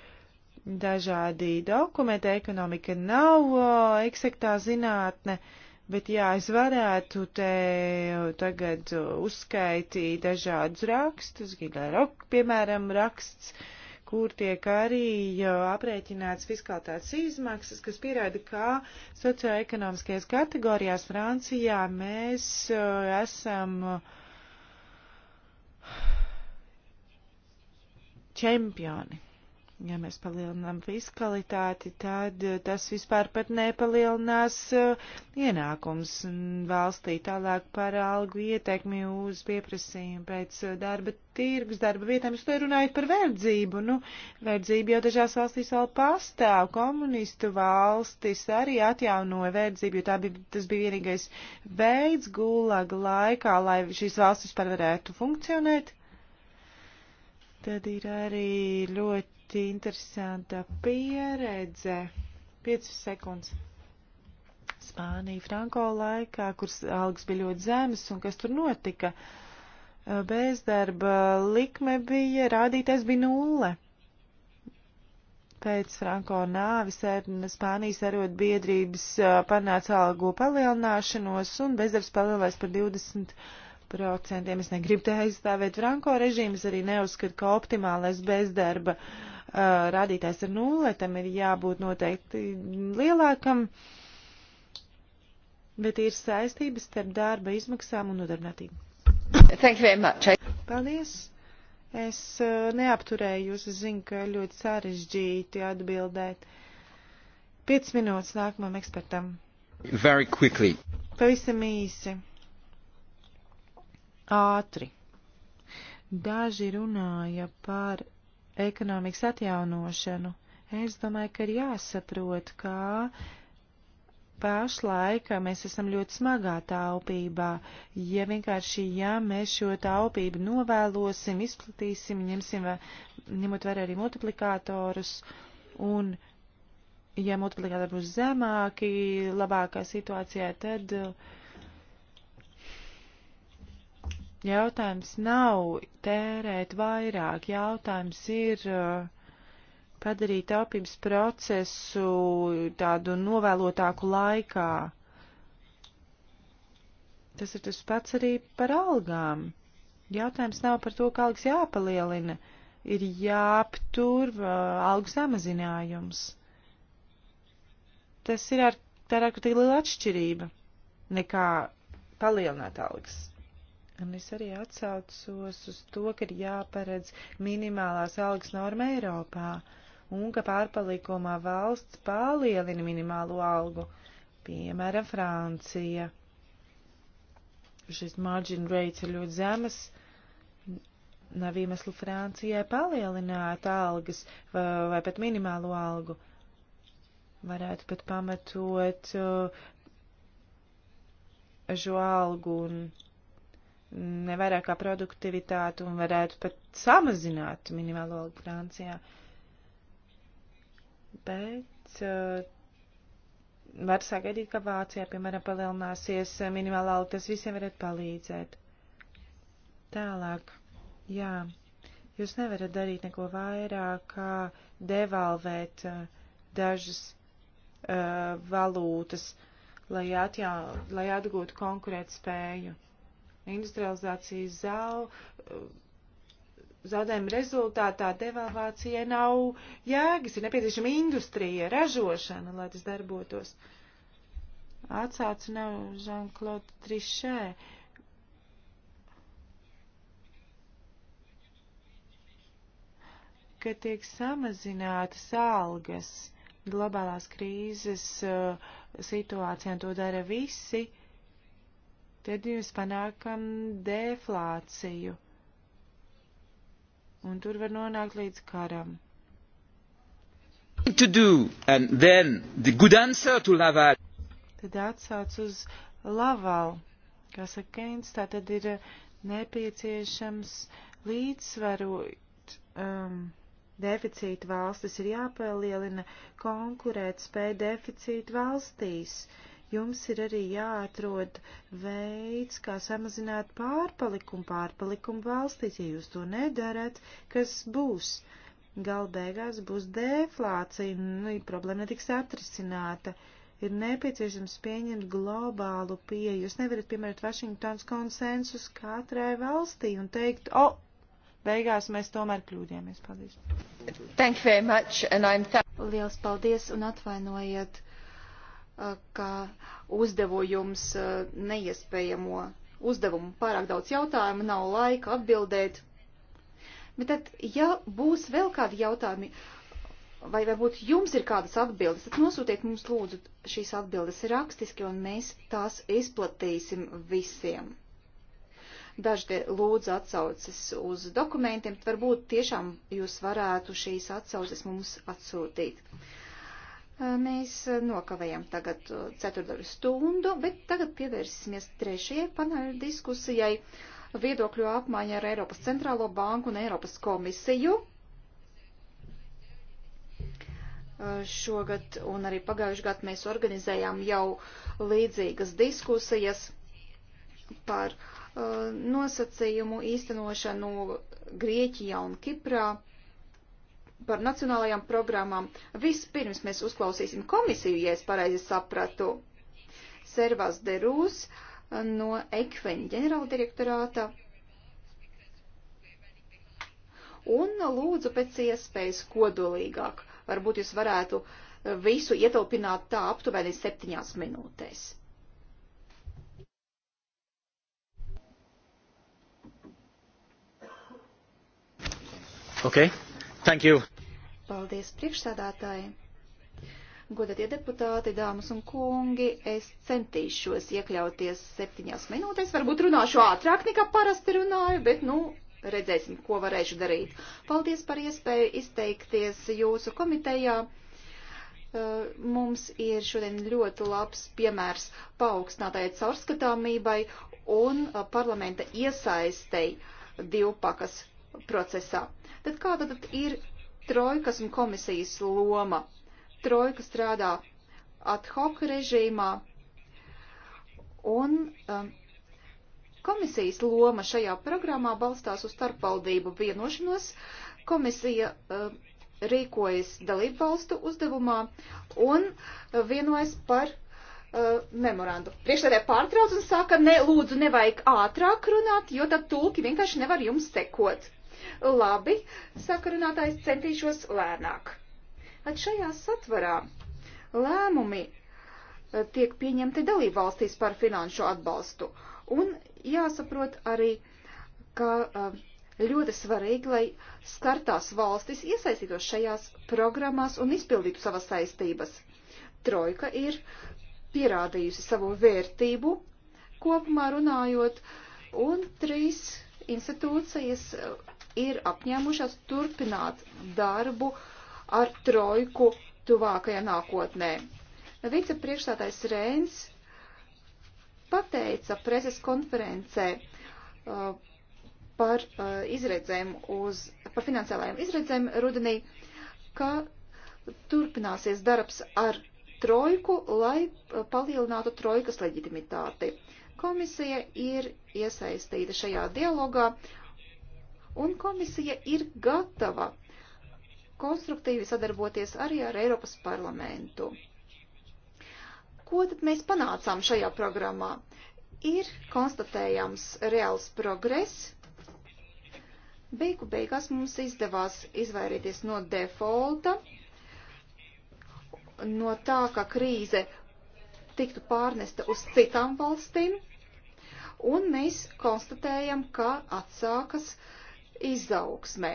dažādi dokumenti, ekonomika nav eh, eksaktā zinātne. Uh, Bet, jā, es varētu te tagad uzskaitīt dažādus rakstus, Gigarok, piemēram, raksts, kur tiek arī aprēķināts fiskalitātes izmaksas, kas pierāda, kā socioekonomiskajās kategorijās Francijā mēs esam čempioni. Ja mēs palielinām fiskalitāti, tad eh, tas vispār pat nepalielinās eh, ienākums valstī tālāk par algu ietekmi uz pieprasījumu pēc eh, darba tirgus, darba vietām. Es to runāju par verdzību. Nu, verdzība jau dažās valstīs vēl pastāv. Komunistu valstis arī atjaunoja verdzību, jo tā bija, tas bija vienīgais veids gulaga laikā, lai šīs valstis vispār varētu funkcionēt. Tad ir arī ļoti ļoti interesanta pieredze. 5 sekundes. Spānija, Franko laikā, kuras algas bija ļoti zemes un kas tur notika. Bezdarba likme bija, rādītais bija nulle. Pēc Franko nāvis ar Spānijas arotbiedrības panāca algu palielināšanos un bezdarbs palielinājās par 20 procentiem. Es negribu te aizstāvēt Franko režīmu, es arī neuzskatu, ka optimālais bezdarba uh, rādītājs ir nulle, tam ir jābūt noteikti lielākam, bet ir saistības starp darba izmaksām un nodarbinātību. Thank you very much. Paldies. Es neapturēju jūs, es zinu, ka ļoti sarežģīti atbildēt. 5 minūtes nākamam ekspertam. Very quickly. Pavisam īsi. Ātri. Daži runāja par ekonomikas atjaunošanu. Es domāju, ka ir jāsaprot, kā pašlaik mēs esam ļoti smagā taupībā. Ja vienkārši, ja mēs šo taupību novēlosim, izplatīsim, ņemsim, ņemot vērā arī multiplikatorus, un, ja multiplikatori būs zemāki, labākā situācijā, tad uh, Jautājums nav tērēt vairāk, jautājums ir uh, padarīt taupības procesu tādu novēlotāku laikā. Tas ir tas pats arī par algām. Jautājums nav par to, kā algas jāpalielina, ir jāaptur uh, algu samazinājums. Tas ir ar tā ir ārkārtīgi liela atšķirība nekā palielināt algas. Un es arī atsaucos uz to, ka ir jāparedz minimālās algas norma Eiropā un ka pārpalikumā valsts palielina minimālo algu, piemēram, Francija. Šis margin rates ir ļoti zemas, nav iemeslu Francijai palielināt algas vai, vai pat minimālo algu. Varētu pat pamatot uh, šo algu un nevairāk kā produktivitāti un varētu pat samazināt minimālo algu Francijā. Bet uh, var sagaidīt, ka Vācijā, piemēram, palielināsies minimālā alga, tas visiem varētu palīdzēt. Tālāk, jā, jūs nevarat darīt neko vairāk, kā devalvēt uh, dažas uh, valūtas, lai, atjā, lai atgūtu konkurētspēju. spēju industrializācijas zau, eh, zaudējuma rezultātā devalvācijai nav jēgas, ir nepieciešama industrija, ražošana, lai tas darbotos. Atsāci nav Jean-Claude Trichet. ka tiek samazinātas algas globālās krīzes uh, situācijā, un to dara visi. Uh, tad jūs panākam deflāciju. Un tur var nonākt līdz karam. Do, the tad atsāc uz lavalu, kā saka Keins, tā tad ir nepieciešams līdzsvarot um, deficītu valstis, ir jāpalielina konkurēt spēju deficītu valstīs. Uh, jums ir arī jāatrod veids, kā samazināt pārpalikumu, pārpalikumu valstīs. Ja jūs to nedarat, kas būs? Galu beigās būs deflācija, nu, problēma netiks atrisināta. Ir nepieciešams pieņemt globālu pieeju. Jūs nevarat piemērot Vašingtons konsensus katrai valstī un teikt, o, oh, beigās mēs tomēr kļūdījāmies. Paldies. Thank you very much and I'm Liels paldies un atvainojiet, kā uzdevu jums neiespējamo uzdevumu. Pārāk daudz jautājumu, nav laika atbildēt. Bet tad, ja būs vēl kādi jautājumi, vai varbūt jums ir kādas atbildes, tad nosūtiet mums lūdzu šīs atbildes rakstiski, un mēs tās izplatīsim visiem. Daždi lūdzu atsaucas uz dokumentiem, tad varbūt tiešām jūs varētu šīs atsaucas mums atsūtīt. Eh, mēs eh, nokavējam tagad eh, ceturdaļu stundu, bet tagad pievērsīsimies trešajai paneļa diskusijai viedokļu apmaiņa ar Eiropas centrālo banku un Eiropas komisiju. Šogad un arī pagājušajā gadā mēs organizējām jau līdzīgas diskusijas par nosacījumu īstenošanu Grieķijā un Kiprā par nacionālajām programmām. Vispirms mēs uzklausīsim komisiju, ja es pareizi sapratu. Servas Derūs eh, no Ekveņa ģenerāldirektorāta. Un lūdzu pēc iespējas kodolīgāk. Varbūt jūs varētu eh, visu ietaupināt tā aptuveni septiņās minūtēs. Okay. Thank you. Paldies priekšsādātāji. Godatie deputāti, dāmas un kungi, es centīšos iekļauties septiņās minūtēs. Varbūt runāšu ātrāk nekā parasti runāju, bet, nu, redzēsim, ko varēšu darīt. Paldies par iespēju izteikties jūsu komitejā uh, mums ir šodien ļoti labs piemērs paaugstinātajai caurskatāmībai un uh, parlamenta iesaistei divpakas procesā. Tad kāda tad ir trojkas un komisijas loma? Trojka strādā ad hoc režīmā un um, komisijas loma šajā programmā balstās uz starpvaldību vienošanos. Komisija um, rīkojas dalību valstu uzdevumā un vienojas par uh, memorandu. Priekšsēdē pārtrauc un saka, ne, lūdzu, nevajag ātrāk runāt, jo tad tulki vienkārši nevar jums sekot. Labi, sakarinātājs centīšos lēnāk. At šajā satvarā lēmumi eh, tiek pieņemti dalību valstīs par finanšu atbalstu. Un jāsaprot arī, ka eh, ļoti svarīgi, lai skartās valstis iesaistītos šajās programmās un izpildītu savas saistības. Trojka ir pierādījusi savu vērtību kopumā runājot, un trīs institūcijas ir apņēmušās turpināt darbu ar trojku tuvākajā nākotnē. Vicepriekšstādājs Reins pateica preses konferencē uh, par uh, izredzēm uz, par finansiālajām izredzēm rudenī, ka turpināsies darbs ar trojku, lai uh, palielinātu trojkas leģitimitāti. Komisija ir iesaistīta šajā dialogā un komisija ir gatava konstruktīvi sadarboties arī ar Eiropas parlamentu. Ko tad mēs panācām šajā programmā? Ir konstatējams reāls progress. Beigu beigās mums izdevās izvairīties no defolta, no tā, ka krīze tiktu pārnesta uz citām valstīm, un mēs konstatējam, ka atsākas uh, izaugsmē.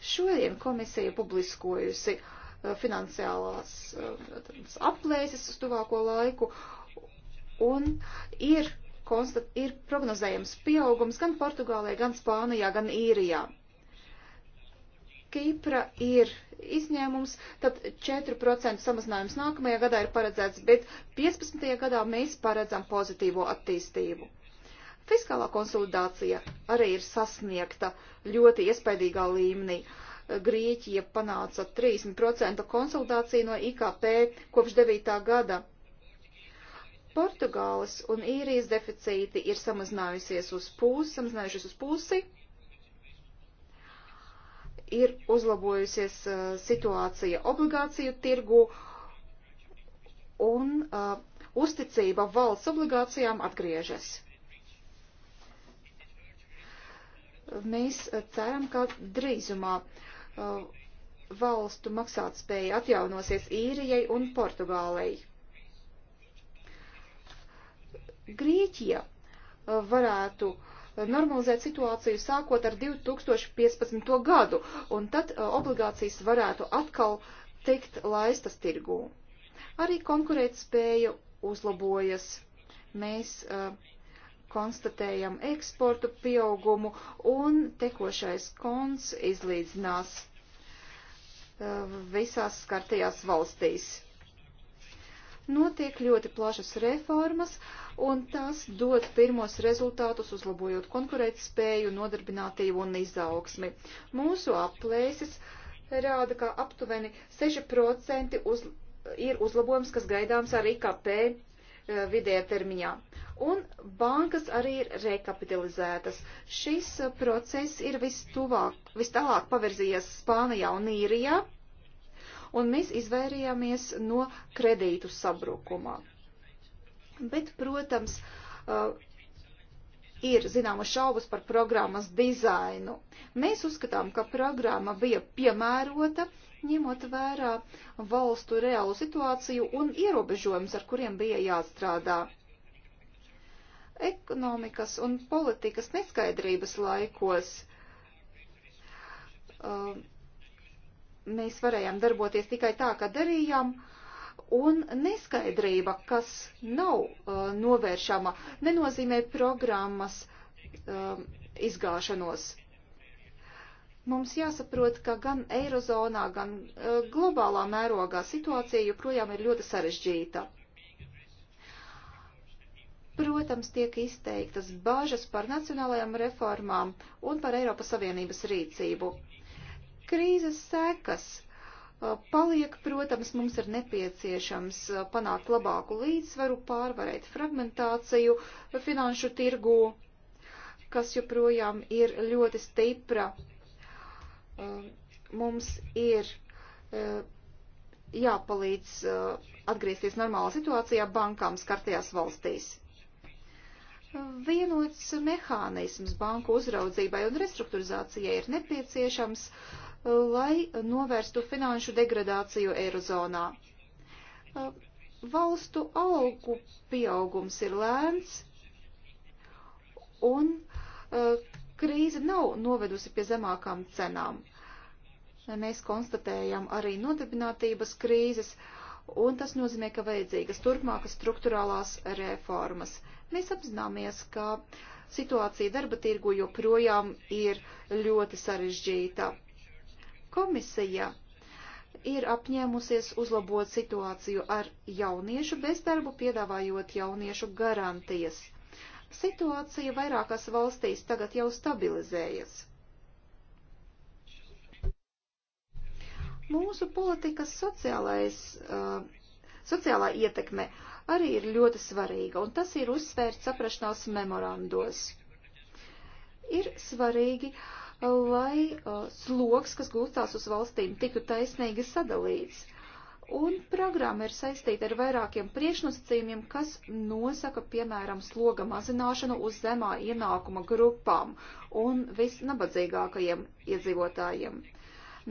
Šodien komisija publiskojusi uh, finansiālās uh, aplēses uz tuvāko laiku un ir, konstat, ir prognozējams pieaugums gan Portugālē, gan Spānijā, gan Īrijā. Kipra ir izņēmums, tad 4% samazinājums nākamajā gadā ir paredzēts, bet 15. gadā mēs paredzam pozitīvo attīstību. Fiskālā konsolidācija arī ir sasniegta ļoti iespaidīgā līmenī. Grieķija panāca 30% konsolidāciju no IKP kopš 9. gada. Portugāles un īrijas deficīti ir samazinājusies uz pusi, samazinājušies uz pusi. Ir uzlabojusies uh, situācija obligāciju tirgu un uh, uzticība valsts obligācijām atgriežas. Mēs eh, ceram, ka drīzumā eh, valstu maksātspēja atjaunosies īrijai un Portugālei. Grieķija eh, varētu normalizēt situāciju sākot ar 2015. gadu, un tad obligācijas varētu atkal tikt laistas tirgū. Arī konkurētspēja uzlabojas. Mēs uh, konstatējam eksportu pieaugumu un tekošais konts izlīdzinās uh, visās skartajās valstīs. Notiek ļoti plašas reformas, un tās dod pirmos rezultātus, uzlabojot konkurētspēju, nodarbinātību un izaugsmi. Mūsu aplēses rāda, ka aptuveni 6% uz, ir uzlabojums, kas gaidāms ar IKP Eh, vidējā termiņā. Un bankas arī ir rekapitalizētas. Šis eh, process ir vistuvāk, vistālāk pavirzījies Spānijā un Īrijā, un mēs izvairījāmies no kredītu sabrukumā. Bet, protams, eh, ir zināmas šaubas par programmas dizainu. Mēs uzskatām, ka programma bija piemērota, uh, ņemot vērā valstu reālu situāciju un ierobežojumus, ar kuriem bija jāstrādā. Ekonomikas un politikas neskaidrības laikos uh, mēs varējām darboties tikai tā, kā darījām, un neskaidrība, kas nav uh, novēršama, nenozīmē programmas uh, izgāšanos. Mums jāsaprot, ka gan Eirozonā, gan uh, globālā mērogā situācija joprojām ir ļoti sarežģīta. Protams, tiek izteiktas bāžas par nacionālajām reformām un par Eiropas Savienības rīcību. Krīzes sekas e, paliek, protams, mums ir nepieciešams e, panākt labāku līdzsvaru, pārvarēt fragmentāciju finanšu tirgū, kas joprojām ir ļoti stipra. Eh, mums ir eh, jāpalīdz eh, atgriezties normālā situācijā bankām skartajās valstīs. Vienots mehānisms banku uzraudzībai un restruktūrizācijai ir nepieciešams, lai novērstu finanšu degradāciju Eirozonā. Valstu algu pieaugums ir lēns un krīze nav novedusi pie zemākām cenām. Mēs konstatējam arī nodarbinātības krīzes, un tas nozīmē, ka vajadzīgas turpmākas struktūrālās reformas. Mēs apzināmies, ka situācija darba tirgu joprojām ir ļoti sarežģīta. Komisija ir apņēmusies uzlabot situāciju ar jauniešu bezdarbu, piedāvājot jauniešu garantijas – Situācija vairākās valstīs tagad jau stabilizējas. Mūsu politikas sociālais, uh, sociālā ietekme arī ir ļoti svarīga, un tas ir uzsvērts saprašanās memorandos. Ir svarīgi uh, lai uh, sloks, kas gulstās uz valstīm, tiktu taisnīgi sadalīts, Un programma ir saistīta ar vairākiem priekšnosacījumiem, kas nosaka, piemēram, sloga mazināšanu uz zemā ienākuma grupām un visnabadzīgākajiem iedzīvotājiem.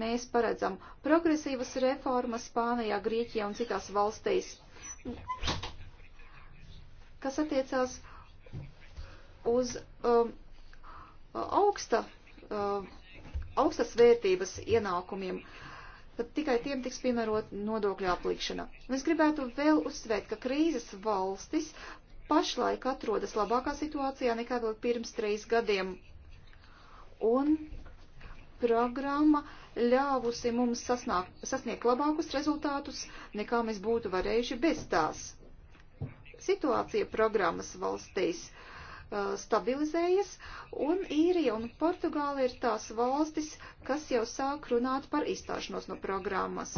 Mēs paredzam progresīvas reformas Spānijā, Grieķijā un citās valstīs, kas attiecās uz um, augsta, um, augstas vērtības ienākumiem. Uh, pat tikai tiem tiks piemērot nodokļu aplikšana. Es gribētu vēl uzsvērt, ka krīzes valstis pašlaik atrodas labākā situācijā nekā vēl pirms trīs gadiem. Un programma ļāvusi mums sasnāk, sasniegt labākus rezultātus, nekā mēs būtu varējuši bez tās. Situācija programmas valstīs uh, Uh, stabilizējas, un Īrija un Portugāla ir tās valstis, kas jau sāk runāt par izstāšanos no programmas.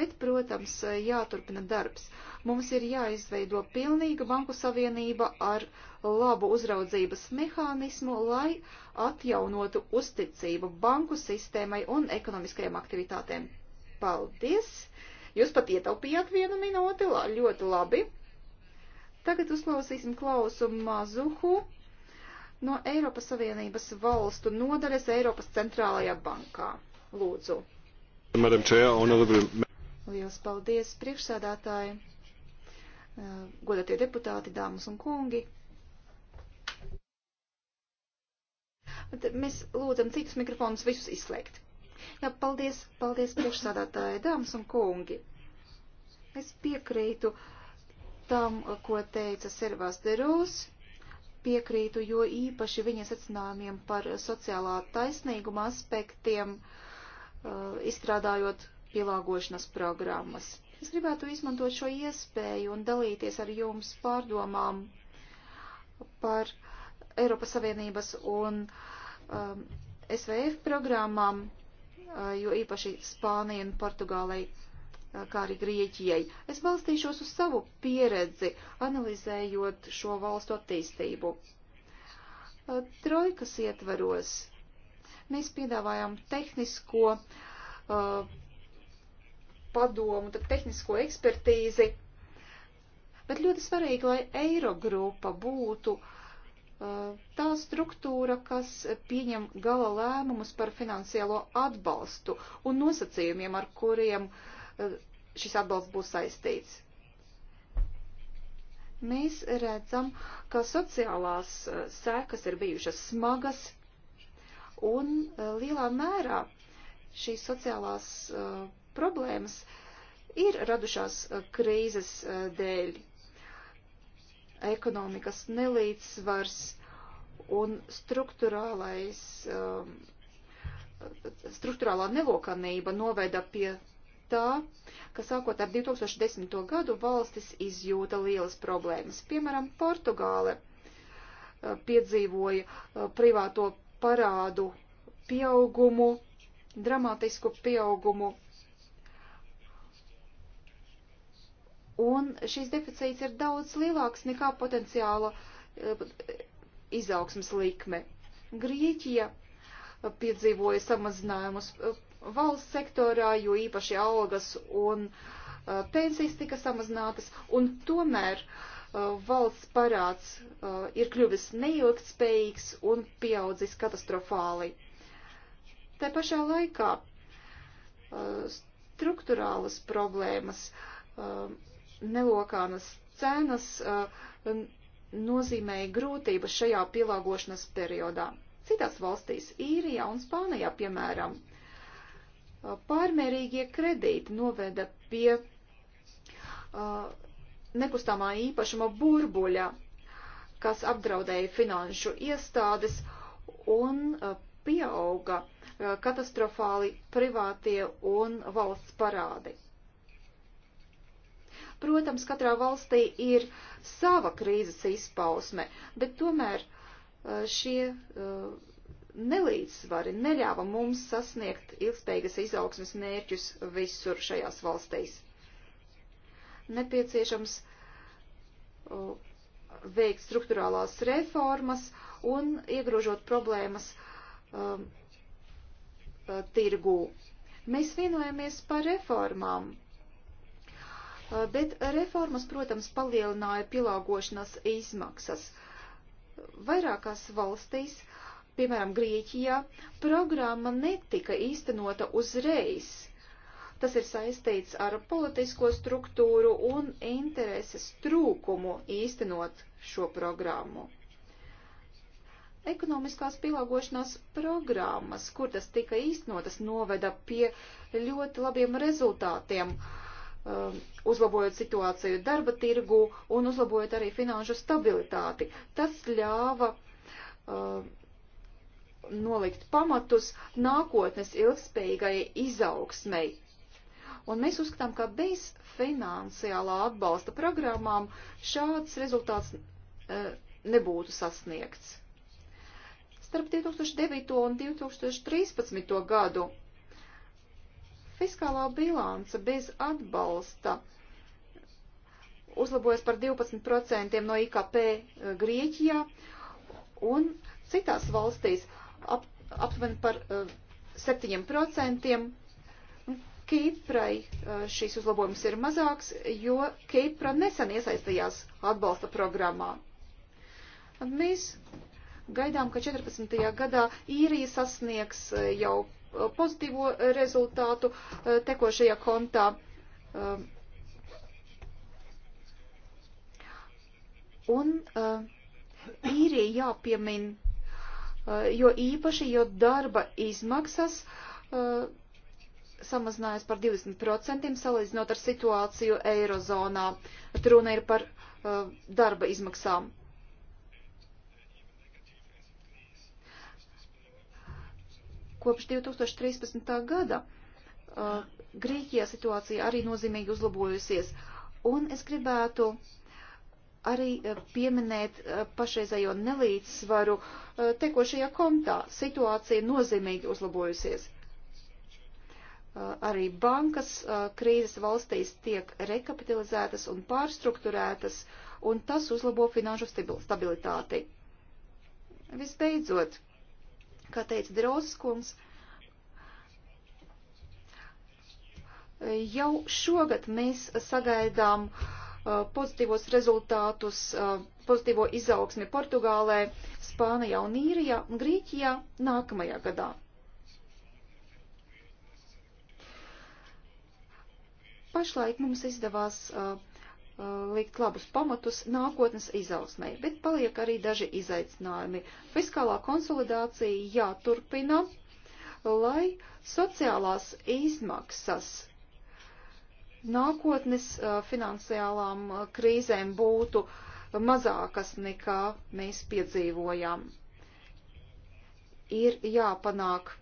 Bet, protams, uh, jāturpina darbs. Mums ir jāizveido pilnīga banku savienība ar labu uzraudzības mehānismu, lai atjaunotu uzticību banku sistēmai un ekonomiskajām aktivitātēm. Paldies! Jūs pat ietaupījāt vienu minūti, ļoti labi. Tagad uzklausīsim Klausu Mazuhu no Eiropas Savienības valstu nodaļas Eiropas centrālajā bankā. Lūdzu. Lielas paldies, priekšsēdētāji, eh, godatie deputāti, dāmas un kungi. Mēs lūdzam citus mikrofonus visus izslēgt. Jā, paldies, paldies priekšsādātāji, dāmas un kungi. Es piekrītu uh, tam, ko teica Servās Derūs. Piekrītu, jo īpaši viņa secinājumiem par sociālā taisnīguma aspektiem, uh, izstrādājot pielāgošanas programmas. Es gribētu izmantot šo iespēju un dalīties ar jums pārdomām par Eiropas Savienības un um, SVF programmām, uh, jo īpaši Spānija un Portugālei Eh, kā arī Grieķijai. Es balstīšos uz savu pieredzi, analizējot šo valstu attīstību. Eh, trojkas ietvaros mēs piedāvājām tehnisko uh, padomu, tehnisko ekspertīzi, bet ļoti svarīgi, lai Eirogrupa būtu uh, tā struktūra, kas pieņem gala lēmumus par finansiālo atbalstu un nosacījumiem, ar kuriem uh, šis atbalsts būs saistīts. Mēs redzam, ka sociālās eh, sekas ir bijušas smagas un eh, lielā mērā šīs sociālās eh, problēmas ir radušās krīzes dēļ. Ekonomikas nelīdzsvars un struktūrālais, struktūrālā nelokanība noveda pie tā, ka sākot ar 2010. gadu valstis izjūta lielas problēmas. Piemēram, Portugāle eh, piedzīvoja eh, privāto parādu pieaugumu, dramatisku pieaugumu. Un šis deficīts ir daudz lielāks nekā potenciāla eh, izaugsmas likme. Grieķija piedzīvoja samazinājumus valsts sektorā, jo īpaši algas un uh, pensijas tika samazinātas, un tomēr uh, valsts parāds uh, ir kļuvis neilgtspējīgs un pieaudzis katastrofāli. Te pašā laikā uh, struktūrālas problēmas, uh, nelokānas cenas uh, nozīmēja grūtības šajā pielāgošanas periodā. Citās valstīs, Īrijā un Spānijā, piemēram, Uh, pārmērīgie kredīti noveda pie uh, nekustamā īpašuma burbuļa, kas apdraudēja finanšu iestādes un uh, pieauga uh, katastrofāli privātie un valsts parādi. Protams, katrā valstī ir sava krīzes izpausme, bet tomēr uh, šie uh, nelīdzsvari neļāva mums sasniegt ilgspējīgas izaugsmas mērķus visur šajās valstīs. Nepieciešams uh, veikt struktūrālās reformas un iegrožot problēmas uh, tirgū. Mēs vienojamies par reformām, uh, bet reformas, protams, palielināja pielāgošanas izmaksas. Vairākās valstīs uh, piemēram, Grieķijā, programma netika īstenota uzreiz. Tas ir saistīts ar politisko struktūru un intereses trūkumu īstenot šo programmu. Ekonomiskās pielāgošanās programmas, kur tas tika īstenotas, noveda pie ļoti labiem rezultātiem, um, uzlabojot situāciju darba tirgu un uzlabojot arī finanšu stabilitāti. Tas ļāva um, nolikt pamatus nākotnes ilgspējīgai izaugsmei. Un mēs uzskatām, ka bez finansiālā atbalsta programmām šāds rezultāts e, nebūtu sasniegts. Starp 2009. un 2013. gadu fiskālā bilance bez atbalsta uzlabojas par 12% no IKP e, Grieķijā un citās valstīs aptuveni par 7%. Eh, Kiprai eh, šīs uzlabojums ir mazāks, jo Kipra nesen iesaistījās atbalsta programmā. Un mēs gaidām, ka 14. gadā īrija sasniegs eh, jau pozitīvo rezultātu tekošajā kontā. Un īrija jāpiemin jo э, īpaši, jo darba izmaksas э, samazinājās par 20% salīdzinot ar situāciju Eirozonā. Tur runa ir par э, darba izmaksām. Kopš 2013. gada Grieķijā situācija arī nozīmīgi uzlabojusies, un es gribētu uh, arī eh, pieminēt eh, pašreizējo nelīdzsvaru eh, tekošajā kontā. Situācija nozīmīgi uzlabojusies. Arī bankas krīzes valstīs tiek rekapitalizētas un pārstruktūrētas, un tas uzlabo finanšu stabilitāti. Visbeidzot, kā teica Droskungs, jau šogad mēs sagaidām uh, Uh, pozitīvos rezultātus, uh, pozitīvo izaugsmi Portugālē, Spānijā un Īrijā un Grīķijā nākamajā gadā. Pašlaik mums izdevās uh, uh likt labus pamatus nākotnes izaugsmai, bet paliek arī daži izaicinājumi. Fiskālā konsolidācija jāturpina, lai sociālās izmaksas nākotnes finansiālām krīzēm būtu mazākas nekā mēs piedzīvojām. Ir jāpanāk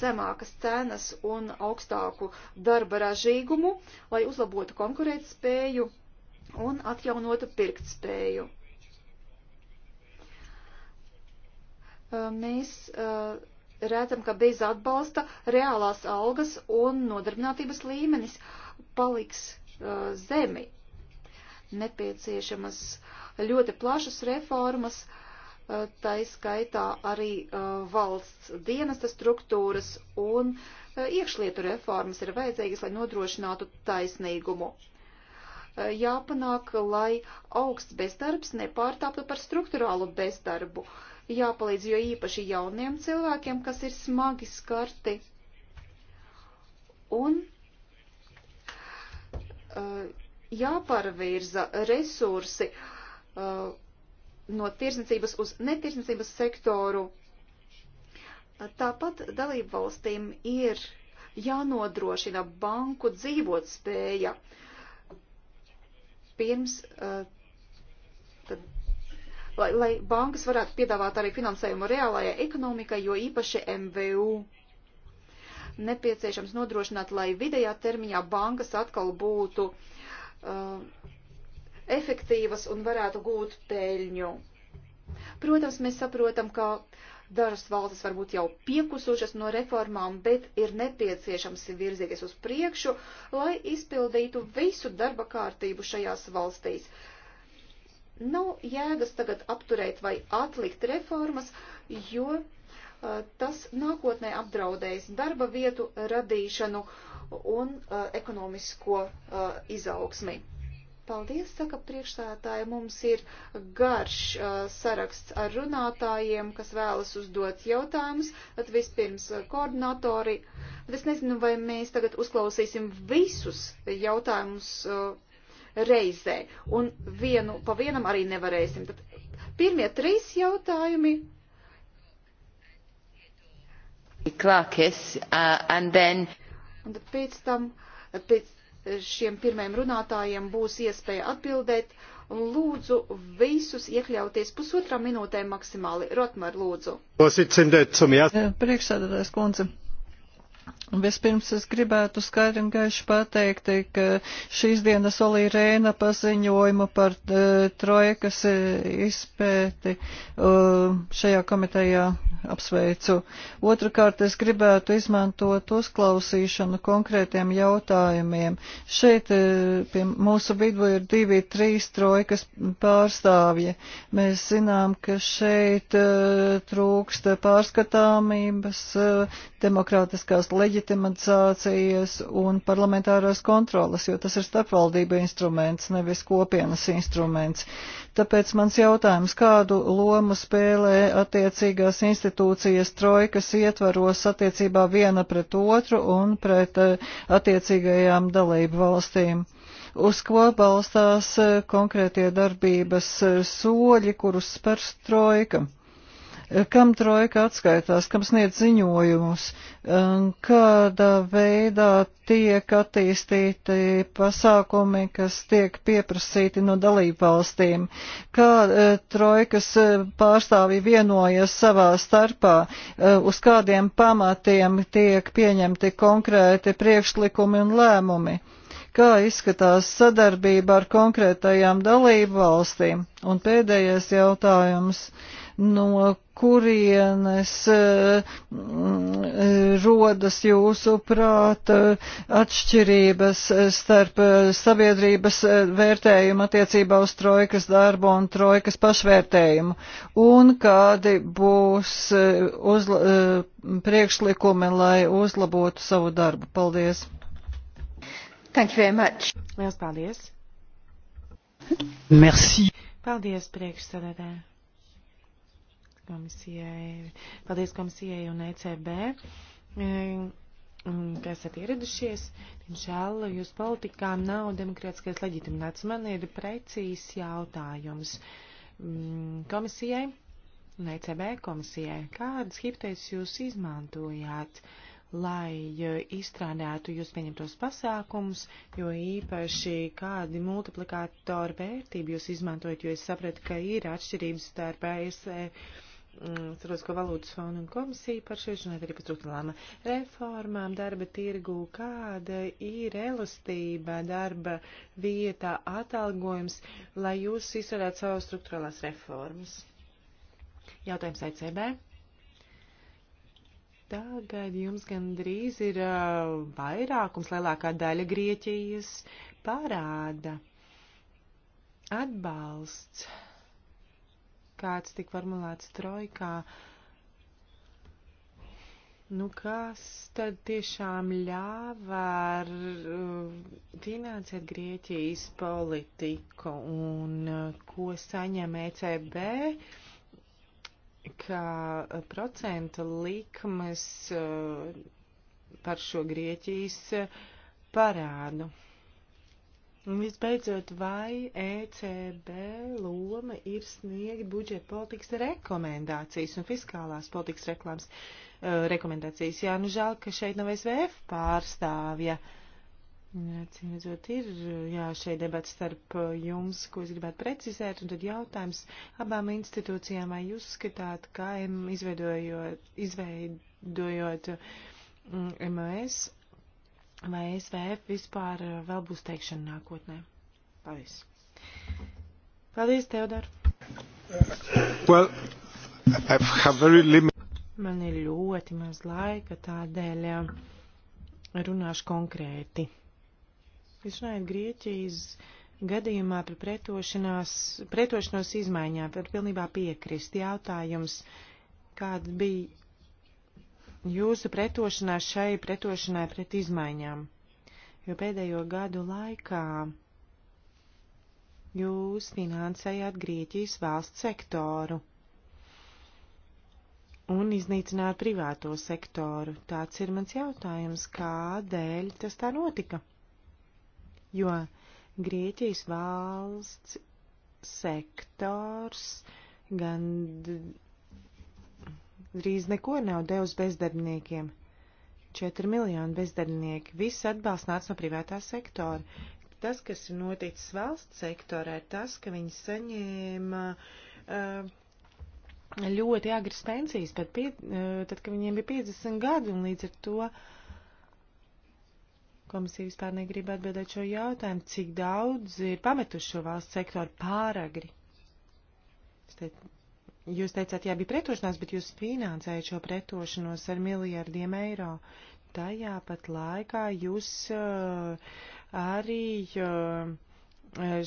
zemākas cenas un augstāku darba ražīgumu, lai uzlabotu konkurētspēju un atjaunotu pirktspēju. Mēs redzam, ka bez atbalsta reālās algas un nodarbinātības līmenis uh, paliks uh, zemi. Nepieciešamas ļoti plašas reformas, uh, tā izskaitā arī uh, valsts dienesta struktūras un uh, iekšlietu reformas ir vajadzīgas, lai nodrošinātu taisnīgumu. Uh, jāpanāk, lai augsts bezdarbs nepārtāptu par struktūrālu bezdarbu. Jāpalīdz jo īpaši jauniem cilvēkiem, kas ir smagi skarti un Uh, jāpārvirza resursi uh, no tirsniecības uz netirsniecības sektoru. Tāpat dalību valstīm ir jānodrošina banku dzīvot spēja pirms, uh, tad, lai, lai bankas varētu piedāvāt arī finansējumu reālajai ekonomikai, jo īpaši MVU nepieciešams nodrošināt, lai vidējā termiņā bankas atkal būtu uh, efektīvas un varētu gūt peļņu. Protams, mēs saprotam, ka dažas valstis varbūt jau piekusušas no reformām, bet ir nepieciešams virzīties uz priekšu, lai izpildītu visu darba kārtību šajās valstīs. Nav jēgas tagad apturēt vai atlikt reformas, jo uh, Eh, tas nākotnē apdraudēs darba vietu radīšanu un eh, ekonomisko eh, izaugsmi. Paldies, saka priekšstādātāja, mums ir garš saraksts ar runātājiem, kas vēlas uzdot jautājumus, tad vispirms koordinatori. Bet es nezinu, vai mēs tagad uzklausīsim visus jautājumus reizē, un vienu pa vienam arī nevarēsim. Tad pirmie trīs jautājumi Klākis, uh, and then... Un tad pēc tam, pēc šiem pirmajiem runātājiem būs iespēja atbildēt, un lūdzu visus iekļauties pusotrā minūtē maksimāli. Rotmar, lūdzu. Priekšsēdētājs kundze. Vispirms es gribētu skaidri un gaiši pateikt, ka šīs dienas Olī Rēna paziņojumu par uh, trojkas e, izpēti uh, šajā komitejā apsveicu. Otrakārt, es gribētu izmantot uzklausīšanu konkrētiem jautājumiem. Šeit uh, pie mūsu vidu ir divi, trīs trojkas pārstāvji. Mēs zinām, ka šeit uh, trūksta pārskatāmības, uh, demokrātiskās leģislācijas leģitimizācijas un parlamentārās kontrolas, jo tas ir starpvaldība instruments, nevis kopienas instruments. Tāpēc mans jautājums, kādu lomu spēlē attiecīgās institūcijas trojkas ietvaros attiecībā viena pret otru un pret eh, attiecīgajām dalību valstīm? uz ko balstās eh, konkrētie darbības eh, soļi, kurus spērs trojka kam trojka atskaitās, kam sniedz ziņojumus, kādā veidā tiek attīstīti pasākumi, kas tiek pieprasīti no dalībvalstīm, kā e, trojkas e, pārstāvji vienojas savā starpā, e, uz kādiem pamatiem tiek pieņemti konkrēti priekšlikumi un lēmumi kā izskatās sadarbība ar konkrētajām dalību valstīm. Un pēdējais jautājums. Uh, no kurienes eh, rodas jūsu prāta atšķirības starp eh, sabiedrības eh, vērtējumu attiecībā uz trojkas darbu un trojkas pašvērtējumu, un kādi būs uzla, priekšlikumi, lai uzlabotu savu darbu. Paldies! Thank you very much. Liels paldies! Merci. Paldies, priekšsēdētāji komisijai, paldies komisijai un ECB, e, kas esat ieradušies. Diemžēl jūs politikā nav demokrātiskais leģitimināts. Man ir precīzs jautājums mm, komisijai un ECB komisijai. Kādas hipotēzes jūs izmantojāt? lai e, izstrādātu jūs pieņemtos pasākumus, jo īpaši kādi multiplikātori vērtību jūs izmantojat, jo es sapratu, ka ir atšķirības starp ASV e Mm, Starptautisko valūtas fondu un komisiju par šo runāt arī par struktūrālām reformām darba tirgu, kāda ir elastība darba vietā atalgojums, lai jūs izsarāt savu struktūrālās reformas. Jautājums ECB. Tagad jums gandrīz ir uh, vairākums, lielākā daļa Grieķijas parāda. Atbalsts kāds tika formulēts trojkā. Nu, kas tad tiešām ļāva uh, finansēt Grieķijas politiku un uh, ko saņem ECB, ka uh, procenta likmes par šo Grieķijas parādu? Visbeidzot, vai ECB loma ir sniegt budžeta politikas rekomendācijas un fiskālās politikas reklāmas uh, rekomendācijas? Jā, nu žēl, ka šeit nav SVF pārstāvja. Cīmēdzot, ir jā, šeit debats starp eh, jums, ko es gribētu precizēt, un tad jautājums abām institūcijām, vai jūs skatāt, kā izveidojot, izveidojot um, mm, MOS vai SVF vispār eh, vēl būs teikšana nākotnē. Paldies. Paldies, Teodor. Well, Man ir ļoti maz laika, tādēļ eh, runāšu konkrēti. Jūs runājat Grieķijas gadījumā par pretošanos izmaiņām, var pilnībā piekrist. Jautājums, kāda bija jūsu pretošanās šai pretošanai pret izmaiņām. Jo pēdējo gadu laikā jūs finansējāt Grieķijas valsts sektoru un iznīcināt privāto sektoru. Tāds ir mans jautājums, kādēļ tas tā notika? Jo Grieķijas valsts sektors gan drīz neko nav devis bezdarbniekiem. 4 miljoni bezdarbnieki, viss atbalsts nāca no privātā sektora. Tas, kas ir noticis valsts sektorā, ir tas, ka viņi saņēma uh, ļoti agras pensijas, pat pie, uh, tad, kad viņiem bija 50 gadi, un līdz ar to uh, Komisija vispār negrib atbildēt šo jautājumu, cik daudz ir pametuši šo valsts sektoru pāragri. Es te Jūs teicāt, jā, bija pretošanās, bet jūs finansējat šo pretošanos ar miljardiem eiro. Tajā pat laikā jūs uh, arī uh,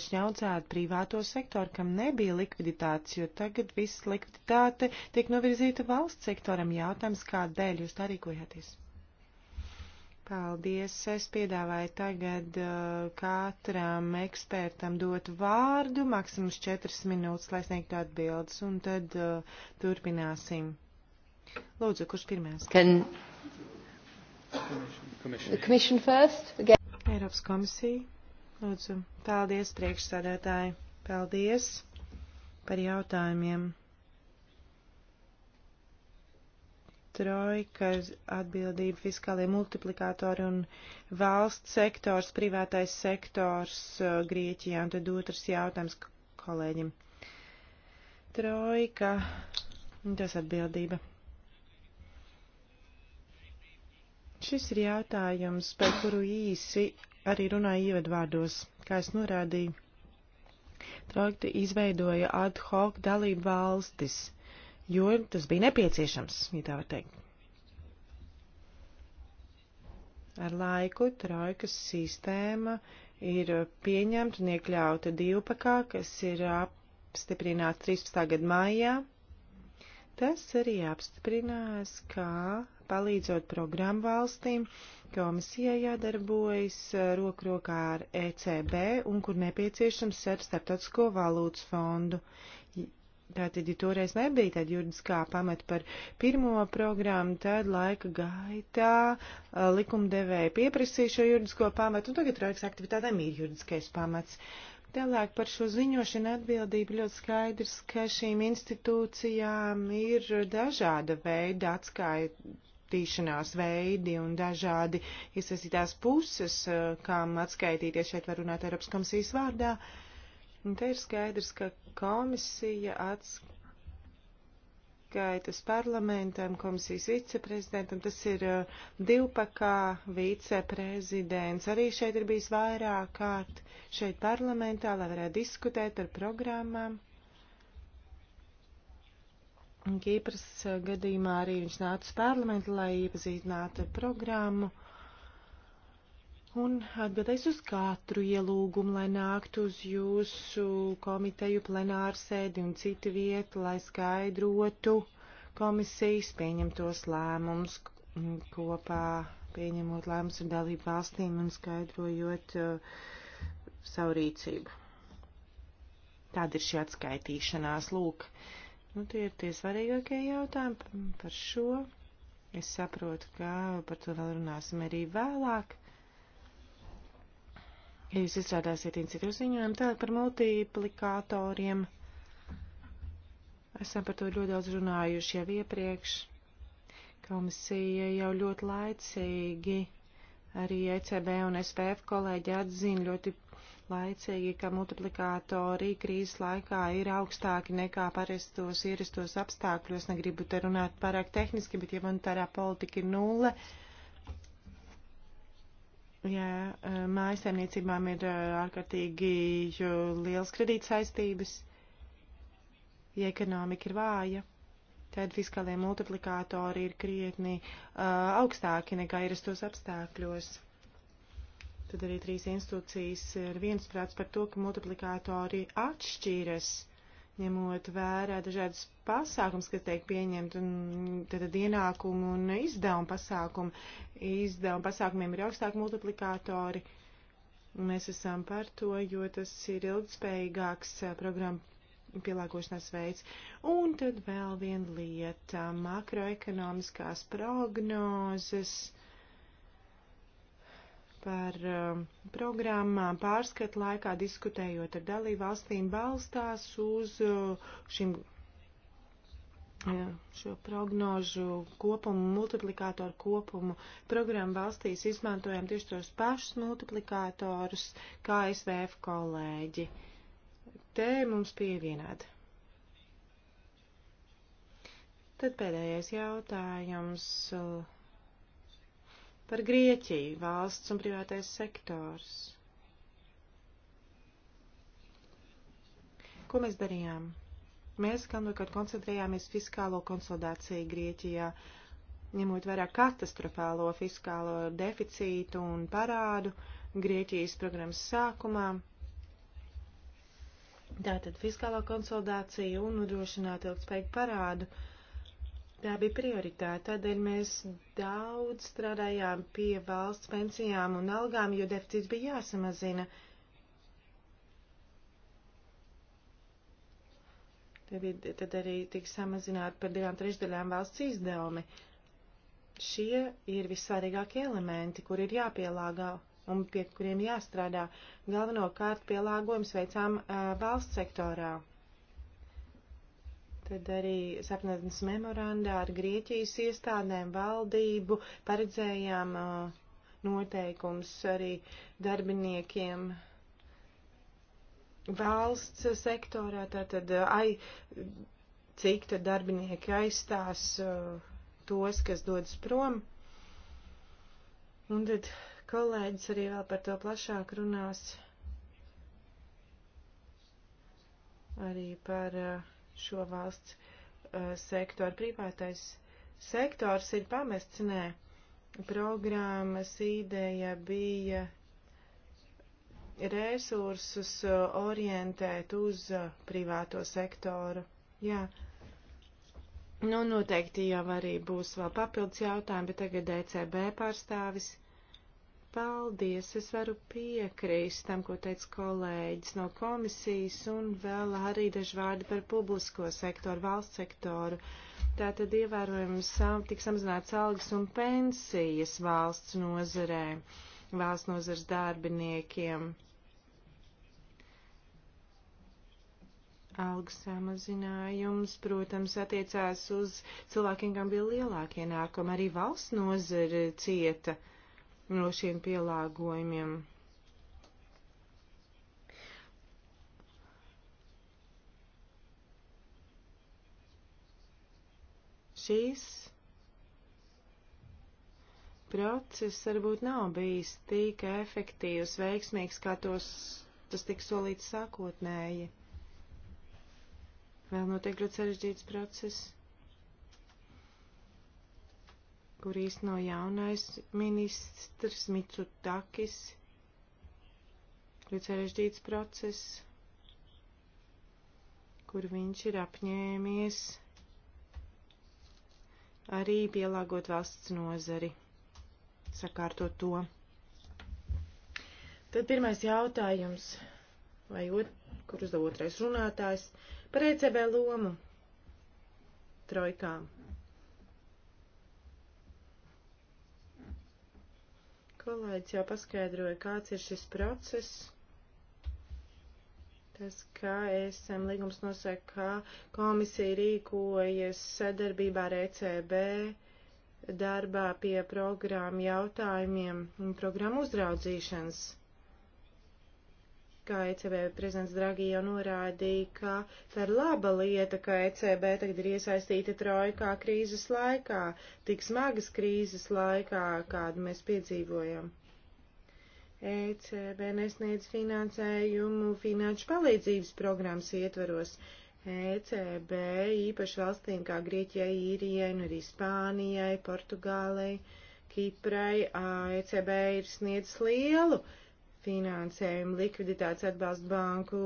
šņaucāt privāto sektoru, kam nebija likviditātes, jo tagad viss likviditāte tiek novirzīta valsts sektoram. Jautājums, kādēļ jūs tā rīkojāties? Paldies. Es piedāvāju tagad uh, katram ekspertam dot vārdu, maksimums četras minūtes, lai sniegtu atbildes, un tad uh, turpināsim. Lūdzu, kurš pirmais? Can... Commission. Commission first, again. Eiropas komisija. Lūdzu. Paldies, priekšsādātāji. Paldies par jautājumiem. trojkas atbildība, fiskālie multiplikātori un valsts sektors, privātais sektors uh, Grieķijā. Un tad otrs jautājums kolēģim. Trojka, tas atbildība. Šis ir jautājums, par kuru īsi arī runāju ievadvārdos, kā es norādīju. Trojka izveidoja ad hoc dalību valstis jo tas bija nepieciešams, ja tā var teikt. Ar laiku trojkas sistēma ir pieņemta un iekļauta divpakā, kas ir apstiprināta 13. gada maijā. Tas arī apstiprinās, kā palīdzot programmu valstīm, komisijai jādarbojas roku rokā ar ECB un, kur nepieciešams, ar Startautisko valūtas fondu, Tātad, ja toreiz nebija tāda juridiskā pamata par pirmo programmu, tad laika gaitā likumdevēja pieprasīja šo juridisko pamatu, un tagad projekts aktivitātēm ir juridiskais pamats. Tālāk par šo ziņošanu atbildību ļoti skaidrs, ka šīm institūcijām ir dažāda veida atskaitīšanās veidi un dažādi iesaistītās puses, kam atskaitīties šeit var runāt Eiropas komisijas vārdā. Uh, Un te ir skaidrs, ka komisija atskaitas parlamentam, komisijas viceprezidentam, tas ir uh, divpakā viceprezidents. Arī šeit ir bijis vairāk kārt šeit parlamentā, lai varētu diskutēt par programmām. Kīpras uh, gadījumā arī viņš nāca uz parlamentu, lai iepazīstinātu programmu un atbildēs uz katru ielūgumu, lai nāktu uz jūsu komiteju plenārsēdi un citu vietu, lai skaidrotu komisijas pieņemtos lēmumus kopā, pieņemot lēmumus ar dalību valstīm un skaidrojot uh, savu rīcību. Tāda ir šī atskaitīšanās. Lūk, nu, tie ir tie svarīgākie jautājumi par šo. Es saprotu, ka par to vēl runāsim arī vēlāk. Ja jūs izstrādāsiet institūtu ziņojumu tālāk par multiplikatoriem, esam par to ļoti daudz runājuši jau iepriekš. Komisija jau ļoti laicīgi, arī ECB un SVF kolēģi atzina ļoti laicīgi, ka multiplikātori krīzes laikā ir augstāki nekā parastos ierastos apstākļos. Negribu te runāt pārāk tehniski, bet ja monetārā politika ir nulle, Jā, mājasemniecībām ir eh, ārkārtīgi liels kredītsaistības. Ja ekonomika ir vāja, tad fiskālie multiplikātori ir krietni uh, augstāki nekā ierastos apstākļos. Tad arī trīs institūcijas ir viensprāts par to, ka multiplikātori atšķīras ņemot vērā dažādas pasākums, kas tiek pieņemt, un tad ienākumu un izdevumu pasākumu. Izdevumu pasākumiem ir augstāki multiplikātori. Mēs esam par to, jo tas ir ilgspējīgāks eh, programma pielāgošanās veids. Un tad vēl viena lieta - makroekonomiskās prognozes par uh, programmām pārskatu laikā diskutējot ar dalību valstīm balstās uz uh, šim, jā, šo prognožu kopumu, multiplikātoru kopumu. Programmu valstīs izmantojam tieši tos pašus multiplikātorus kā SVF kolēģi. Te mums pievienāda. Tad pēdējais jautājums. Uh, Par Grieķiju valsts un privātais sektors. Ko mēs darījām? Mēs galvenokārt nu koncentrējāmies fiskālo konsolidāciju Grieķijā, ņemot vērā katastrofālo fiskālo deficītu un parādu Grieķijas programmas sākumā. Tātad fiskālā konsolidācija un nodrošināt ilgspējīgu parādu uh, Tā bija prioritāte, tādēļ mēs daudz strādājām pie valsts pensijām un algām, jo deficīts bija jāsamazina. Tad arī tika samazināti par divām trešdaļām valsts izdevumi. Šie ir vissvarīgākie elementi, kur ir jāpielāgā un pie kuriem jāstrādā. Galvenokārt pielāgojums veicām uh, valsts sektorā. Tad arī sapnētnes memorandā ar Grieķijas iestādēm valdību paredzējām uh, noteikums arī darbiniekiem valsts sektorā, tātad uh, ai, cik tad darbinieki aizstās uh, tos, kas dodas prom. Un tad kolēģis arī vēl par to plašāk runās. Arī par uh, šo valsts uh, sektoru. Privātais sektors ir pamests, nē. Programmas ideja bija resursus uh, orientēt uz uh, privāto sektoru. Jā. Nu, noteikti jau arī būs vēl papildus jautājumi, bet tagad ECB pārstāvis. Paldies, es varu piekrīst tam, ko teica kolēģis no komisijas un vēl arī daži vārdi par publisko sektoru, valsts sektoru. Tātad ievērojami sam, tik samazināts algas un pensijas valsts nozarē, valsts nozars darbiniekiem. Algas samazinājums, protams, attiecās uz cilvēkiem, kam bija lielākie nākumi, arī valsts nozara cieta. Uh, no šiem pielāgojumiem. Šīs process varbūt nav bijis tik efektīvs, veiksmīgs, kā tos, tas tika solīts sākotnēji. Vēl notiek ļoti sarežģīts process kur īsno jaunais ministrs Mitsutakis. Ļoti sarežģīts process, kur viņš ir apņēmies arī pielāgot valsts nozari, sakārtot to. Tad pirmais jautājums, vai ot, kur uzdev otrais runātājs, par ECB lomu trojkām. Kolēģis jau paskaidroja, kāds ir šis process. Tas, kā ESM līgums nosaka, kā komisija rīkojas sadarbībā ar ECB darbā pie programmu jautājumiem un programmu uzraudzīšanas kā ECB prezidents Dragi jau norādīja, ka tā ir laba lieta, ka ECB tagad ir iesaistīta trojkā krīzes laikā, tik smagas krīzes laikā, kādu mēs piedzīvojam. ECB nesniedz finansējumu finanšu palīdzības programmas ietveros. ECB īpaši valstīm kā Grieķijai, Īrijai, un nu arī Spānijai, Portugālei, Kiprai, ECB ir sniedzis lielu uh, finansējumu, likviditātes atbalstu banku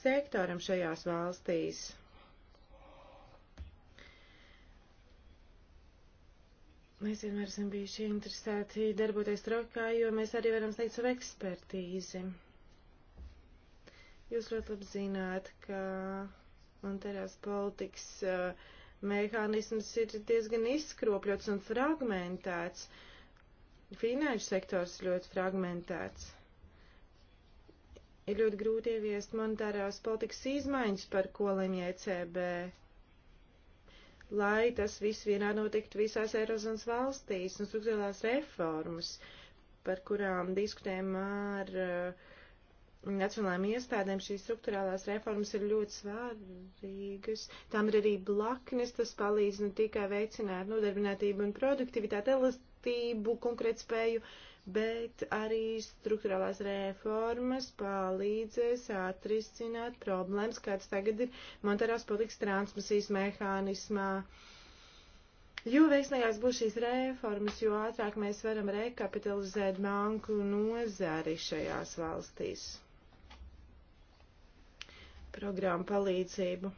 sektoram šajās valstīs. Mēs vienmēr esam bijuši interesēti darboties trokā, jo mēs arī varam sniegt savu ekspertīzi. Jūs ļoti labi zināt, ka monetārās politikas uh, mehānisms ir diezgan izskropļots un fragmentēts. Finanšu sektors ļoti fragmentēts. Ir ļoti grūti ieviest monetārās politikas izmaiņas, par ko lemj ECB, lai tas viss vienā notiktu visās Eirozonas valstīs un struktūrālās reformas, par kurām diskutējam ar uh, nacionālajām iestādēm šīs struktūrālās reformas ir ļoti svārīgas. Tam ir arī blaknes, tas palīdz ne tikai veicināt nodarbinātību un produktivitāti, elastību, konkrētspēju, spēju bet arī struktūrālās reformas palīdzēs atrisināt problēmas, kāds tagad ir monetārās politikas transmisijas mehānismā. Jo veiksmīgāks būs šīs reformas, jo ātrāk mēs varam rekapitalizēt banku nozari šajās valstīs. Programma palīdzību.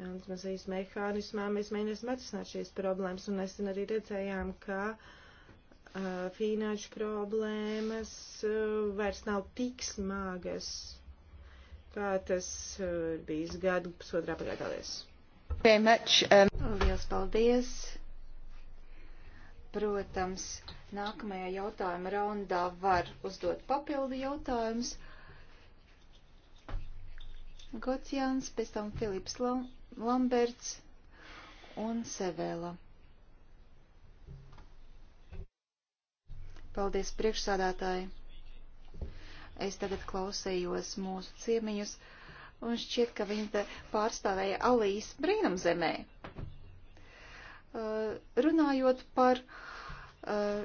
Transmisijas mehānismā mēs mēģināsim atrisināt šīs problēmas, un nesen arī redzējām, ka uh, finanšu problēmas vairs nav tik smagas, kā tas bijis gadu pusotrā pagādālies. Um, Lielas paldies! Protams, nākamajā jautājuma raundā var uzdot papildu jautājumus. Gocians, pēc tam Filips Lamberts un Sevela. Paldies priekšsādātāji. Es tagad klausējos mūsu ciemiņus un šķiet, ka viņa pārstāvēja Alijas brīnumzemē. Uh, runājot par uh,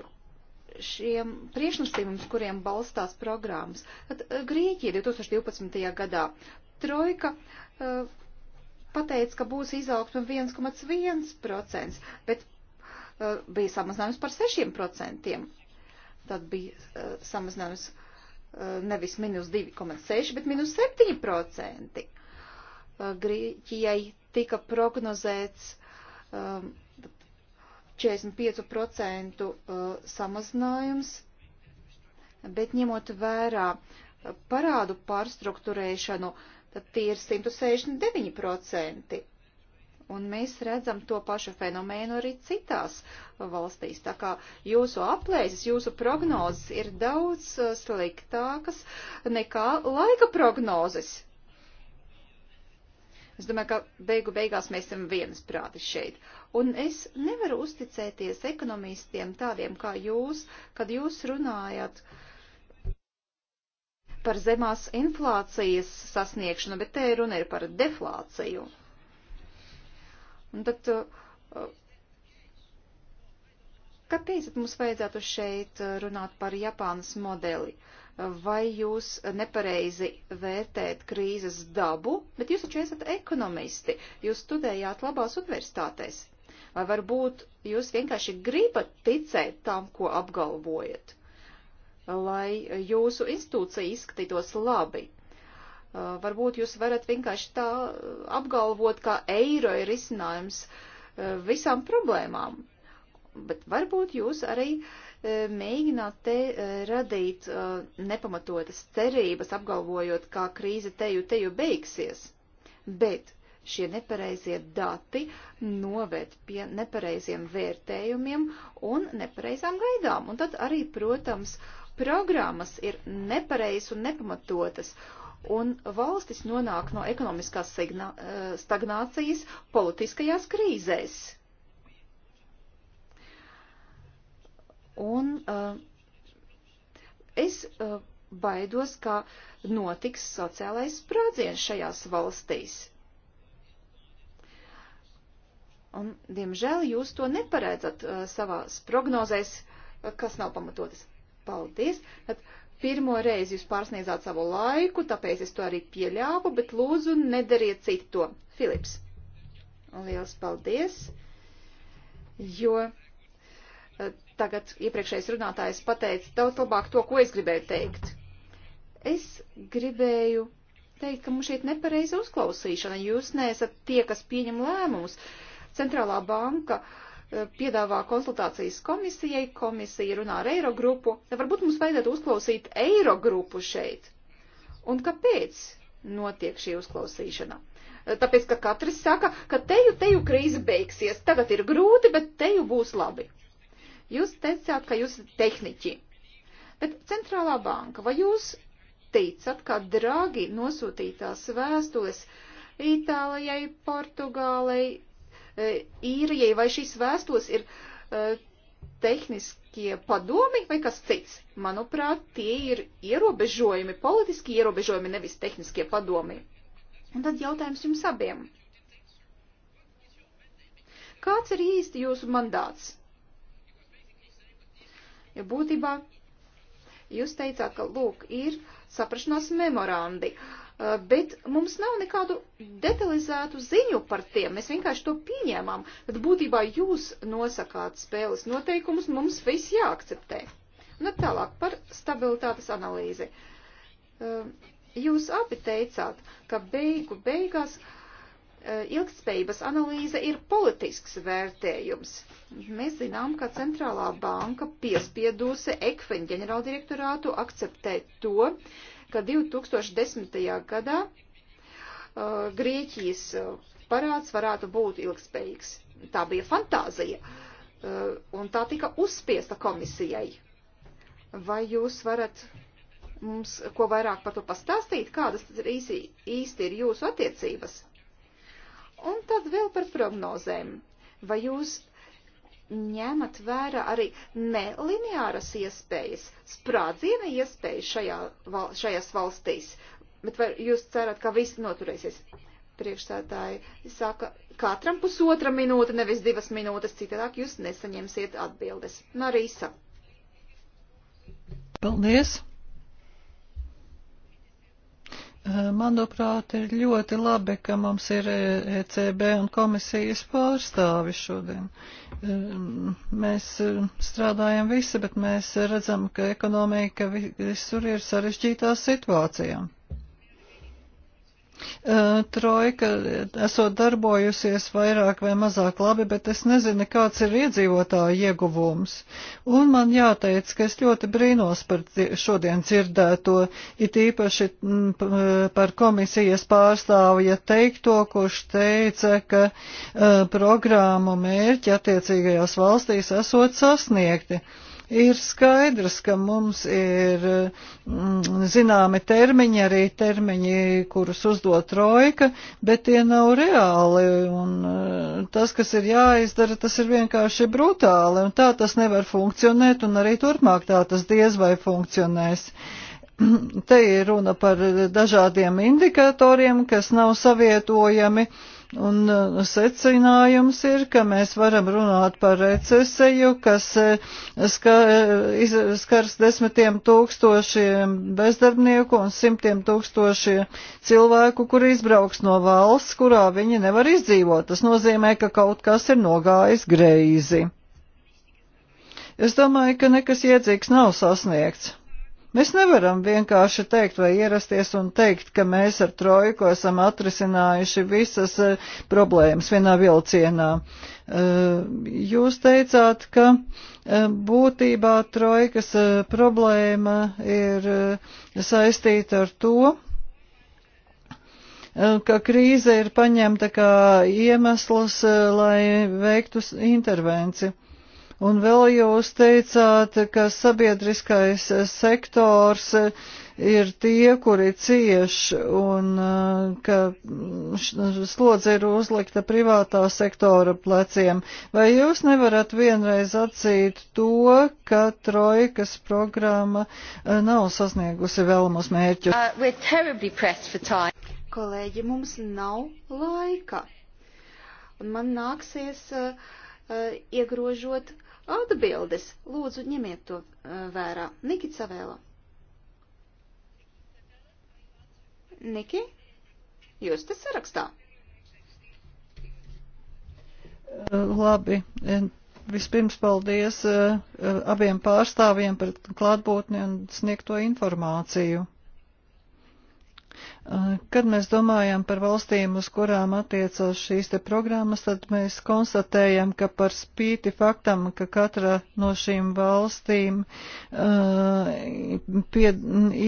šiem priekšnosīmiem, kuriem balstās programmas, tad uh, Grieķija 2012. gadā trojka uh, pateica, ka būs izaugsme 1,1%, bet uh, bija samazinājums par 6% tad bija uh, samazinājums uh, nevis minus 2,6, bet minus 7%. Uh, eh, Grieķijai tika prognozēts um, 45% uh, samazinājums, bet ņemot vērā parādu pārstruktūrēšanu, tad tie ir 169%. Un mēs redzam to pašu fenomēnu arī citās valstīs. Tā kā jūsu aplēses, jūsu prognozes ir daudz uh, sliktākas nekā laika prognozes. Es domāju, ka beigu beigās mēs esam vienas prāti šeit. Un es nevaru uzticēties ekonomistiem tādiem kā jūs, kad jūs runājat par zemās inflācijas sasniegšanu, bet te runa ir par deflāciju. Un tad, uh, uh, kāpēc tad mums vajadzētu šeit uh, runāt par Japānas modeli? Vai jūs nepareizi vērtēt krīzes dabu, bet jūs taču esat ekonomisti, jūs studējāt labās universitātēs. Vai varbūt jūs vienkārši gribat ticēt tam, ko apgalvojat? lai jūsu institūcija izskatītos labi. Eh, varbūt jūs varat vienkārši tā eh, apgalvot, ka eiro ir risinājums eh, visām problēmām. Bet varbūt jūs arī mēģināt te radīt nepamatotas cerības, apgalvojot, kā krīze teju teju beigsies. Bet šie nepareizie dati noved pie nepareiziem vērtējumiem un nepareizām gaidām. Un tad arī, protams, programmas ir nepareizas un nepamatotas. Uh, un valstis nonāk no ekonomiskās eh, stagnācijas politiskajās krīzēs. Un uh, es uh, baidos, ka notiks sociālais sprādziens šajās valstīs. Un, diemžēl, jūs to neparedzat uh, savās prognozēs, kas nav pamatotas. Paldies! Tad, uh, Pirmo reizi jūs pārsniedzāt savu laiku, tāpēc es to arī pieļāvu, bet lūdzu nedariet cito. Filips. Liels paldies, jo eh, tagad iepriekšējais runātājs pateica daudz labāk to, ko es gribēju teikt. Es gribēju teikt, ka mums šeit nepareiza uzklausīšana. Jūs neesat tie, kas pieņem lēmumus. Centrālā banka uh, Eh, piedāvā konsultācijas komisijai, komisija runā ar Eirogrupu, tad varbūt mums vajadzētu uzklausīt Eirogrupu šeit. Un kāpēc notiek šī uzklausīšana? Eh, tāpēc, ka katrs saka, ka teju, teju krīze beigsies, tagad ir grūti, bet teju būs labi. Jūs teicāt, ka jūs esat tehniķi, bet centrālā banka, vai jūs teicat, ka Dragi nosūtītās vēstules Itālijai, Portugālei, E, īrijai, vai šīs vēstos ir e, tehniskie padomi vai kas cits. Manuprāt, tie ir ierobežojumi, politiski ierobežojumi, nevis tehniskie padomi. Un tad jautājums jums abiem. Kāds ir īsti jūsu mandāts? Jo būtībā jūs teicāt, ka lūk, ir saprašanās memorandi. Uh, Eh, bet mums nav nekādu detalizētu ziņu par tiem. Mēs vienkārši to pieņēmām. Tad būtībā jūs nosakāt spēles noteikumus, mums viss jāakceptē. Nu, tālāk par stabilitātes analīzi. Eh, jūs abi teicāt, ka beigu beigās eh, ilgspējības analīze ir politisks vērtējums. Mēs zinām, ka centrālā banka piespiedusi Ekfen ģenerāldirektorātu akceptēt to, uh, ka 2010. gadā uh, Grieķijas uh, parāds varētu būt ilgspējīgs. Tā bija fantāzija, uh, un tā tika uzspiesta komisijai. Vai jūs varat mums ko vairāk par to pastāstīt, kādas ir īsi, īsti ir jūsu attiecības? Un tad vēl par prognozēm. Vai jūs ņemat vērā arī nelineāras iespējas, sprādziena iespējas šajā, val, šajās valstīs, bet vai jūs cerat, ka visi noturēsies? Priekšsētāji saka, katram pusotra minūte, nevis divas minūtes, citādāk jūs nesaņemsiet atbildes. Narīsa. Paldies! Eh, manuprāt, ir ļoti labi, ka mums ir ECB eh, e un komisijas pārstāvi šodien. Eh, mēs strādājam visi, bet mēs redzam, ka ekonomika visur ir sarežģītā situācijā. Trojka esot darbojusies vairāk vai mazāk labi, bet es nezinu, kāds ir iedzīvotāju ieguvums. Un man jāteic, ka es ļoti brīnos par šodien dzirdēto, it īpaši par komisijas pārstāvja teikto, kurš teica, ka programmu mērķi attiecīgajās valstīs esot sasniegti. Ir skaidrs, ka mums ir mm, zināmi termiņi, arī termiņi, kurus uzdod trojka, bet tie nav reāli. Un eh, tas, kas ir jāizdara, tas ir vienkārši brutāli. Un tā tas nevar funkcionēt, un arī turpmāk tā tas diez vai funkcionēs. Te ir runa par dažādiem indikatoriem, kas nav savietojami. Uh, Un uh, secinājums ir, ka mēs varam runāt par recesiju, kas uh, uh, skars desmitiem tūkstošiem bezdarbnieku un simtiem tūkstošiem cilvēku, kur izbrauks no valsts, kurā viņi nevar izdzīvot. Tas nozīmē, ka kaut kas ir nogājis greizi. Es domāju, ka nekas iedzīgs nav sasniegts. Mēs nevaram vienkārši teikt vai ierasties un teikt, ka mēs ar trojku esam atrisinājuši visas eh, problēmas vienā vilcienā. Eh, jūs teicāt, ka eh, būtībā trojkas problēma ir saistīta ar to, ka krīze ir paņemta kā iemesls, lai veiktu intervenciju. Un vēl jūs teicāt, ka sabiedriskais sektors ir tie, kuri cieš un uh, ka slodze ir uzlikta privātā sektora pleciem. Vai jūs nevarat vienreiz atzīt to, ka trojkas programma uh, nav sasniegusi vēlamos mērķus? Uh, Kolēģi, mums nav laika. Un man nāksies uh, uh, iegrožot atbildes. Lūdzu, ņemiet to uh, vērā. Niki Cavēla. Niki, jūs te sarakstā. Uh, labi. Eh, vispirms paldies eh, eh, abiem pārstāvjiem par klātbūtni un sniegto informāciju. Eh, kad mēs domājam par valstīm, uz kurām attiecās šīs te programmas, tad mēs konstatējam, ka par spīti faktam, ka katra no šīm valstīm uh, eh, pie,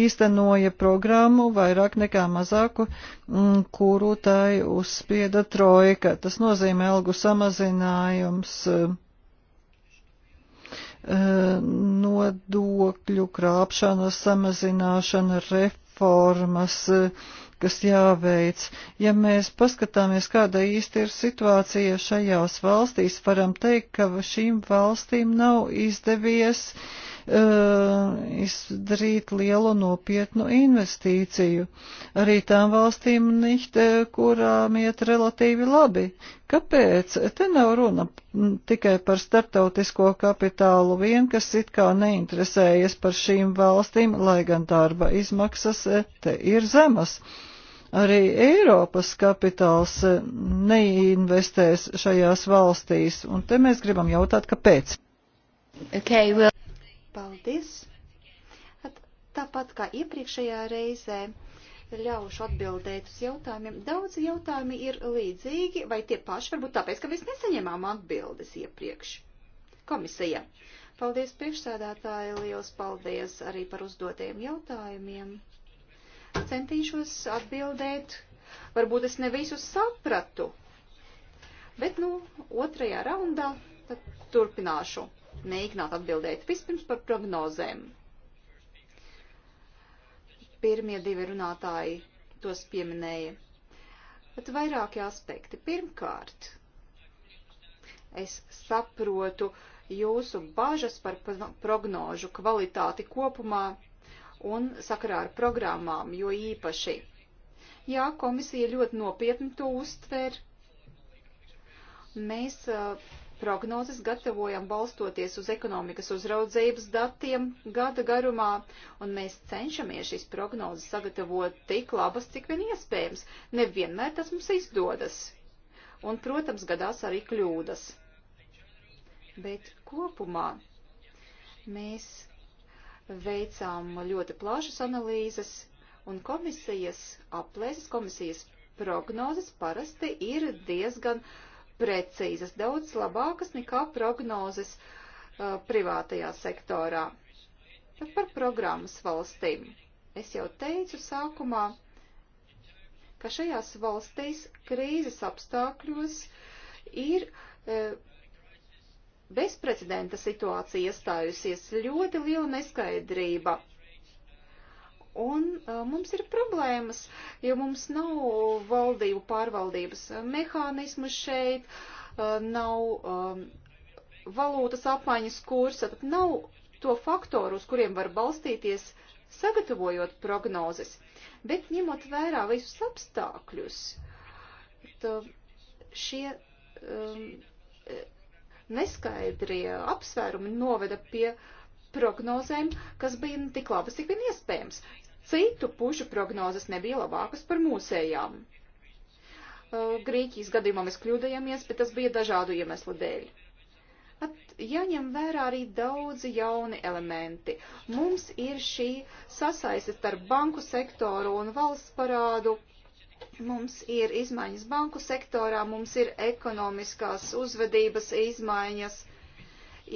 īstenoja programmu vairāk nekā mazāku, um, kuru tai uzspieda trojka. Tas nozīmē algu samazinājums. Uh, nodokļu krāpšana, samazināšana, ref reformas, eh, kas jāveic. Ja mēs paskatāmies, kāda īsti ir situācija šajās valstīs, varam teikt, ka šīm valstīm nav izdevies uh, Uh, izdarīt lielu nopietnu investīciju. Arī tām valstīm niht, uh, kurām iet relatīvi labi. Kāpēc? Te nav runa tikai par starptautisko kapitālu vien, kas it kā neinteresējas par šīm valstīm, lai gan darba izmaksas uh, te ir zemas arī Eiropas kapitāls neinvestēs šajās valstīs, un te mēs gribam jautāt, kāpēc. Okay, well... Paldies! Tāpat kā iepriekšējā reizē ļaušu atbildēt uz jautājumiem. Daudzi jautājumi ir līdzīgi vai tie paši, varbūt tāpēc, ka mēs nesaņemām atbildes iepriekš. Komisija. Paldies priekšsēdētāji, liels paldies arī par uzdotajiem jautājumiem. Centīšos atbildēt. Varbūt es ne visus sapratu, bet, nu, otrajā raundā tad turpināšu mēģināt atbildēt vispirms par prognozēm. Pirmie divi runātāji tos pieminēja. Bet vairāki aspekti. Pirmkārt, es saprotu jūsu bažas par prognožu kvalitāti kopumā un sakarā ar programmām, jo īpaši. Jā, komisija ļoti nopietni to uztver. Mēs uh, Prognozes gatavojam balstoties uz ekonomikas uzraudzības datiem gada garumā, un mēs cenšamies šīs prognozes sagatavot tik labas, cik vien iespējams. Nevienmēr tas mums izdodas. Un, protams, gadās arī kļūdas. Bet kopumā mēs veicām ļoti plašas analīzes, un komisijas aplēses, komisijas prognozes parasti ir diezgan uh, precīzas, daudz labākas nekā prognozes uh, privātajā sektorā. Tad par programmas valstīm. Es jau teicu sākumā, ka šajās valstīs krīzes apstākļos ir uh, bezprecedenta situācija iestājusies ļoti liela neskaidrība Un uh, mums ir problēmas, jo mums nav valdību pārvaldības mehānismu šeit, uh, nav um, valūtas apmaiņas kursa, tad nav to faktoru, uz kuriem var balstīties, sagatavojot prognozes. Bet ņemot vērā visus apstākļus, šie um, neskaidrie apsvērumi noveda pie prognozēm, kas bija tik labas, cik vien iespējams. Citu pušu prognozes nebija labākas par mūsējām. Grieķijas gadījumā mēs kļūdījāmies, bet tas bija dažādu iemeslu dēļ. At, jāņem vērā arī daudzi jauni elementi. Mums ir šī sasaiste starp banku sektoru un valsts parādu. Mums ir izmaiņas banku sektorā, mums ir ekonomiskās uzvedības izmaiņas,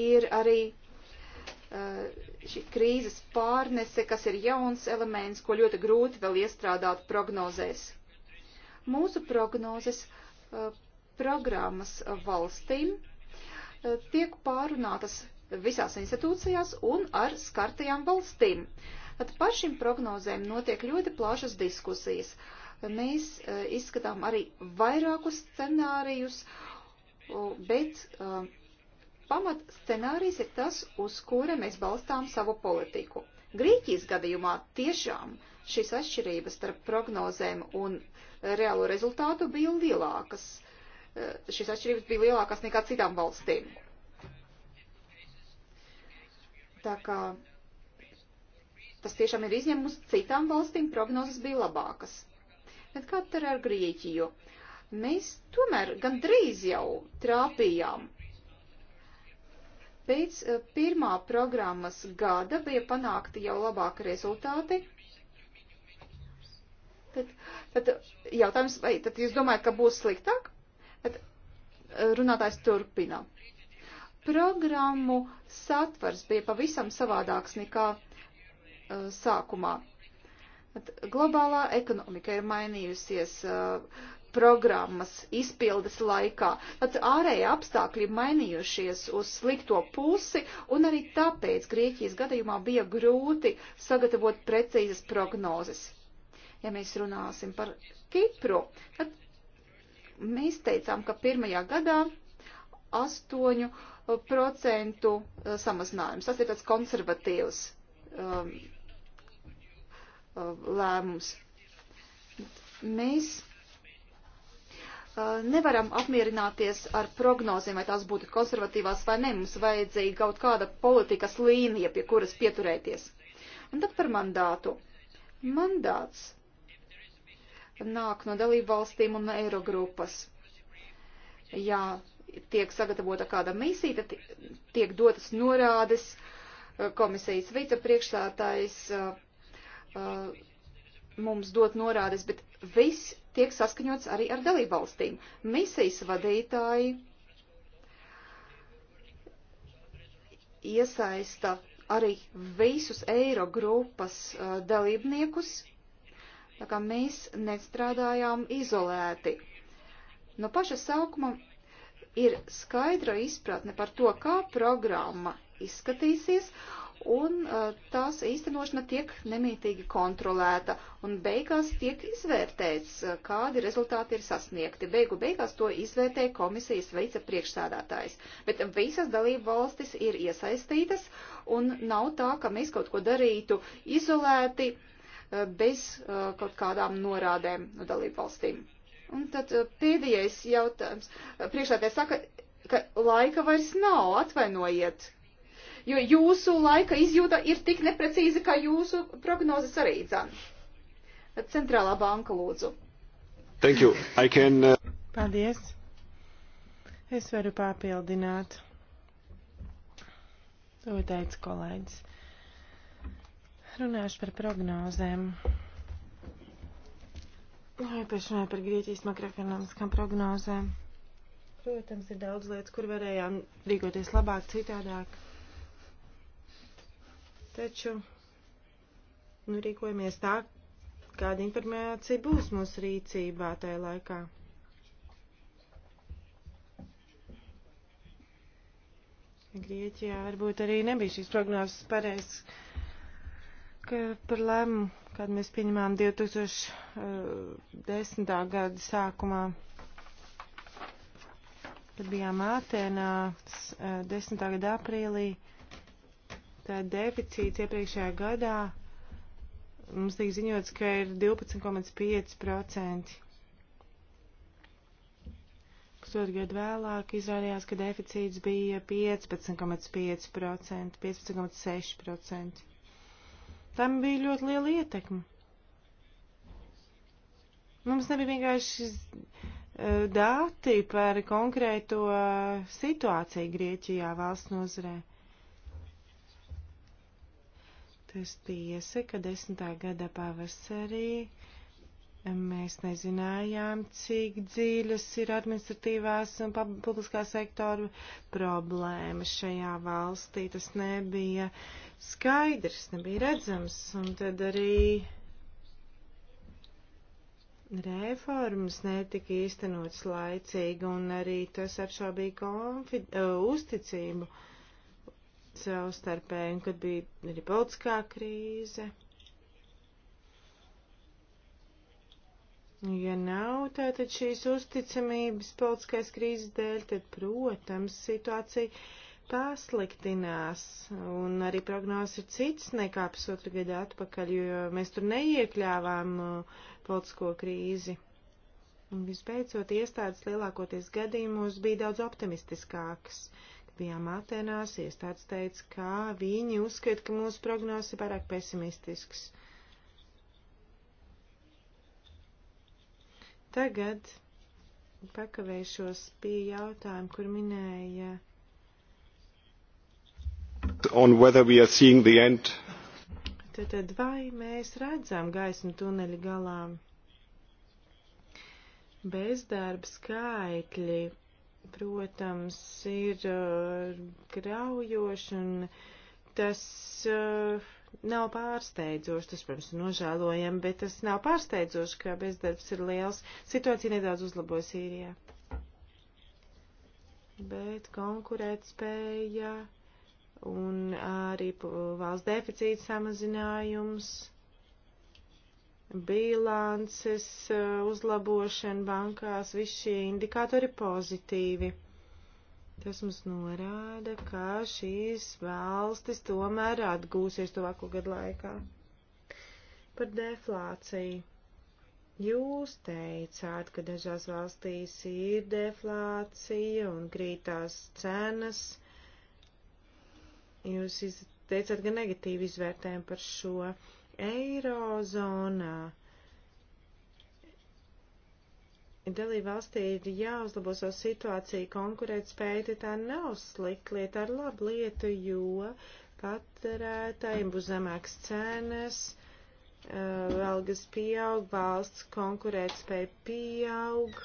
ir arī uh, šī krīzes pārnese, kas ir jauns elements, ko ļoti grūti vēl iestrādāt prognozēs. Mūsu prognozes uh, programmas valstīm uh, tiek pārunātas visās institūcijās un ar skartajām valstīm. Tad par šīm prognozēm notiek ļoti plašas diskusijas. Mēs uh, izskatām arī vairākus scenārijus, bet uh, pamat scenārijs ir tas, uz kura mēs balstām savu politiku. Grieķijas gadījumā tiešām šīs atšķirības starp prognozēm un eh, reālo rezultātu bija lielākas. Eh, šīs atšķirības bija lielākas nekā citām valstīm. Tā kā tas tiešām ir izņēmums citām valstīm, prognozes bija labākas. Bet kā tad ar Grieķiju? Mēs tomēr gandrīz jau trāpījām Pēc eh, pirmā programmas gada bija panākti jau labāki rezultāti. Tad, tad eh, jautājums, vai tad jūs domājat, ka būs sliktāk? Tad eh, runātājs turpina. Programmu satvers bija pavisam savādāks nekā uh, sākumā. Globālā ekonomika ir mainījusies, uh, programmas izpildes laikā. Tad ārējie apstākļi mainījušies uz slikto pusi, un arī tāpēc Grieķijas gadījumā bija grūti sagatavot precīzas prognozes. Ja mēs runāsim par Kipru, tad mēs teicām, ka pirmajā gadā 8% uh, uh, samazinājums. Tas ir tāds konservatīvs um, uh, lēmums. Mēs nevaram apmierināties ar prognozēm, vai tās būtu konservatīvās vai ne. Mums vajadzīga kaut kāda politikas līnija, pie kuras pieturēties. Un tad par mandātu. Mandāts nāk no dalību valstīm un no Eirogrupas. Ja tiek sagatavota kāda misija, tad tiek dotas norādes, komisijas vicepriekšsētājs mums dot norādes, bet viss tiek saskaņots arī ar dalībvalstīm. Misijas vadītāji iesaista arī visus eiro grupas uh, dalībniekus, tā kā mēs nestrādājām izolēti. No paša saukuma ir skaidra izpratne par to, kā programma izskatīsies, un tās īstenošana tiek nemītīgi kontrolēta, un beigās tiek izvērtēts, kādi rezultāti ir sasniegti. Beigu beigās to izvērtē komisijas veica priekšsādātājs. Bet visas dalību valstis ir iesaistītas, un nav tā, ka mēs kaut ko darītu izolēti, bez kaut kādām norādēm no dalību valstīm. Un tad pēdējais jautājums. Priekšsādātājs saka, ka laika vairs nav, atvainojiet jo jūsu laika izjūta ir tik neprecīza, kā jūsu prognozes arī dzan. Centrālā banka lūdzu. Thank you. I can. Uh... Paldies. Es varu papildināt. To teica kolēģis. Runāšu par prognozēm. Īpaši runāju par Grieķijas makroekonomiskām prognozēm. Protams, ir daudz lietas, kur varējām rīkoties labāk, citādāk. Taču nu, rīkojamies tā, kāda informācija būs mūsu rīcībā tajā laikā. Grieķijā varbūt arī nebija šīs prognozes pareizs, ka par lēmumu, kad mēs pieņemām 2010. gada sākumā, kad bijām Ātēnā 10. Eh, gada aprīlī, uh, Tad deficīts iepriekšējā gadā mums tika ziņots, ka ir 12,5%. Pusotru gadu vēlāk izrādījās, ka deficīts bija 15,5%, 15,6%. Tam bija ļoti liela ietekme. Mums nebija vienkārši eh, dati par konkrēto situāciju Grieķijā valsts nozarē. Tas tiesa, ka desmitā gada pavasarī mēs nezinājām, cik dziļas ir administratīvās un publiskā sektora problēmas šajā valstī. Tas nebija skaidrs, nebija redzams. Un tad arī reformas netika īstenotas laicīgi un arī tas apšaubīja uh, uzticību. Uh, savstarpēji, un kad bija arī politiskā krīze. Ja nav tātad šīs uzticamības politiskais krīzes dēļ, tad, protams, situācija pasliktinās, un arī prognozes ir cits nekā pusotra gada atpakaļ, jo mēs tur neiekļāvām uh, politisko krīzi. Un visbeidzot, iestādes lielākoties gadījumos bija daudz optimistiskākas, bijām Atenās, iestāds teica, ka viņi uzskata, ka mūsu prognozes ir pārāk pesimistisks. Tagad pakavēšos pie jautājuma, kur minēja. On whether we are seeing the end. Tātad vai mēs redzam gaismu tuneļa galām? Bezdarba skaitļi protams, ir eh, graujoši un tas eh, nav pārsteidzoši. Tas, protams, ir nožēlojami, bet tas nav pārsteidzoši, ka bezdarbs ir liels. Situācija nedaudz uzlabojas īrijā. Bet konkurētspēja un arī valsts deficīta samazinājums bilances eh, uzlabošana bankās, visi šie indikātori pozitīvi. Tas mums norāda, ka šīs valstis tomēr atgūsies tuvāko gadu laikā. Par deflāciju. Jūs teicāt, ka dažās valstīs ir deflācija un krītās cenas. Jūs teicāt, ka negatīvi izvērtējam par šo. Uh, eirozonā dalībvalstī ir jāuzlabo savu situāciju, konkurēt spēju, tā nav slikta lieta ar labu lietu, jo patērētājiem būs zemāks cenas, algas pieaug, valsts konkurēt spēja pieaug.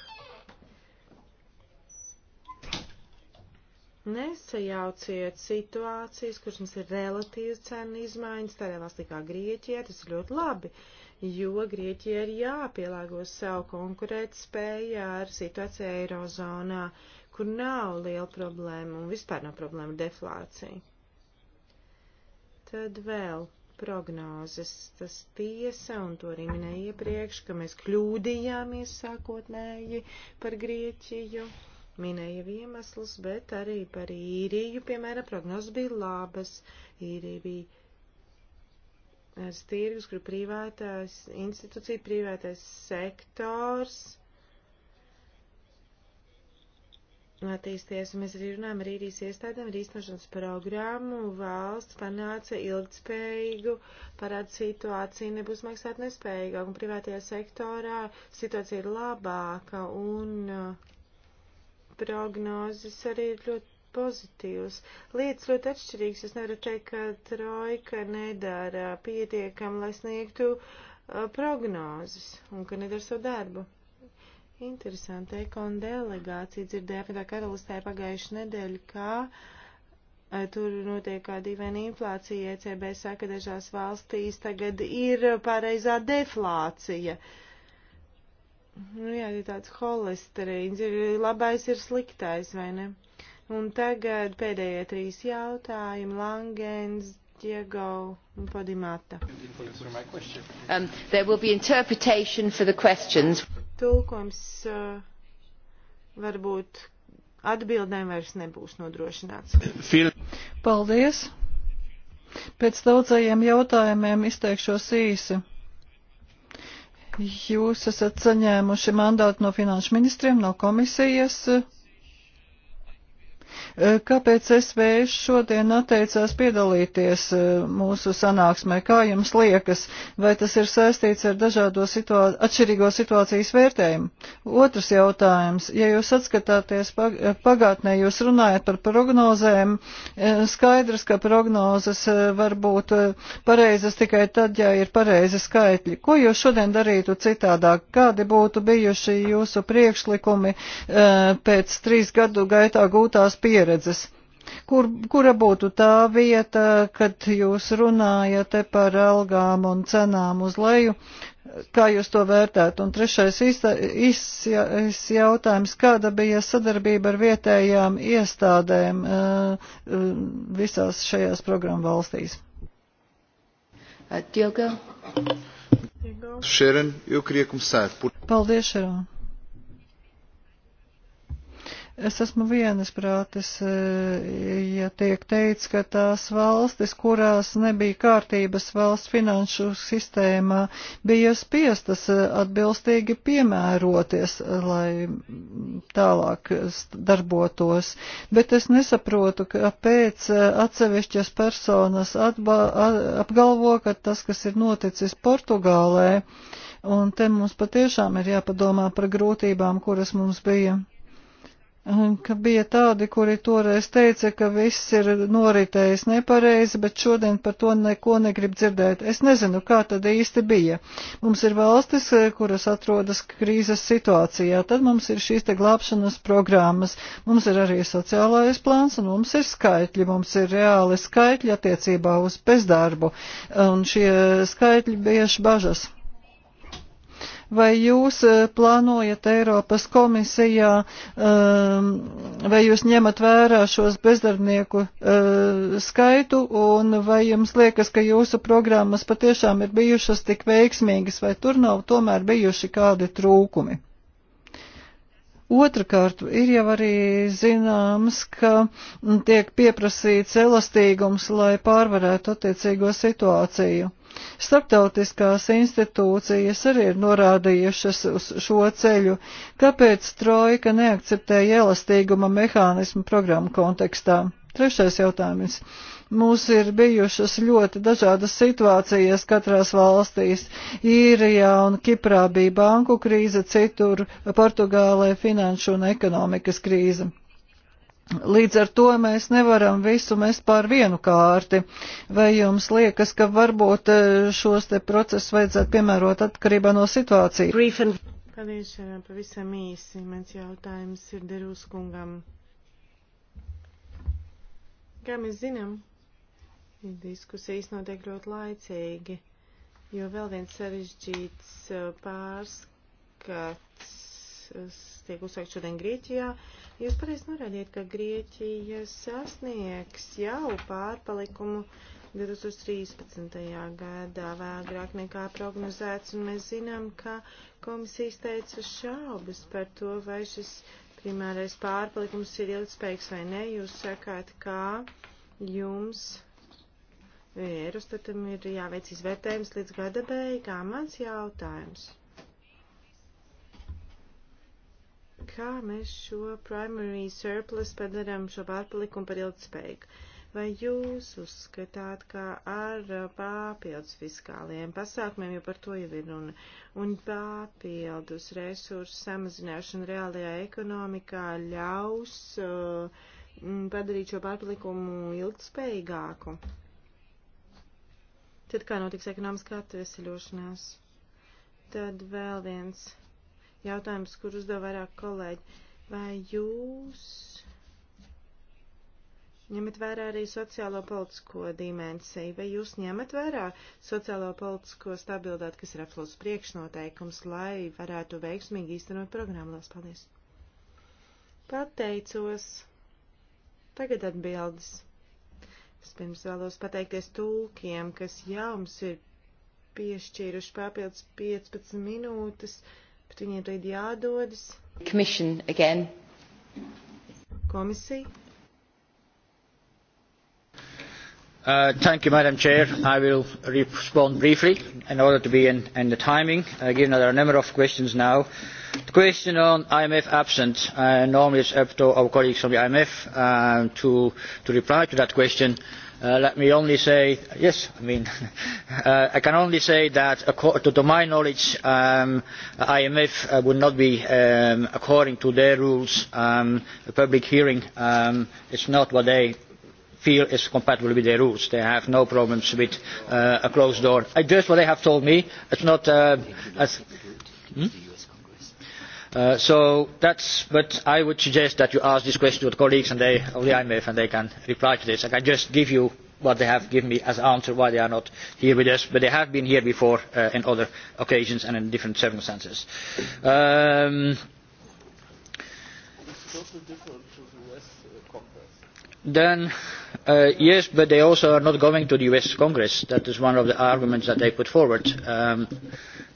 Nesajauciet situācijas, kuras mums ir relatīvas cenu izmaiņas, tādā valstī kā Grieķija, tas ir ļoti labi, jo Grieķija ir jāpielāgo savu konkurēt spēju ar situāciju Eirozonā, kur nav liela problēma un vispār nav problēma deflācija. Tad vēl prognozes, tas tiesa, un to arī minēja iepriekš, ka mēs kļūdījāmies sākotnēji par Grieķiju minēja iemeslus, bet arī par īriju, piemēram, prognozes bija labas. Īrija bija tirgus, kur privātās institūcija, privātais sektors attīsties, un mēs arī runājam ar īrijas iestādēm, ar īstenošanas programmu, valsts panāca ilgtspējīgu parādu situāciju, nebūs maksāt nespējīgāk, un privātajā sektorā situācija ir labāka, un uh, prognozes arī ir ļoti pozitīvas. Lietas ļoti atšķirīgas. Es nevaru teikt, ka trojka nedara pietiekam, lai sniegtu uh, prognozes un ka nedara savu darbu. Interesanti, ekon delegācija dzirdēja apvienotā karalistē pagājušu nedēļu, kā uh, tur notiek kā divēna inflācija. ECB saka, dažās valstīs tagad ir pareizā deflācija. Uh, Nu jā, ir tāds holesterīns, ir labais ir sliktais, vai ne? Un tagad pēdējie trīs jautājumi - Langens, Diego un Podimata. Um, there will be interpretation for the questions. Tulkums uh, varbūt atbildēm vairs nebūs nodrošināts. Paldies! Pēc daudzajiem jautājumiem izteikšos īsi. Jūs esat saņēmuši mandātu no finanšu ministriem, no komisijas. Uh, Eh, kāpēc SV šodien atteicās piedalīties eh, mūsu sanāksmē? Kā jums liekas, vai tas ir saistīts ar dažādo situā atšķirīgo situācijas vērtējumu? Otrs jautājums. Ja jūs atskatāties eh, pagātnē, jūs runājat par prognozēm, skaidrs, ka prognozes var būt pareizas tikai tad, ja ir pareizi skaitļi. Ko jūs šodien darītu citādāk? Kādi būtu bijuši jūsu priekšlikumi pēc trīs gadu gaitā gūtās? tās pieredzes. Kur, kura būtu tā vieta, kad jūs runājat par algām un cenām uz leju, kā jūs to vērtētu? Un trešais īsts jautājums, kāda bija sadarbība ar vietējām iestādēm visās šajās programmu valstīs? Diogo. Sharon, eu queria começar por. Paldies, Sharon. Es esmu vienas prātes, eh, ja tiek teikts, ka tās valstis, kurās nebija kārtības valsts finanšu sistēmā, bija spiestas eh, atbilstīgi piemēroties, eh, lai tālāk darbotos. Bet es nesaprotu, kāpēc atsevišķas personas atba, apgalvo, ka tas, kas ir noticis Portugālē, un te mums patiešām ir jāpadomā par grūtībām, kuras mums bija ka bija tādi, kuri toreiz teica, ka viss ir noritējis nepareizi, bet šodien par to neko negrib dzirdēt. Es nezinu, kā tad īsti bija. Mums ir valstis, kuras atrodas krīzes situācijā, tad mums ir šīs te glābšanas programmas, mums ir arī sociālais plāns un mums ir skaitļi, mums ir reāli skaitļi attiecībā uz bezdarbu, un šie skaitļi bieži bažas. Vai jūs eh, plānojat Eiropas komisijā, ehm, vai jūs ņemat vērā šos bezdarbnieku eh, skaitu, un vai jums liekas, ka jūsu programmas patiešām ir bijušas tik veiksmīgas, vai tur nav tomēr bijuši kādi trūkumi? Otrakārt, ir jau arī zināms, ka tiek pieprasīts elastīgums, lai pārvarētu attiecīgo situāciju. Starptautiskās institūcijas arī ir norādījušas uz šo ceļu, kāpēc Trojka neakceptēja elastīguma mehānismu programmu kontekstā. Trešais jautājums. Mums ir bijušas ļoti dažādas situācijas katrās valstīs. Īrijā un Kiprā bija banku krīze, citur Portugālē finanšu un ekonomikas krīze. Līdz ar to mēs nevaram visu mest pār vienu kārti. Vai jums liekas, ka varbūt eh, šos te procesus vajadzētu piemērot atkarībā no situācijas? Paldies, pavisam īsi. Mans jautājums ir Derūs kungam. Kā mēs zinām, Diskusijas notiek ļoti laicīgi, jo vēl viens sarežģīts uh, pārskats uh, tiek uzsākt šodien Grieķijā. Jūs pareizi norādījat, ka Grieķija sasniegs jau pārpalikumu 2013. gadā vēgrāk nekā prognozēts, un mēs zinām, ka komisija izteica šaubas par to, vai šis primārais pārpalikums ir ilgspējīgs vai ne. Jūs sakāt, kā jums Eurostatam ir jāveic izvērtējums līdz gada beigām. Mans jautājums. Kā mēs šo primary surplus padarām šo pārpalikumu par ilgspējīgu? Vai jūs uzskatāt, ka ar papildus fiskāliem pasākumiem, jo par to jau ir runa, un papildus resursu samazināšana reālajā ekonomikā ļaus uh, padarīt šo pārpalikumu ilgspējīgāku? Tad kā notiks ekonomiskā atveseļošanās? Tad vēl viens jautājums, kur uzdev vairāk kolēģi. Vai jūs ņemat vērā arī sociālo politisko dimensiju, vai jūs ņemat vērā sociālo politisko stabilitāti, kas ir absolūts priekšnoteikums, lai varētu veiksmīgi īstenot programmu? Lielas paldies! Pateicos! Tagad atbildes. Es pirms vēlos pateikties tulkiem, kas jau mums ir piešķīruši papildus 15 minūtes, bet viņiem tagad jādodas. Komisija. Uh, thank you, Madam Chair. I will respond briefly in order to be in, in the timing, uh, given that there are a number of questions now. The question on IMF absent, uh, normally it's up to our colleagues from the IMF uh, to, to reply to that question. Uh, let me only say yes i mean uh, i can only say that to, to my knowledge um, imf uh, would not be um, according to their rules um, a public hearing um, it's not what they feel is compatible with their rules. They have no problems with uh, a closed door. I, that's what they have told me. It's not. Uh, as, hmm? Uh, so that's but i would suggest that you ask this question to the colleagues and they, of the imf and they can reply to this. i can just give you what they have given me as an answer why they are not here with us but they have been here before uh, on other occasions and in different circumstances. Um, it's totally different then uh, yes, but they also are not going to the US Congress. That is one of the arguments that they put forward. Um,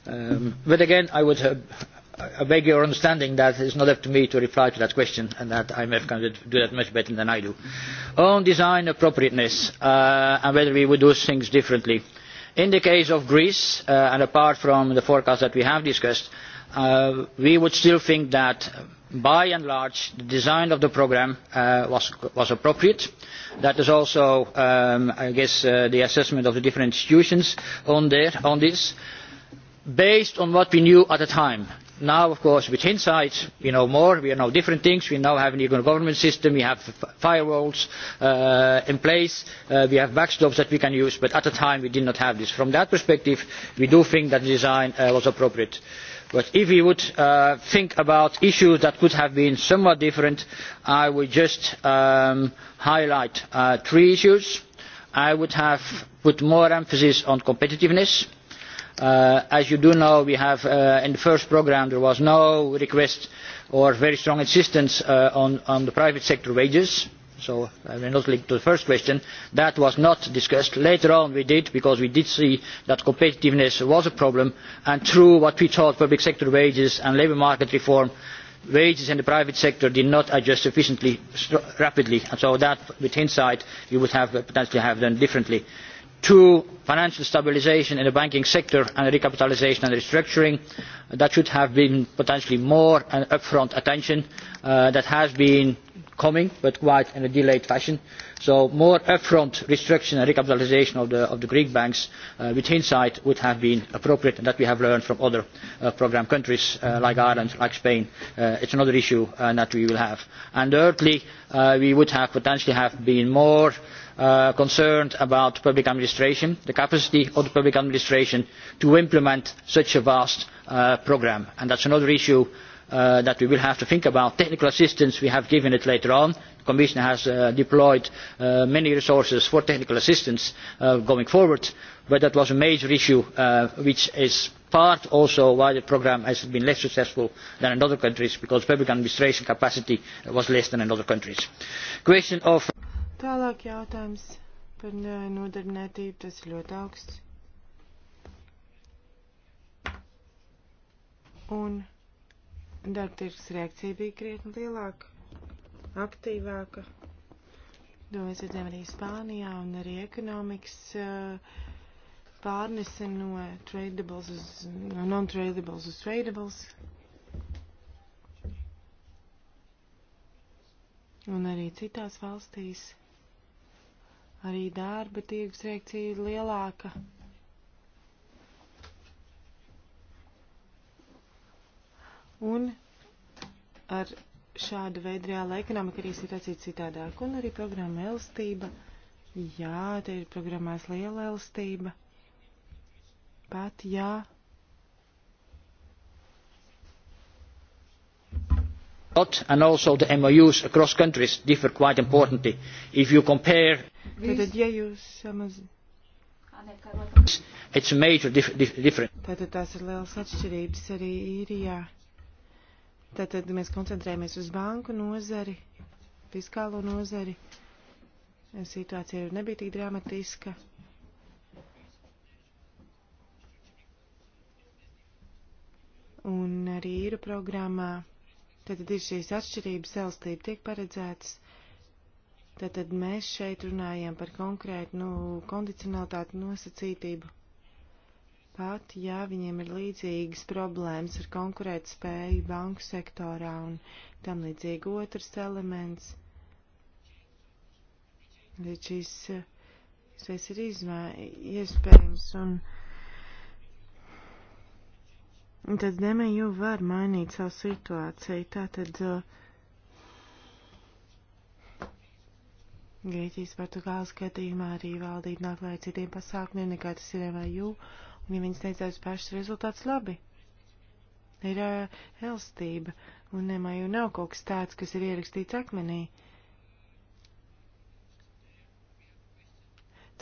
um, but again, I would uh, I beg your understanding that it's not up to me to reply to that question and that IMF can do that much better than I do. On design appropriateness uh, and whether we would do things differently. In the case of Greece, uh, and apart from the forecast that we have discussed, uh, uh, we would still think that by and large the design of the programme uh, was, was appropriate. That is also, um, I guess, uh, the assessment of the different institutions on, there, on this, based on what we knew at the time. Now, of course, with hindsight, we know more, we know different things, we now have an economic government system, we have firewalls uh, in place, uh, we have backstops that we can use, but at the time we did not have this. From that perspective, we do think that the design uh, was appropriate. Uh, but if you would uh, think about issues that could have been somewhat different i would just um, highlight uh, three issues i would have put more emphasis on competitiveness uh, as you do know we have uh, in the first programme there was no request or very strong insistence uh, on, on the private sector wages uh, so i will not link to the first question that was not discussed. later on we did because we did see that competitiveness was a problem and through what we thought public sector wages and labour market reform wages in the private sector did not adjust sufficiently rapidly and so that with hindsight we would have uh, potentially have done differently. two financial stabilisation in the banking sector and recapitalisation and restructuring that should have been potentially more upfront attention uh, that has been coming but quite in a delayed fashion so more upfront restructuring and recapitalisation of the, of the greek banks uh, with hindsight would have been appropriate and that we have learned from other uh, programme countries uh, like ireland like spain. Uh, it is another issue uh, that we will have. and thirdly uh, we would have potentially have been more Uh, concerned about public administration the capacity of the public administration to implement such a vast uh, programme and that is another issue uh, that we will have to think about. Technical assistance, we have given it later on. The Commission has uh, deployed uh, many resources for technical assistance uh, going forward, but that was a major issue uh, which is part also why the programme has been less successful than in other countries, because public administration capacity was less than in other countries. Question of... Tālāk jautājums par uh, nodarbinātību, tas ir ļoti augsts. Un Darba tirgus reakcija bija krietni lielāka, aktīvāka. To mēs redzējām arī Spānijā un arī ekonomikas eh, pārnese no tradables uz, no non-tradables uz tradables. Un arī citās valstīs arī darba tirgus reakcija ir lielāka. Mm. Un ar šādu veidu reāla ekonomika arī situācija citādāk. Un arī programma elastība. Jā, te ir programmās liela elastība. Pat jā. Not, and also the MOUs across countries differ quite importantly. If you compare, Tātad, ja jūs samaz... Uh, it's a major dif dif difference. Tātad tās ir lielas atšķirības arī īrijā. Ja Tātad mēs koncentrējamies uz banku nozari, fiskālo nozari. Situācija jau nebija tik dramatiska. Un arī īru programmā. Tātad ir šīs atšķirības, elstība tiek paredzētas. Tātad mēs šeit runājam par konkrētu nu, kondicionalitāti nosacītību pat ja viņiem ir līdzīgas problēmas ar konkurētspēju banku sektorā un tam līdzīgi otrs elements. Līdz šīs sēs ir izmē, iespējams un, un tad nemē jau var mainīt savu situāciju. Tātad Grieķijas Portugāles gadījumā arī valdība nāk lai citiem pasākumiem nekā tas ir MVU. Ja Un, ja viņi sniedzēja uz pašas rezultātus labi, ir uh, elstība, un nemaju nav kaut kas tāds, kas ir ierakstīts akmenī.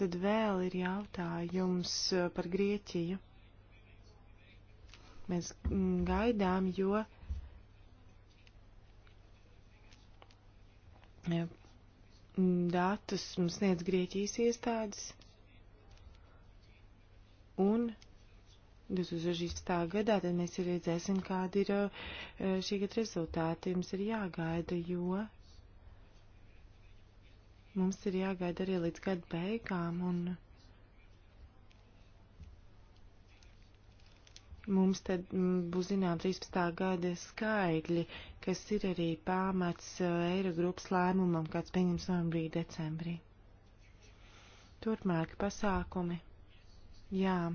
Tad vēl ir jautājums par Grieķiju. Mēs gaidām, jo datus mums sniedz Grieķijas iestādes. Un 2006. gadā tad mēs arī redzēsim, kādi ir e, šī gada rezultāti. Mums ir jāgaida, jo mums ir jāgaida arī līdz gada beigām. Un, mums tad būs zinām 13. gada skaidļi, kas ir arī pamats e, Eirogrupas lēmumam, kāds pieņems novembrī, decembrī. Turpmāk pasākumi. Jā,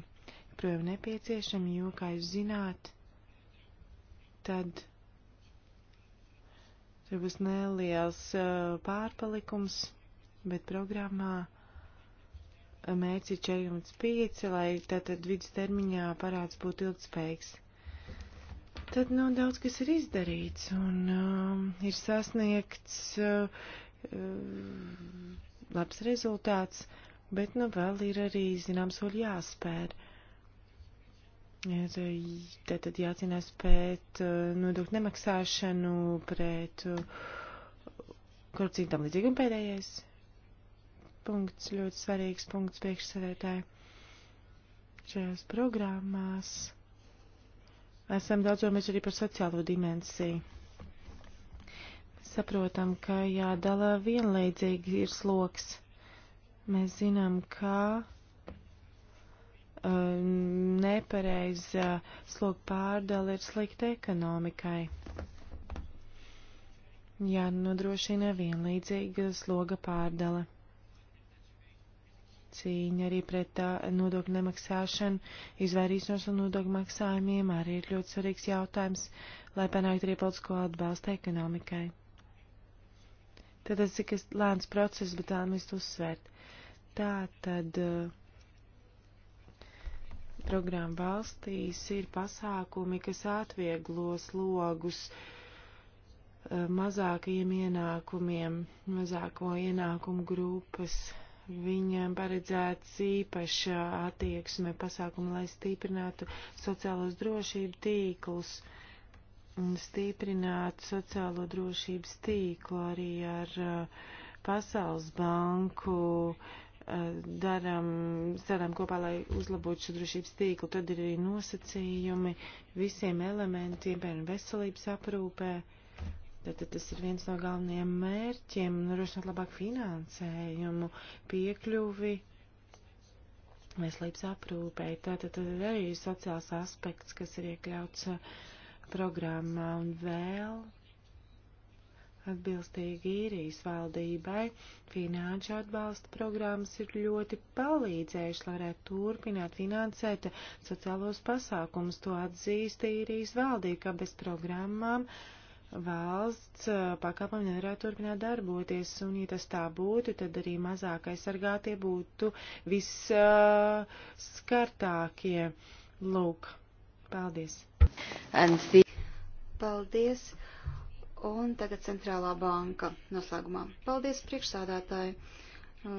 projām nepieciešami, jo, kā jūs zināt, tad tur būs neliels uh, pārpalikums, bet programmā mērķis ir 4,5, lai tātad vidustermiņā parāds būtu ilgspējīgs. Tad, nu, daudz kas ir izdarīts un uh, ir sasniegts uh, labs rezultāts. Uh, bet nu vēl ir arī zināms soļi jāspēr. Ir tātad jācīnās pret uh, nodokļu nemaksāšanu, pret uh, korupciju tam līdzīgi un pēdējais punkts, ļoti svarīgs punkts priekšsēdētāji šajās programmās. Esam daudz domājuši arī par sociālo dimensiju saprotam, ka jādala vienlaicīgi ir sloks. Mēs zinām, ka uh, nepareiza uh, sloga pārdala ir slikta ekonomikai. Jā, nodrošina vienlīdzīga sloga pārdala. Cīņa arī pret uh, nodokļu nemaksāšanu, izvairīšanos no nodokļu maksājumiem arī ir ļoti svarīgs jautājums, lai panāktu arī politisko atbalstu ekonomikai. Tad tas ir lēns process, bet vēlamies to uzsvērt. Tā tad eh, programma valstīs ir pasākumi, kas atvieglo slogus eh, mazākajiem ienākumiem, mazāko ienākumu grupas. Viņam paredzēts īpaša attieksme pasākumu, lai stiprinātu sociālos drošību tīklus un stiprināt sociālo drošības tīklu arī ar uh, Pasaules banku uh, Eh, darām, strādājam kopā, lai uzlabotu šo drošības tīklu. Tad ir arī nosacījumi visiem elementiem, piemēram, veselības aprūpē. Tātad tas ir viens no galvenajiem mērķiem - nodrošināt labāku finansējumu, piekļuvi veselības aprūpē. Tātad tad ir arī sociāls aspekts, kas ir iekļauts eh, programmā un vēl atbilstīgi īrijas valdībai, finanšu atbalsta programmas ir ļoti palīdzējuši, lai varētu turpināt finansēt sociālos pasākumus. To atzīst īrijas valdība, ka bez programmām valsts uh, pakāpam nevarētu turpināt darboties, un ja tas tā būtu, tad arī mazāk aizsargātie būtu visskartākie. Uh, Lūk, paldies. Paldies un tagad centrālā banka noslēgumā. Paldies priekšsādātāji!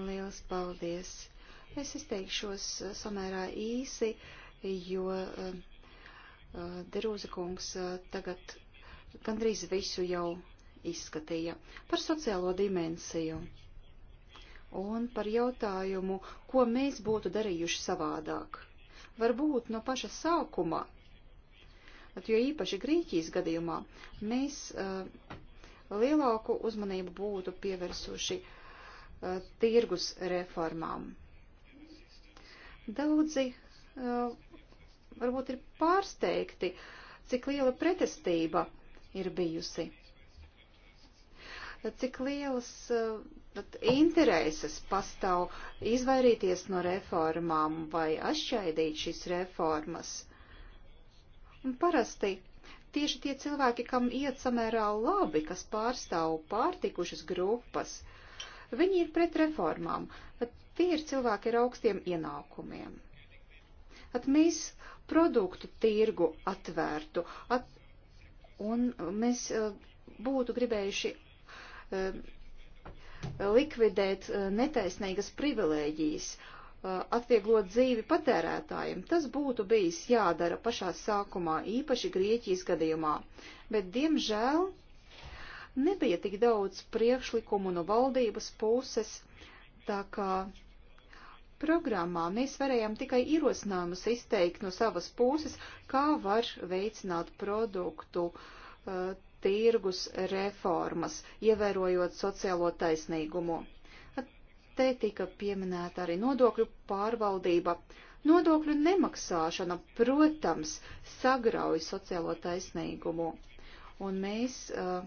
Lielas paldies! Es izteikšos uh, samērā īsi, jo uh, uh, Derūza kungs uh, tagad gandrīz visu jau izskatīja par sociālo dimensiju un par jautājumu, ko mēs būtu darījuši savādāk. Varbūt no paša sākuma jo īpaši Grieķijas gadījumā mēs uh, lielāku uzmanību būtu pievērsuši uh, tirgus reformām. Daudzi uh, varbūt ir pārsteigti, cik liela pretestība ir bijusi, cik lielas intereses pastāv izvairīties no reformām vai atšķaidīt šīs reformas. Un parasti tieši tie cilvēki, kam iet samērā labi, kas pārstāv pārtikušas grupas, viņi ir pret reformām, bet tie ir cilvēki ar augstiem ienākumiem. At mēs produktu tirgu atvērtu, at, un mēs eh, būtu gribējuši eh, likvidēt eh, netaisnīgas privilēģijas, Uh, atvieglot dzīvi patērētājiem. Tas būtu bijis jādara pašā sākumā, īpaši Grieķijas gadījumā, bet diemžēl nebija tik daudz priekšlikumu no valdības puses, tā kā programmā mēs varējām tikai ierosinājumus izteikt no savas puses, kā var veicināt produktu uh, tirgus reformas, ievērojot sociālo taisnīgumu. Te tika pieminēta arī nodokļu pārvaldība. Nodokļu nemaksāšana, protams, sagrauj sociālo taisnīgumu. Un mēs uh,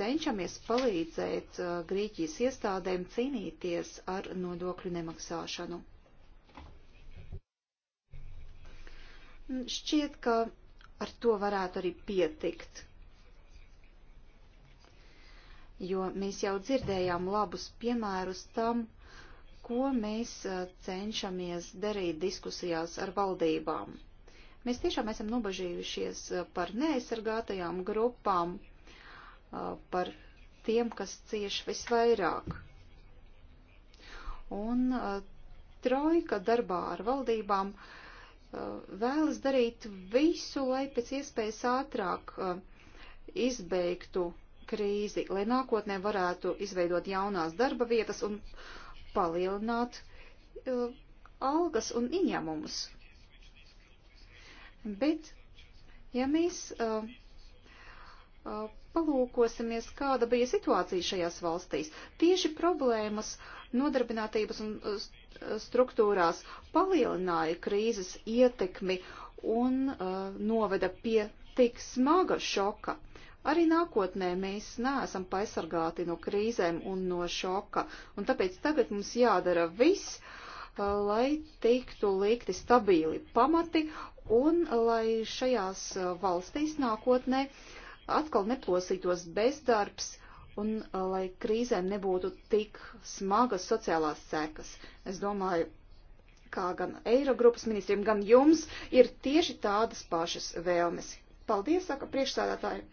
cenšamies palīdzēt uh, Grieķijas iestādēm cīnīties ar nodokļu nemaksāšanu. Šķiet, ka ar to varētu arī pietikt jo mēs jau dzirdējām labus piemērus tam, ko mēs cenšamies darīt diskusijās ar valdībām. Mēs tiešām esam nobažījušies par neaizsargātajām grupām, par tiem, kas cieš visvairāk. Un trojka darbā ar valdībām vēlas darīt visu, lai pēc iespējas ātrāk izbeigtu krīzi, lai nākotnē varētu izveidot jaunās darba vietas un palielināt uh, algas un ieņēmumus. Bet, ja mēs uh, uh, palūkosimies, kāda bija situācija šajās valstīs, tieši problēmas nodarbinātības un struktūrās palielināja krīzes ietekmi un uh, noveda pie tik smaga šoka. Arī nākotnē mēs neesam paisargāti no krīzēm un no šoka, un tāpēc tagad mums jādara viss, lai tiktu likti stabili pamati un lai šajās valstīs nākotnē atkal neplosītos bezdarbs un lai krīzēm nebūtu tik smagas sociālās sekas. Es domāju, kā gan Eirogrupas ministriem, gan jums ir tieši tādas pašas vēlmes. Paldies, saka priekšsādātāji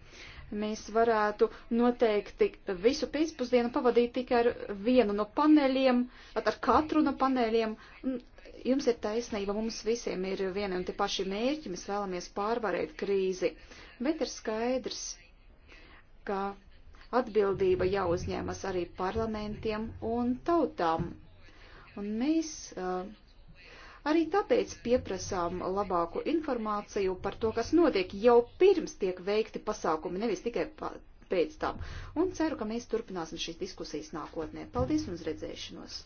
mēs varētu noteikti visu pēcpusdienu pavadīt tikai ar vienu no paneļiem, ar katru no paneļiem. Jums ir taisnība, mums visiem ir vieni un tie paši mērķi, mēs vēlamies pārvarēt krīzi, bet ir skaidrs, ka atbildība jau uzņēmas arī parlamentiem un tautām. Un mēs uh, Arī tāpēc pieprasām labāku informāciju par to, kas notiek jau pirms tiek veikti pasākumi, nevis tikai pēc tam. Un ceru, ka mēs turpināsim šīs diskusijas nākotnē. Paldies un uz redzēšanos!